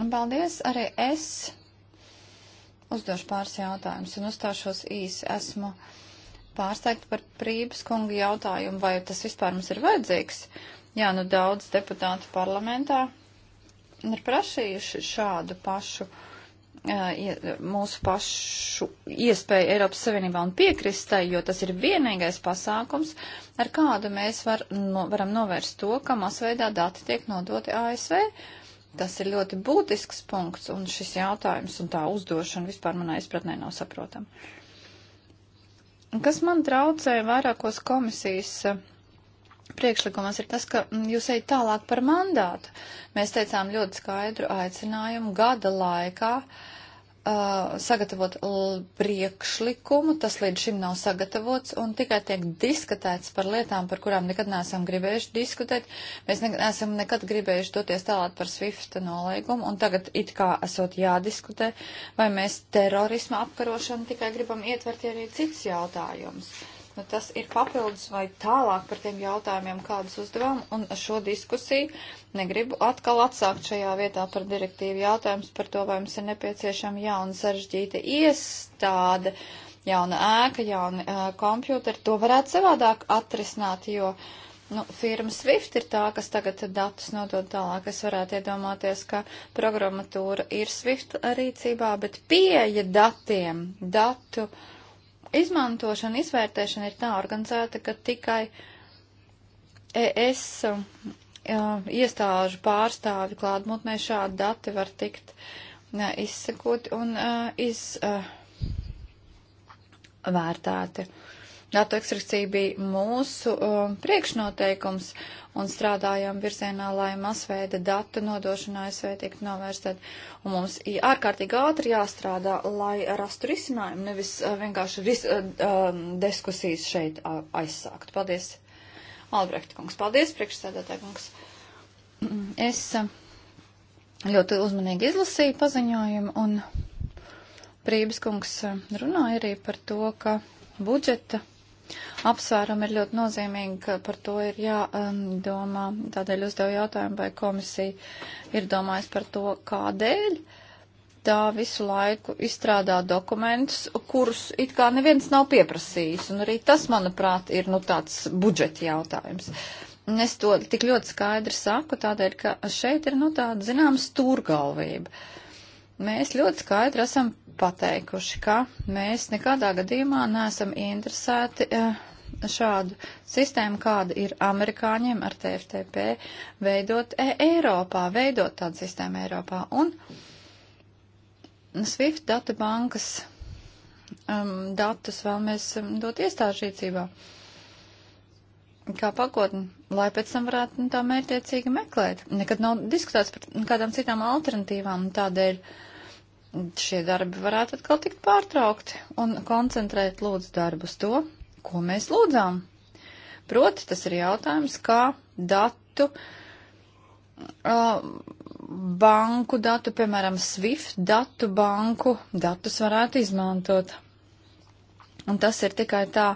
[SPEAKER 3] Paldies! Arī es uzdošu pāris jautājumus un uzstāšos īsi. Esmu pārsteigta par prības kunga jautājumu, vai tas vispār mums ir vajadzīgs. Jā, nu daudz deputātu parlamentā ir prasījuši šādu pašu mūsu pašu iespēju Eiropas Savienībā un piekristai, jo tas ir vienīgais pasākums, ar kādu mēs var, no, varam novērst to, ka masveidā dati tiek nodoti ASV. Tas ir ļoti būtisks punkts, un šis jautājums un tā uzdošana vispār manā izpratnē nav saprotama. Kas man traucēja vairākos komisijas priekšlikumos ir tas, ka mm, jūs ejat tālāk par mandātu. Mēs teicām ļoti skaidru aicinājumu gada laikā uh, sagatavot priekšlikumu, tas līdz šim nav sagatavots un tikai tiek diskutēts par lietām, par kurām nekad neesam gribējuši diskutēt. Mēs ne neesam nekad gribējuši doties tālāk par Swift nolīgumu un tagad it kā esot jādiskutē, vai mēs terorisma apkarošanu tikai gribam ietvert, ja arī cits jautājums. Uh, Nu, tas ir papildus vai tālāk par tiem jautājumiem, kādus uzdevām, un šo diskusiju negribu atkal atsākt šajā vietā par direktīvu jautājums par to, vai mums ir nepieciešama jauna sarežģīta iestāde, jauna ēka, jauna uh, kompjūteri. To varētu savādāk atrisināt, jo nu, firma Swift ir tā, kas tagad datus nodod tālāk. Es varētu iedomāties, ka programmatūra ir Swift rīcībā, bet pieeja datiem, datu. Uh, izmantošana, izvērtēšana ir tā organizēta, ka tikai ES um, iestāžu pārstāvi klātbūtnē šādi dati var tikt uh, izsekot un izvērtēti. Uh, uh Datu ekstrakcija bija mūsu um, priekšnoteikums un strādājām virzienā, lai masveida datu nodošana ASV tiktu novērstēt. Un mums ārkārtīgi ātri jāstrādā, lai rastu risinājumu, nevis uh, vienkārši ris, uh, um, diskusijas šeit uh, aizsākt. Paldies, Albrecht kungs. Paldies, priekšsēdētāj kungs. Es uh, ļoti uzmanīgi izlasīju paziņojumu un Prības kungs uh, runāja arī par to, ka budžeta apsvērumi ir ļoti nozīmīgi, ka par to ir jādomā. Tādēļ uzdevu jautājumu, vai komisija ir domājis par to, kādēļ tā visu laiku izstrādā dokumentus, kurus it kā neviens nav pieprasījis. Un arī tas, manuprāt, ir nu, tāds budžeta jautājums. Un es to tik ļoti skaidri saku, tādēļ, ka šeit ir nu, tāda zināmas turgalvība. Mēs ļoti skaidri esam pateikuši, ka mēs nekādā gadījumā neesam interesēti eh, šādu sistēmu, kāda ir amerikāņiem ar TFTP, veidot e Eiropā, veidot tādu sistēmu Eiropā. Un SWIFT datu bankas um, datus vēlamies um, dot iestāžu rīcībā kā pakotni, lai pēc tam varētu nu, tā mērķiecīgi meklēt. Nekad nav diskutēts par kādām citām alternatīvām, tādēļ uh, šie darbi varētu atkal tikt pārtraukti un koncentrēt lūdzu darbu uz to, ko mēs lūdzām. Proti, tas ir jautājums, kā datu, uh, banku datu, piemēram, SWIFT datu banku datus varētu izmantot. Un tas ir tikai tā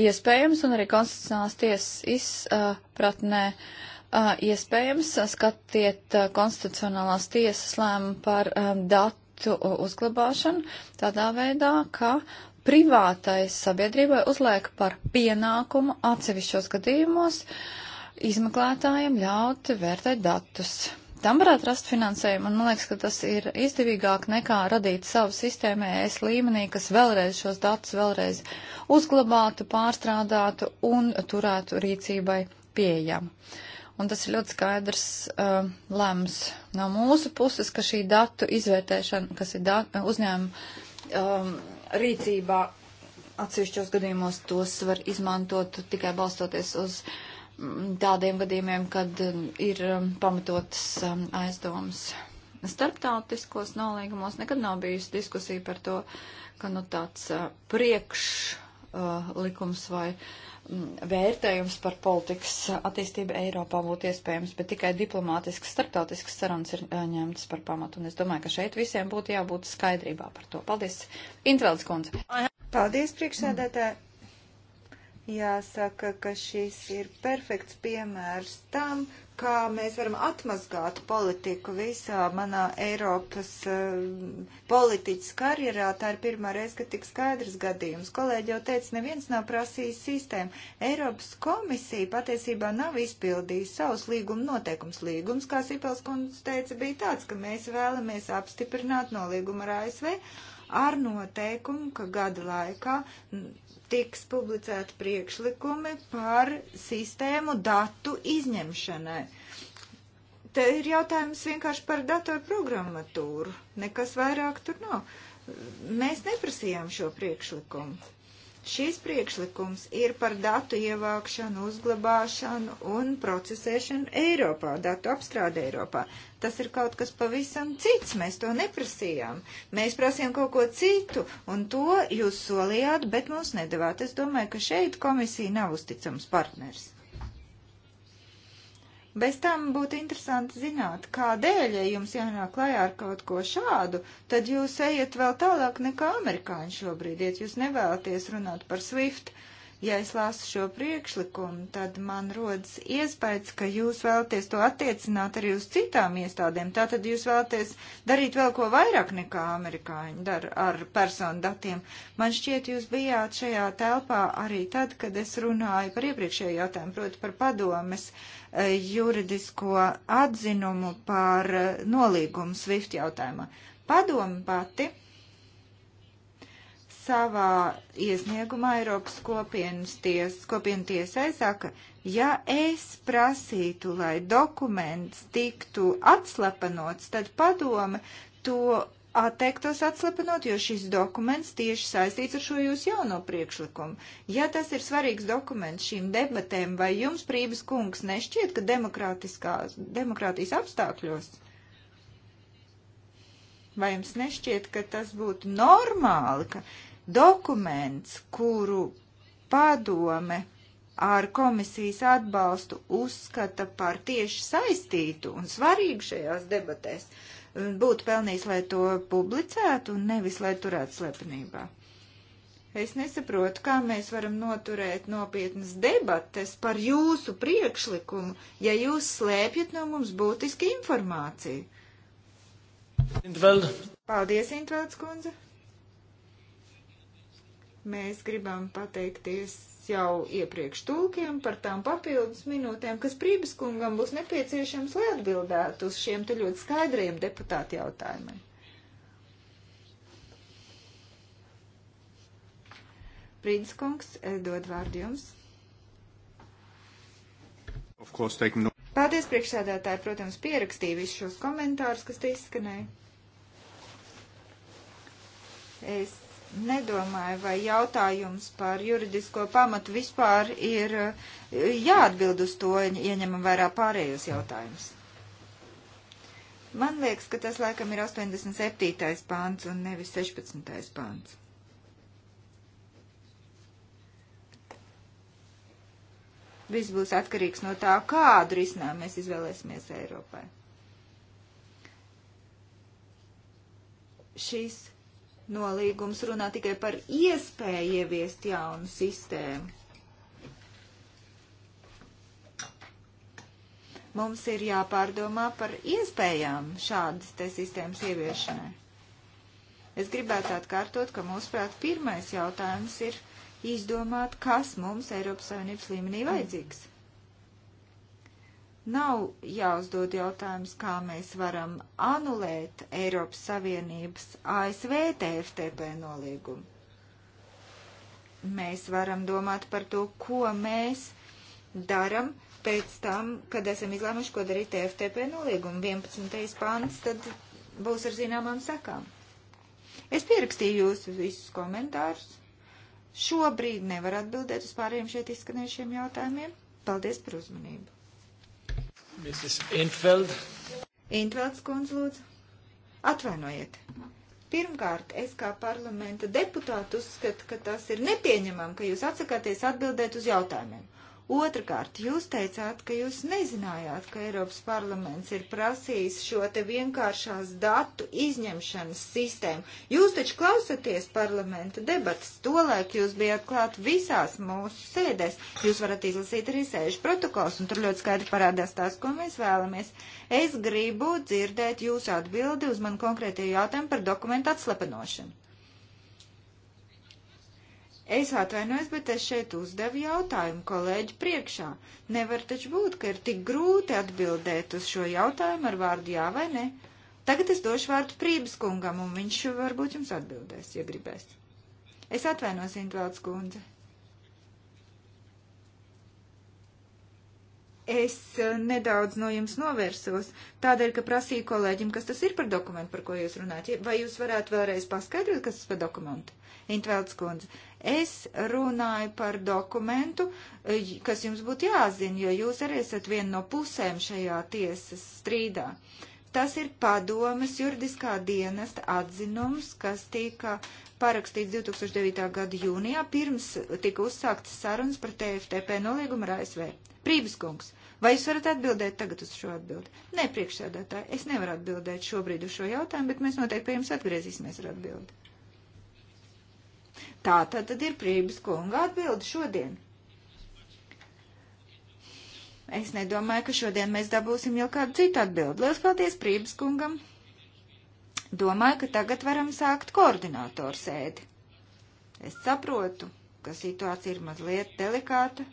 [SPEAKER 3] iespējams un arī konstitucionālās tiesas izpratnē. Uh, Uh, iespējams skatiet uh, konstitucionālās tiesas lēmumu par um, datu datu uzglabāšanu tādā veidā, ka privātais sabiedrībai uzliek par pienākumu atsevišķos gadījumos izmeklētājiem ļaut vērtēt datus. Tam varētu rast finansējumu, un man liekas, ka tas ir izdevīgāk nekā radīt savu sistēmu ES līmenī, kas vēlreiz šos datus vēlreiz uzglabātu, pārstrādātu un turētu rīcībai pieejamu. Un tas ir ļoti skaidrs uh, lēmums no mūsu puses, ka šī datu izvērtēšana, kas ir dat, uzņēmuma um, rīcībā, atsevišķos gadījumos tos var izmantot tikai balstoties uz mm, tādiem gadījumiem, kad um, ir um, pamatotas um, aizdomas. Starptautiskos nolīgumos nekad nav bijusi diskusija par to, ka nu tāds uh, priekšlikums uh, vai uh, Mm, vērtējums par politikas attīstību Eiropā būtu iespējams, bet tikai diplomātisks, starptautisks sarunas ir eh, ņemtas par pamatu. Un es domāju, ka šeit visiem būtu jābūt skaidrībā par to. Paldies, Intvelds kundze. Paldies, priekšsēdētāji. Jāsaka, ka
[SPEAKER 1] šis ir perfekts piemērs tam, kā mēs varam atmazgāt politiku visā manā Eiropas uh, politiķas karjerā. Tā ir pirmā reize, kad tik skaidrs gadījums. Kolēģi jau teica, neviens nav prasījis sistēmu. Eiropas komisija patiesībā nav izpildījusi savus līguma noteikums. Līgums, kā Sipels kundze teica, bija tāds, ka mēs vēlamies apstiprināt nolīgumu ar ASV ar noteikumu, ka gada laikā tiks publicēti priekšlikumi par sistēmu datu izņemšanai. Te ir jautājums vienkārši par datorprogrammatūru. Nekas vairāk tur nav. Mēs neprasījām šo priekšlikumu. Šis priekšlikums ir par datu ievākšanu, uzglabāšanu un procesēšanu Eiropā, datu apstrāde Eiropā. Tas ir kaut kas pavisam cits, mēs to neprasījām. Mēs prasījām kaut ko citu, un to jūs solījāt, bet mums nedavāt. Es domāju, ka šeit komisija nav uzticams partners. Bez tam būtu interesanti zināt, kādēļ, ja jums jānāk klajā ar kaut ko šādu, tad jūs ejat vēl tālāk nekā amerikāņi šobrīd iet. Jūs nevēlaties runāt par SWIFT, Ja es lasu šo priekšlikumu, tad man rodas iespējas, ka jūs vēlaties to attiecināt arī uz citām iestādēm. Tātad jūs vēlaties darīt vēl ko vairāk nekā amerikāņi dara ar personu datiem. Man šķiet, jūs bijāt šajā telpā arī tad, kad es runāju par iepriekšējo jautājumu, proti par padomes eh, juridisko atzinumu par eh, nolīgumu Swift jautājumā. Padomu pati savā iesniegumā Eiropas kopienas ties, kopienu tiesai saka, ja es prasītu, lai dokuments tiktu atslepenots, tad padome to atteiktos atslepenot, jo šis dokuments tieši saistīts ar šo jūsu jauno priekšlikumu. Ja tas ir svarīgs dokuments šīm debatēm, vai jums, Prības kungs, nešķiet, ka demokrātijas apstākļos? Vai jums nešķiet, ka tas būtu normāli, ka Dokuments, kuru padome ar komisijas atbalstu uzskata par tieši saistītu un svarīgu šajās debatēs, būtu pelnījis, lai to publicētu un nevis, lai turētu slepenībā. Es nesaprotu, kā mēs varam noturēt nopietnas debates par jūsu priekšlikumu, ja jūs slēpjat no mums būtiski informāciju. Intveld. Paldies, Intvelds kundze. Mēs gribam pateikties jau iepriekš tulkiem par tām papildus minūtēm, kas Prībiskungam būs nepieciešams, lai atbildētu uz šiem te ļoti skaidriem deputāti jautājumiem. Prībiskungs, eh, dod vārdu jums. Paldies, priekšsēdētāji, protams, pierakstīju visus šos komentārus, kas te izskanēja. Es nedomāju, vai jautājums par juridisko pamatu vispār ir eh, jāatbild uz to, ieņemam vērā pārējos jautājumus. Man liekas, ka tas laikam ir 87. pāns un nevis 16. pāns. Viss būs atkarīgs no tā, kādu risinājumu mēs izvēlēsimies Eiropai. Šīs nolīgums runā tikai par iespēju ieviest jaunu sistēmu. Mums ir jāpārdomā par iespējām šādas te sistēmas ieviešanai. Es gribētu atkārtot, ka mūsuprāt pirmais jautājums ir izdomāt, kas mums Eiropas Savienības līmenī vajadzīgs. Nav jāuzdod jautājums, kā mēs varam anulēt Eiropas Savienības ASV TFTP nolīgumu. Mēs varam domāt par to, ko mēs daram pēc tam, kad esam izlēmuši, ko darīt TFTP nolīgumu. 11. pāns tad būs ar zināmām sakām. Es pierakstīju jūsu visus komentārus. Šobrīd nevar atbildēt uz pārējiem šeit izskanējušiem jautājumiem. Paldies par uzmanību! Mrs. Infeld. Intvelds kundze, lūdzu. Atvainojiet. Pirmkārt, es kā parlamenta deputātu uzskatu, ka tas ir nepieņemam, ka jūs atsakāties atbildēt uz jautājumiem. Otrakārt, jūs teicāt, ka jūs nezinājāt, ka Eiropas parlaments ir prasījis šo te vienkāršās datu izņemšanas sistēmu. Jūs taču klausaties parlamenta debatas, tolēk jūs bijāt klāt visās mūsu sēdēs. Jūs varat izlasīt arī sēžu protokols, un tur ļoti skaidri parādās tās, ko mēs vēlamies. Es gribu dzirdēt jūsu atbildi uz man konkrētie jautājumu par dokumentu atslepenošanu. Es atvainojos, bet es šeit uzdevu jautājumu kolēģi priekšā. Nevar taču būt, ka ir tik grūti atbildēt uz šo jautājumu ar vārdu jā vai ne. Tagad es došu vārdu Prības kungam, un viņš varbūt jums atbildēs, ja gribēs. Es atvainos, Intvelds kundze. Es eh, nedaudz no jums novērsos, tādēļ, ka prasīju kolēģim, kas tas ir par dokumentu, par ko jūs runājat. Vai jūs varētu vēlreiz paskaidrot, kas tas par dokumentu? Intvelds kundze. Es runāju par dokumentu, e, kas jums būtu jāzina, jo jūs arī esat viena no pusēm šajā tiesas strīdā. Tas ir padomas juridiskā dienesta atzinums, kas tika parakstīts 2009. gada jūnijā, pirms tika uzsāktas sarunas par TFTP nolīgumu ar ASV. Prībiskungs, vai jūs varat atbildēt tagad uz šo atbildi? Nē, priekšsēdētāji, es nevaru atbildēt šobrīd uz šo jautājumu, bet mēs noteikti pie jums atgriezīsimies ar atbildi. Tā tad, tad ir prības kunga atbildi šodien. Es nedomāju, ka šodien mēs dabūsim jau kādu citu atbildi. Lielas paldies prības kungam. Domāju, ka tagad varam sākt koordinātoru sēdi. Es saprotu, ka situācija ir mazliet delikāta,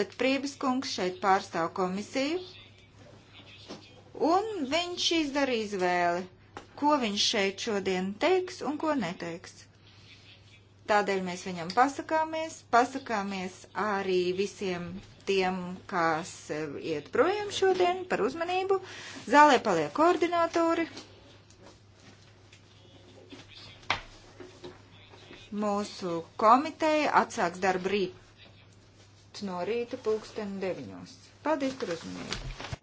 [SPEAKER 1] bet prības kungs šeit pārstāv komisiju, un viņš izdarīja izvēli, ko viņš šeit šodien teiks un ko neteiks. Tādēļ mēs viņam pasakāmies, pasakāmies arī visiem tiem, kas iet projām šodien par uzmanību. Zālē paliek koordinātori. Mūsu komiteja atsāks darbu rīt no rīta pulksten deviņos. Paldies par uzmanību!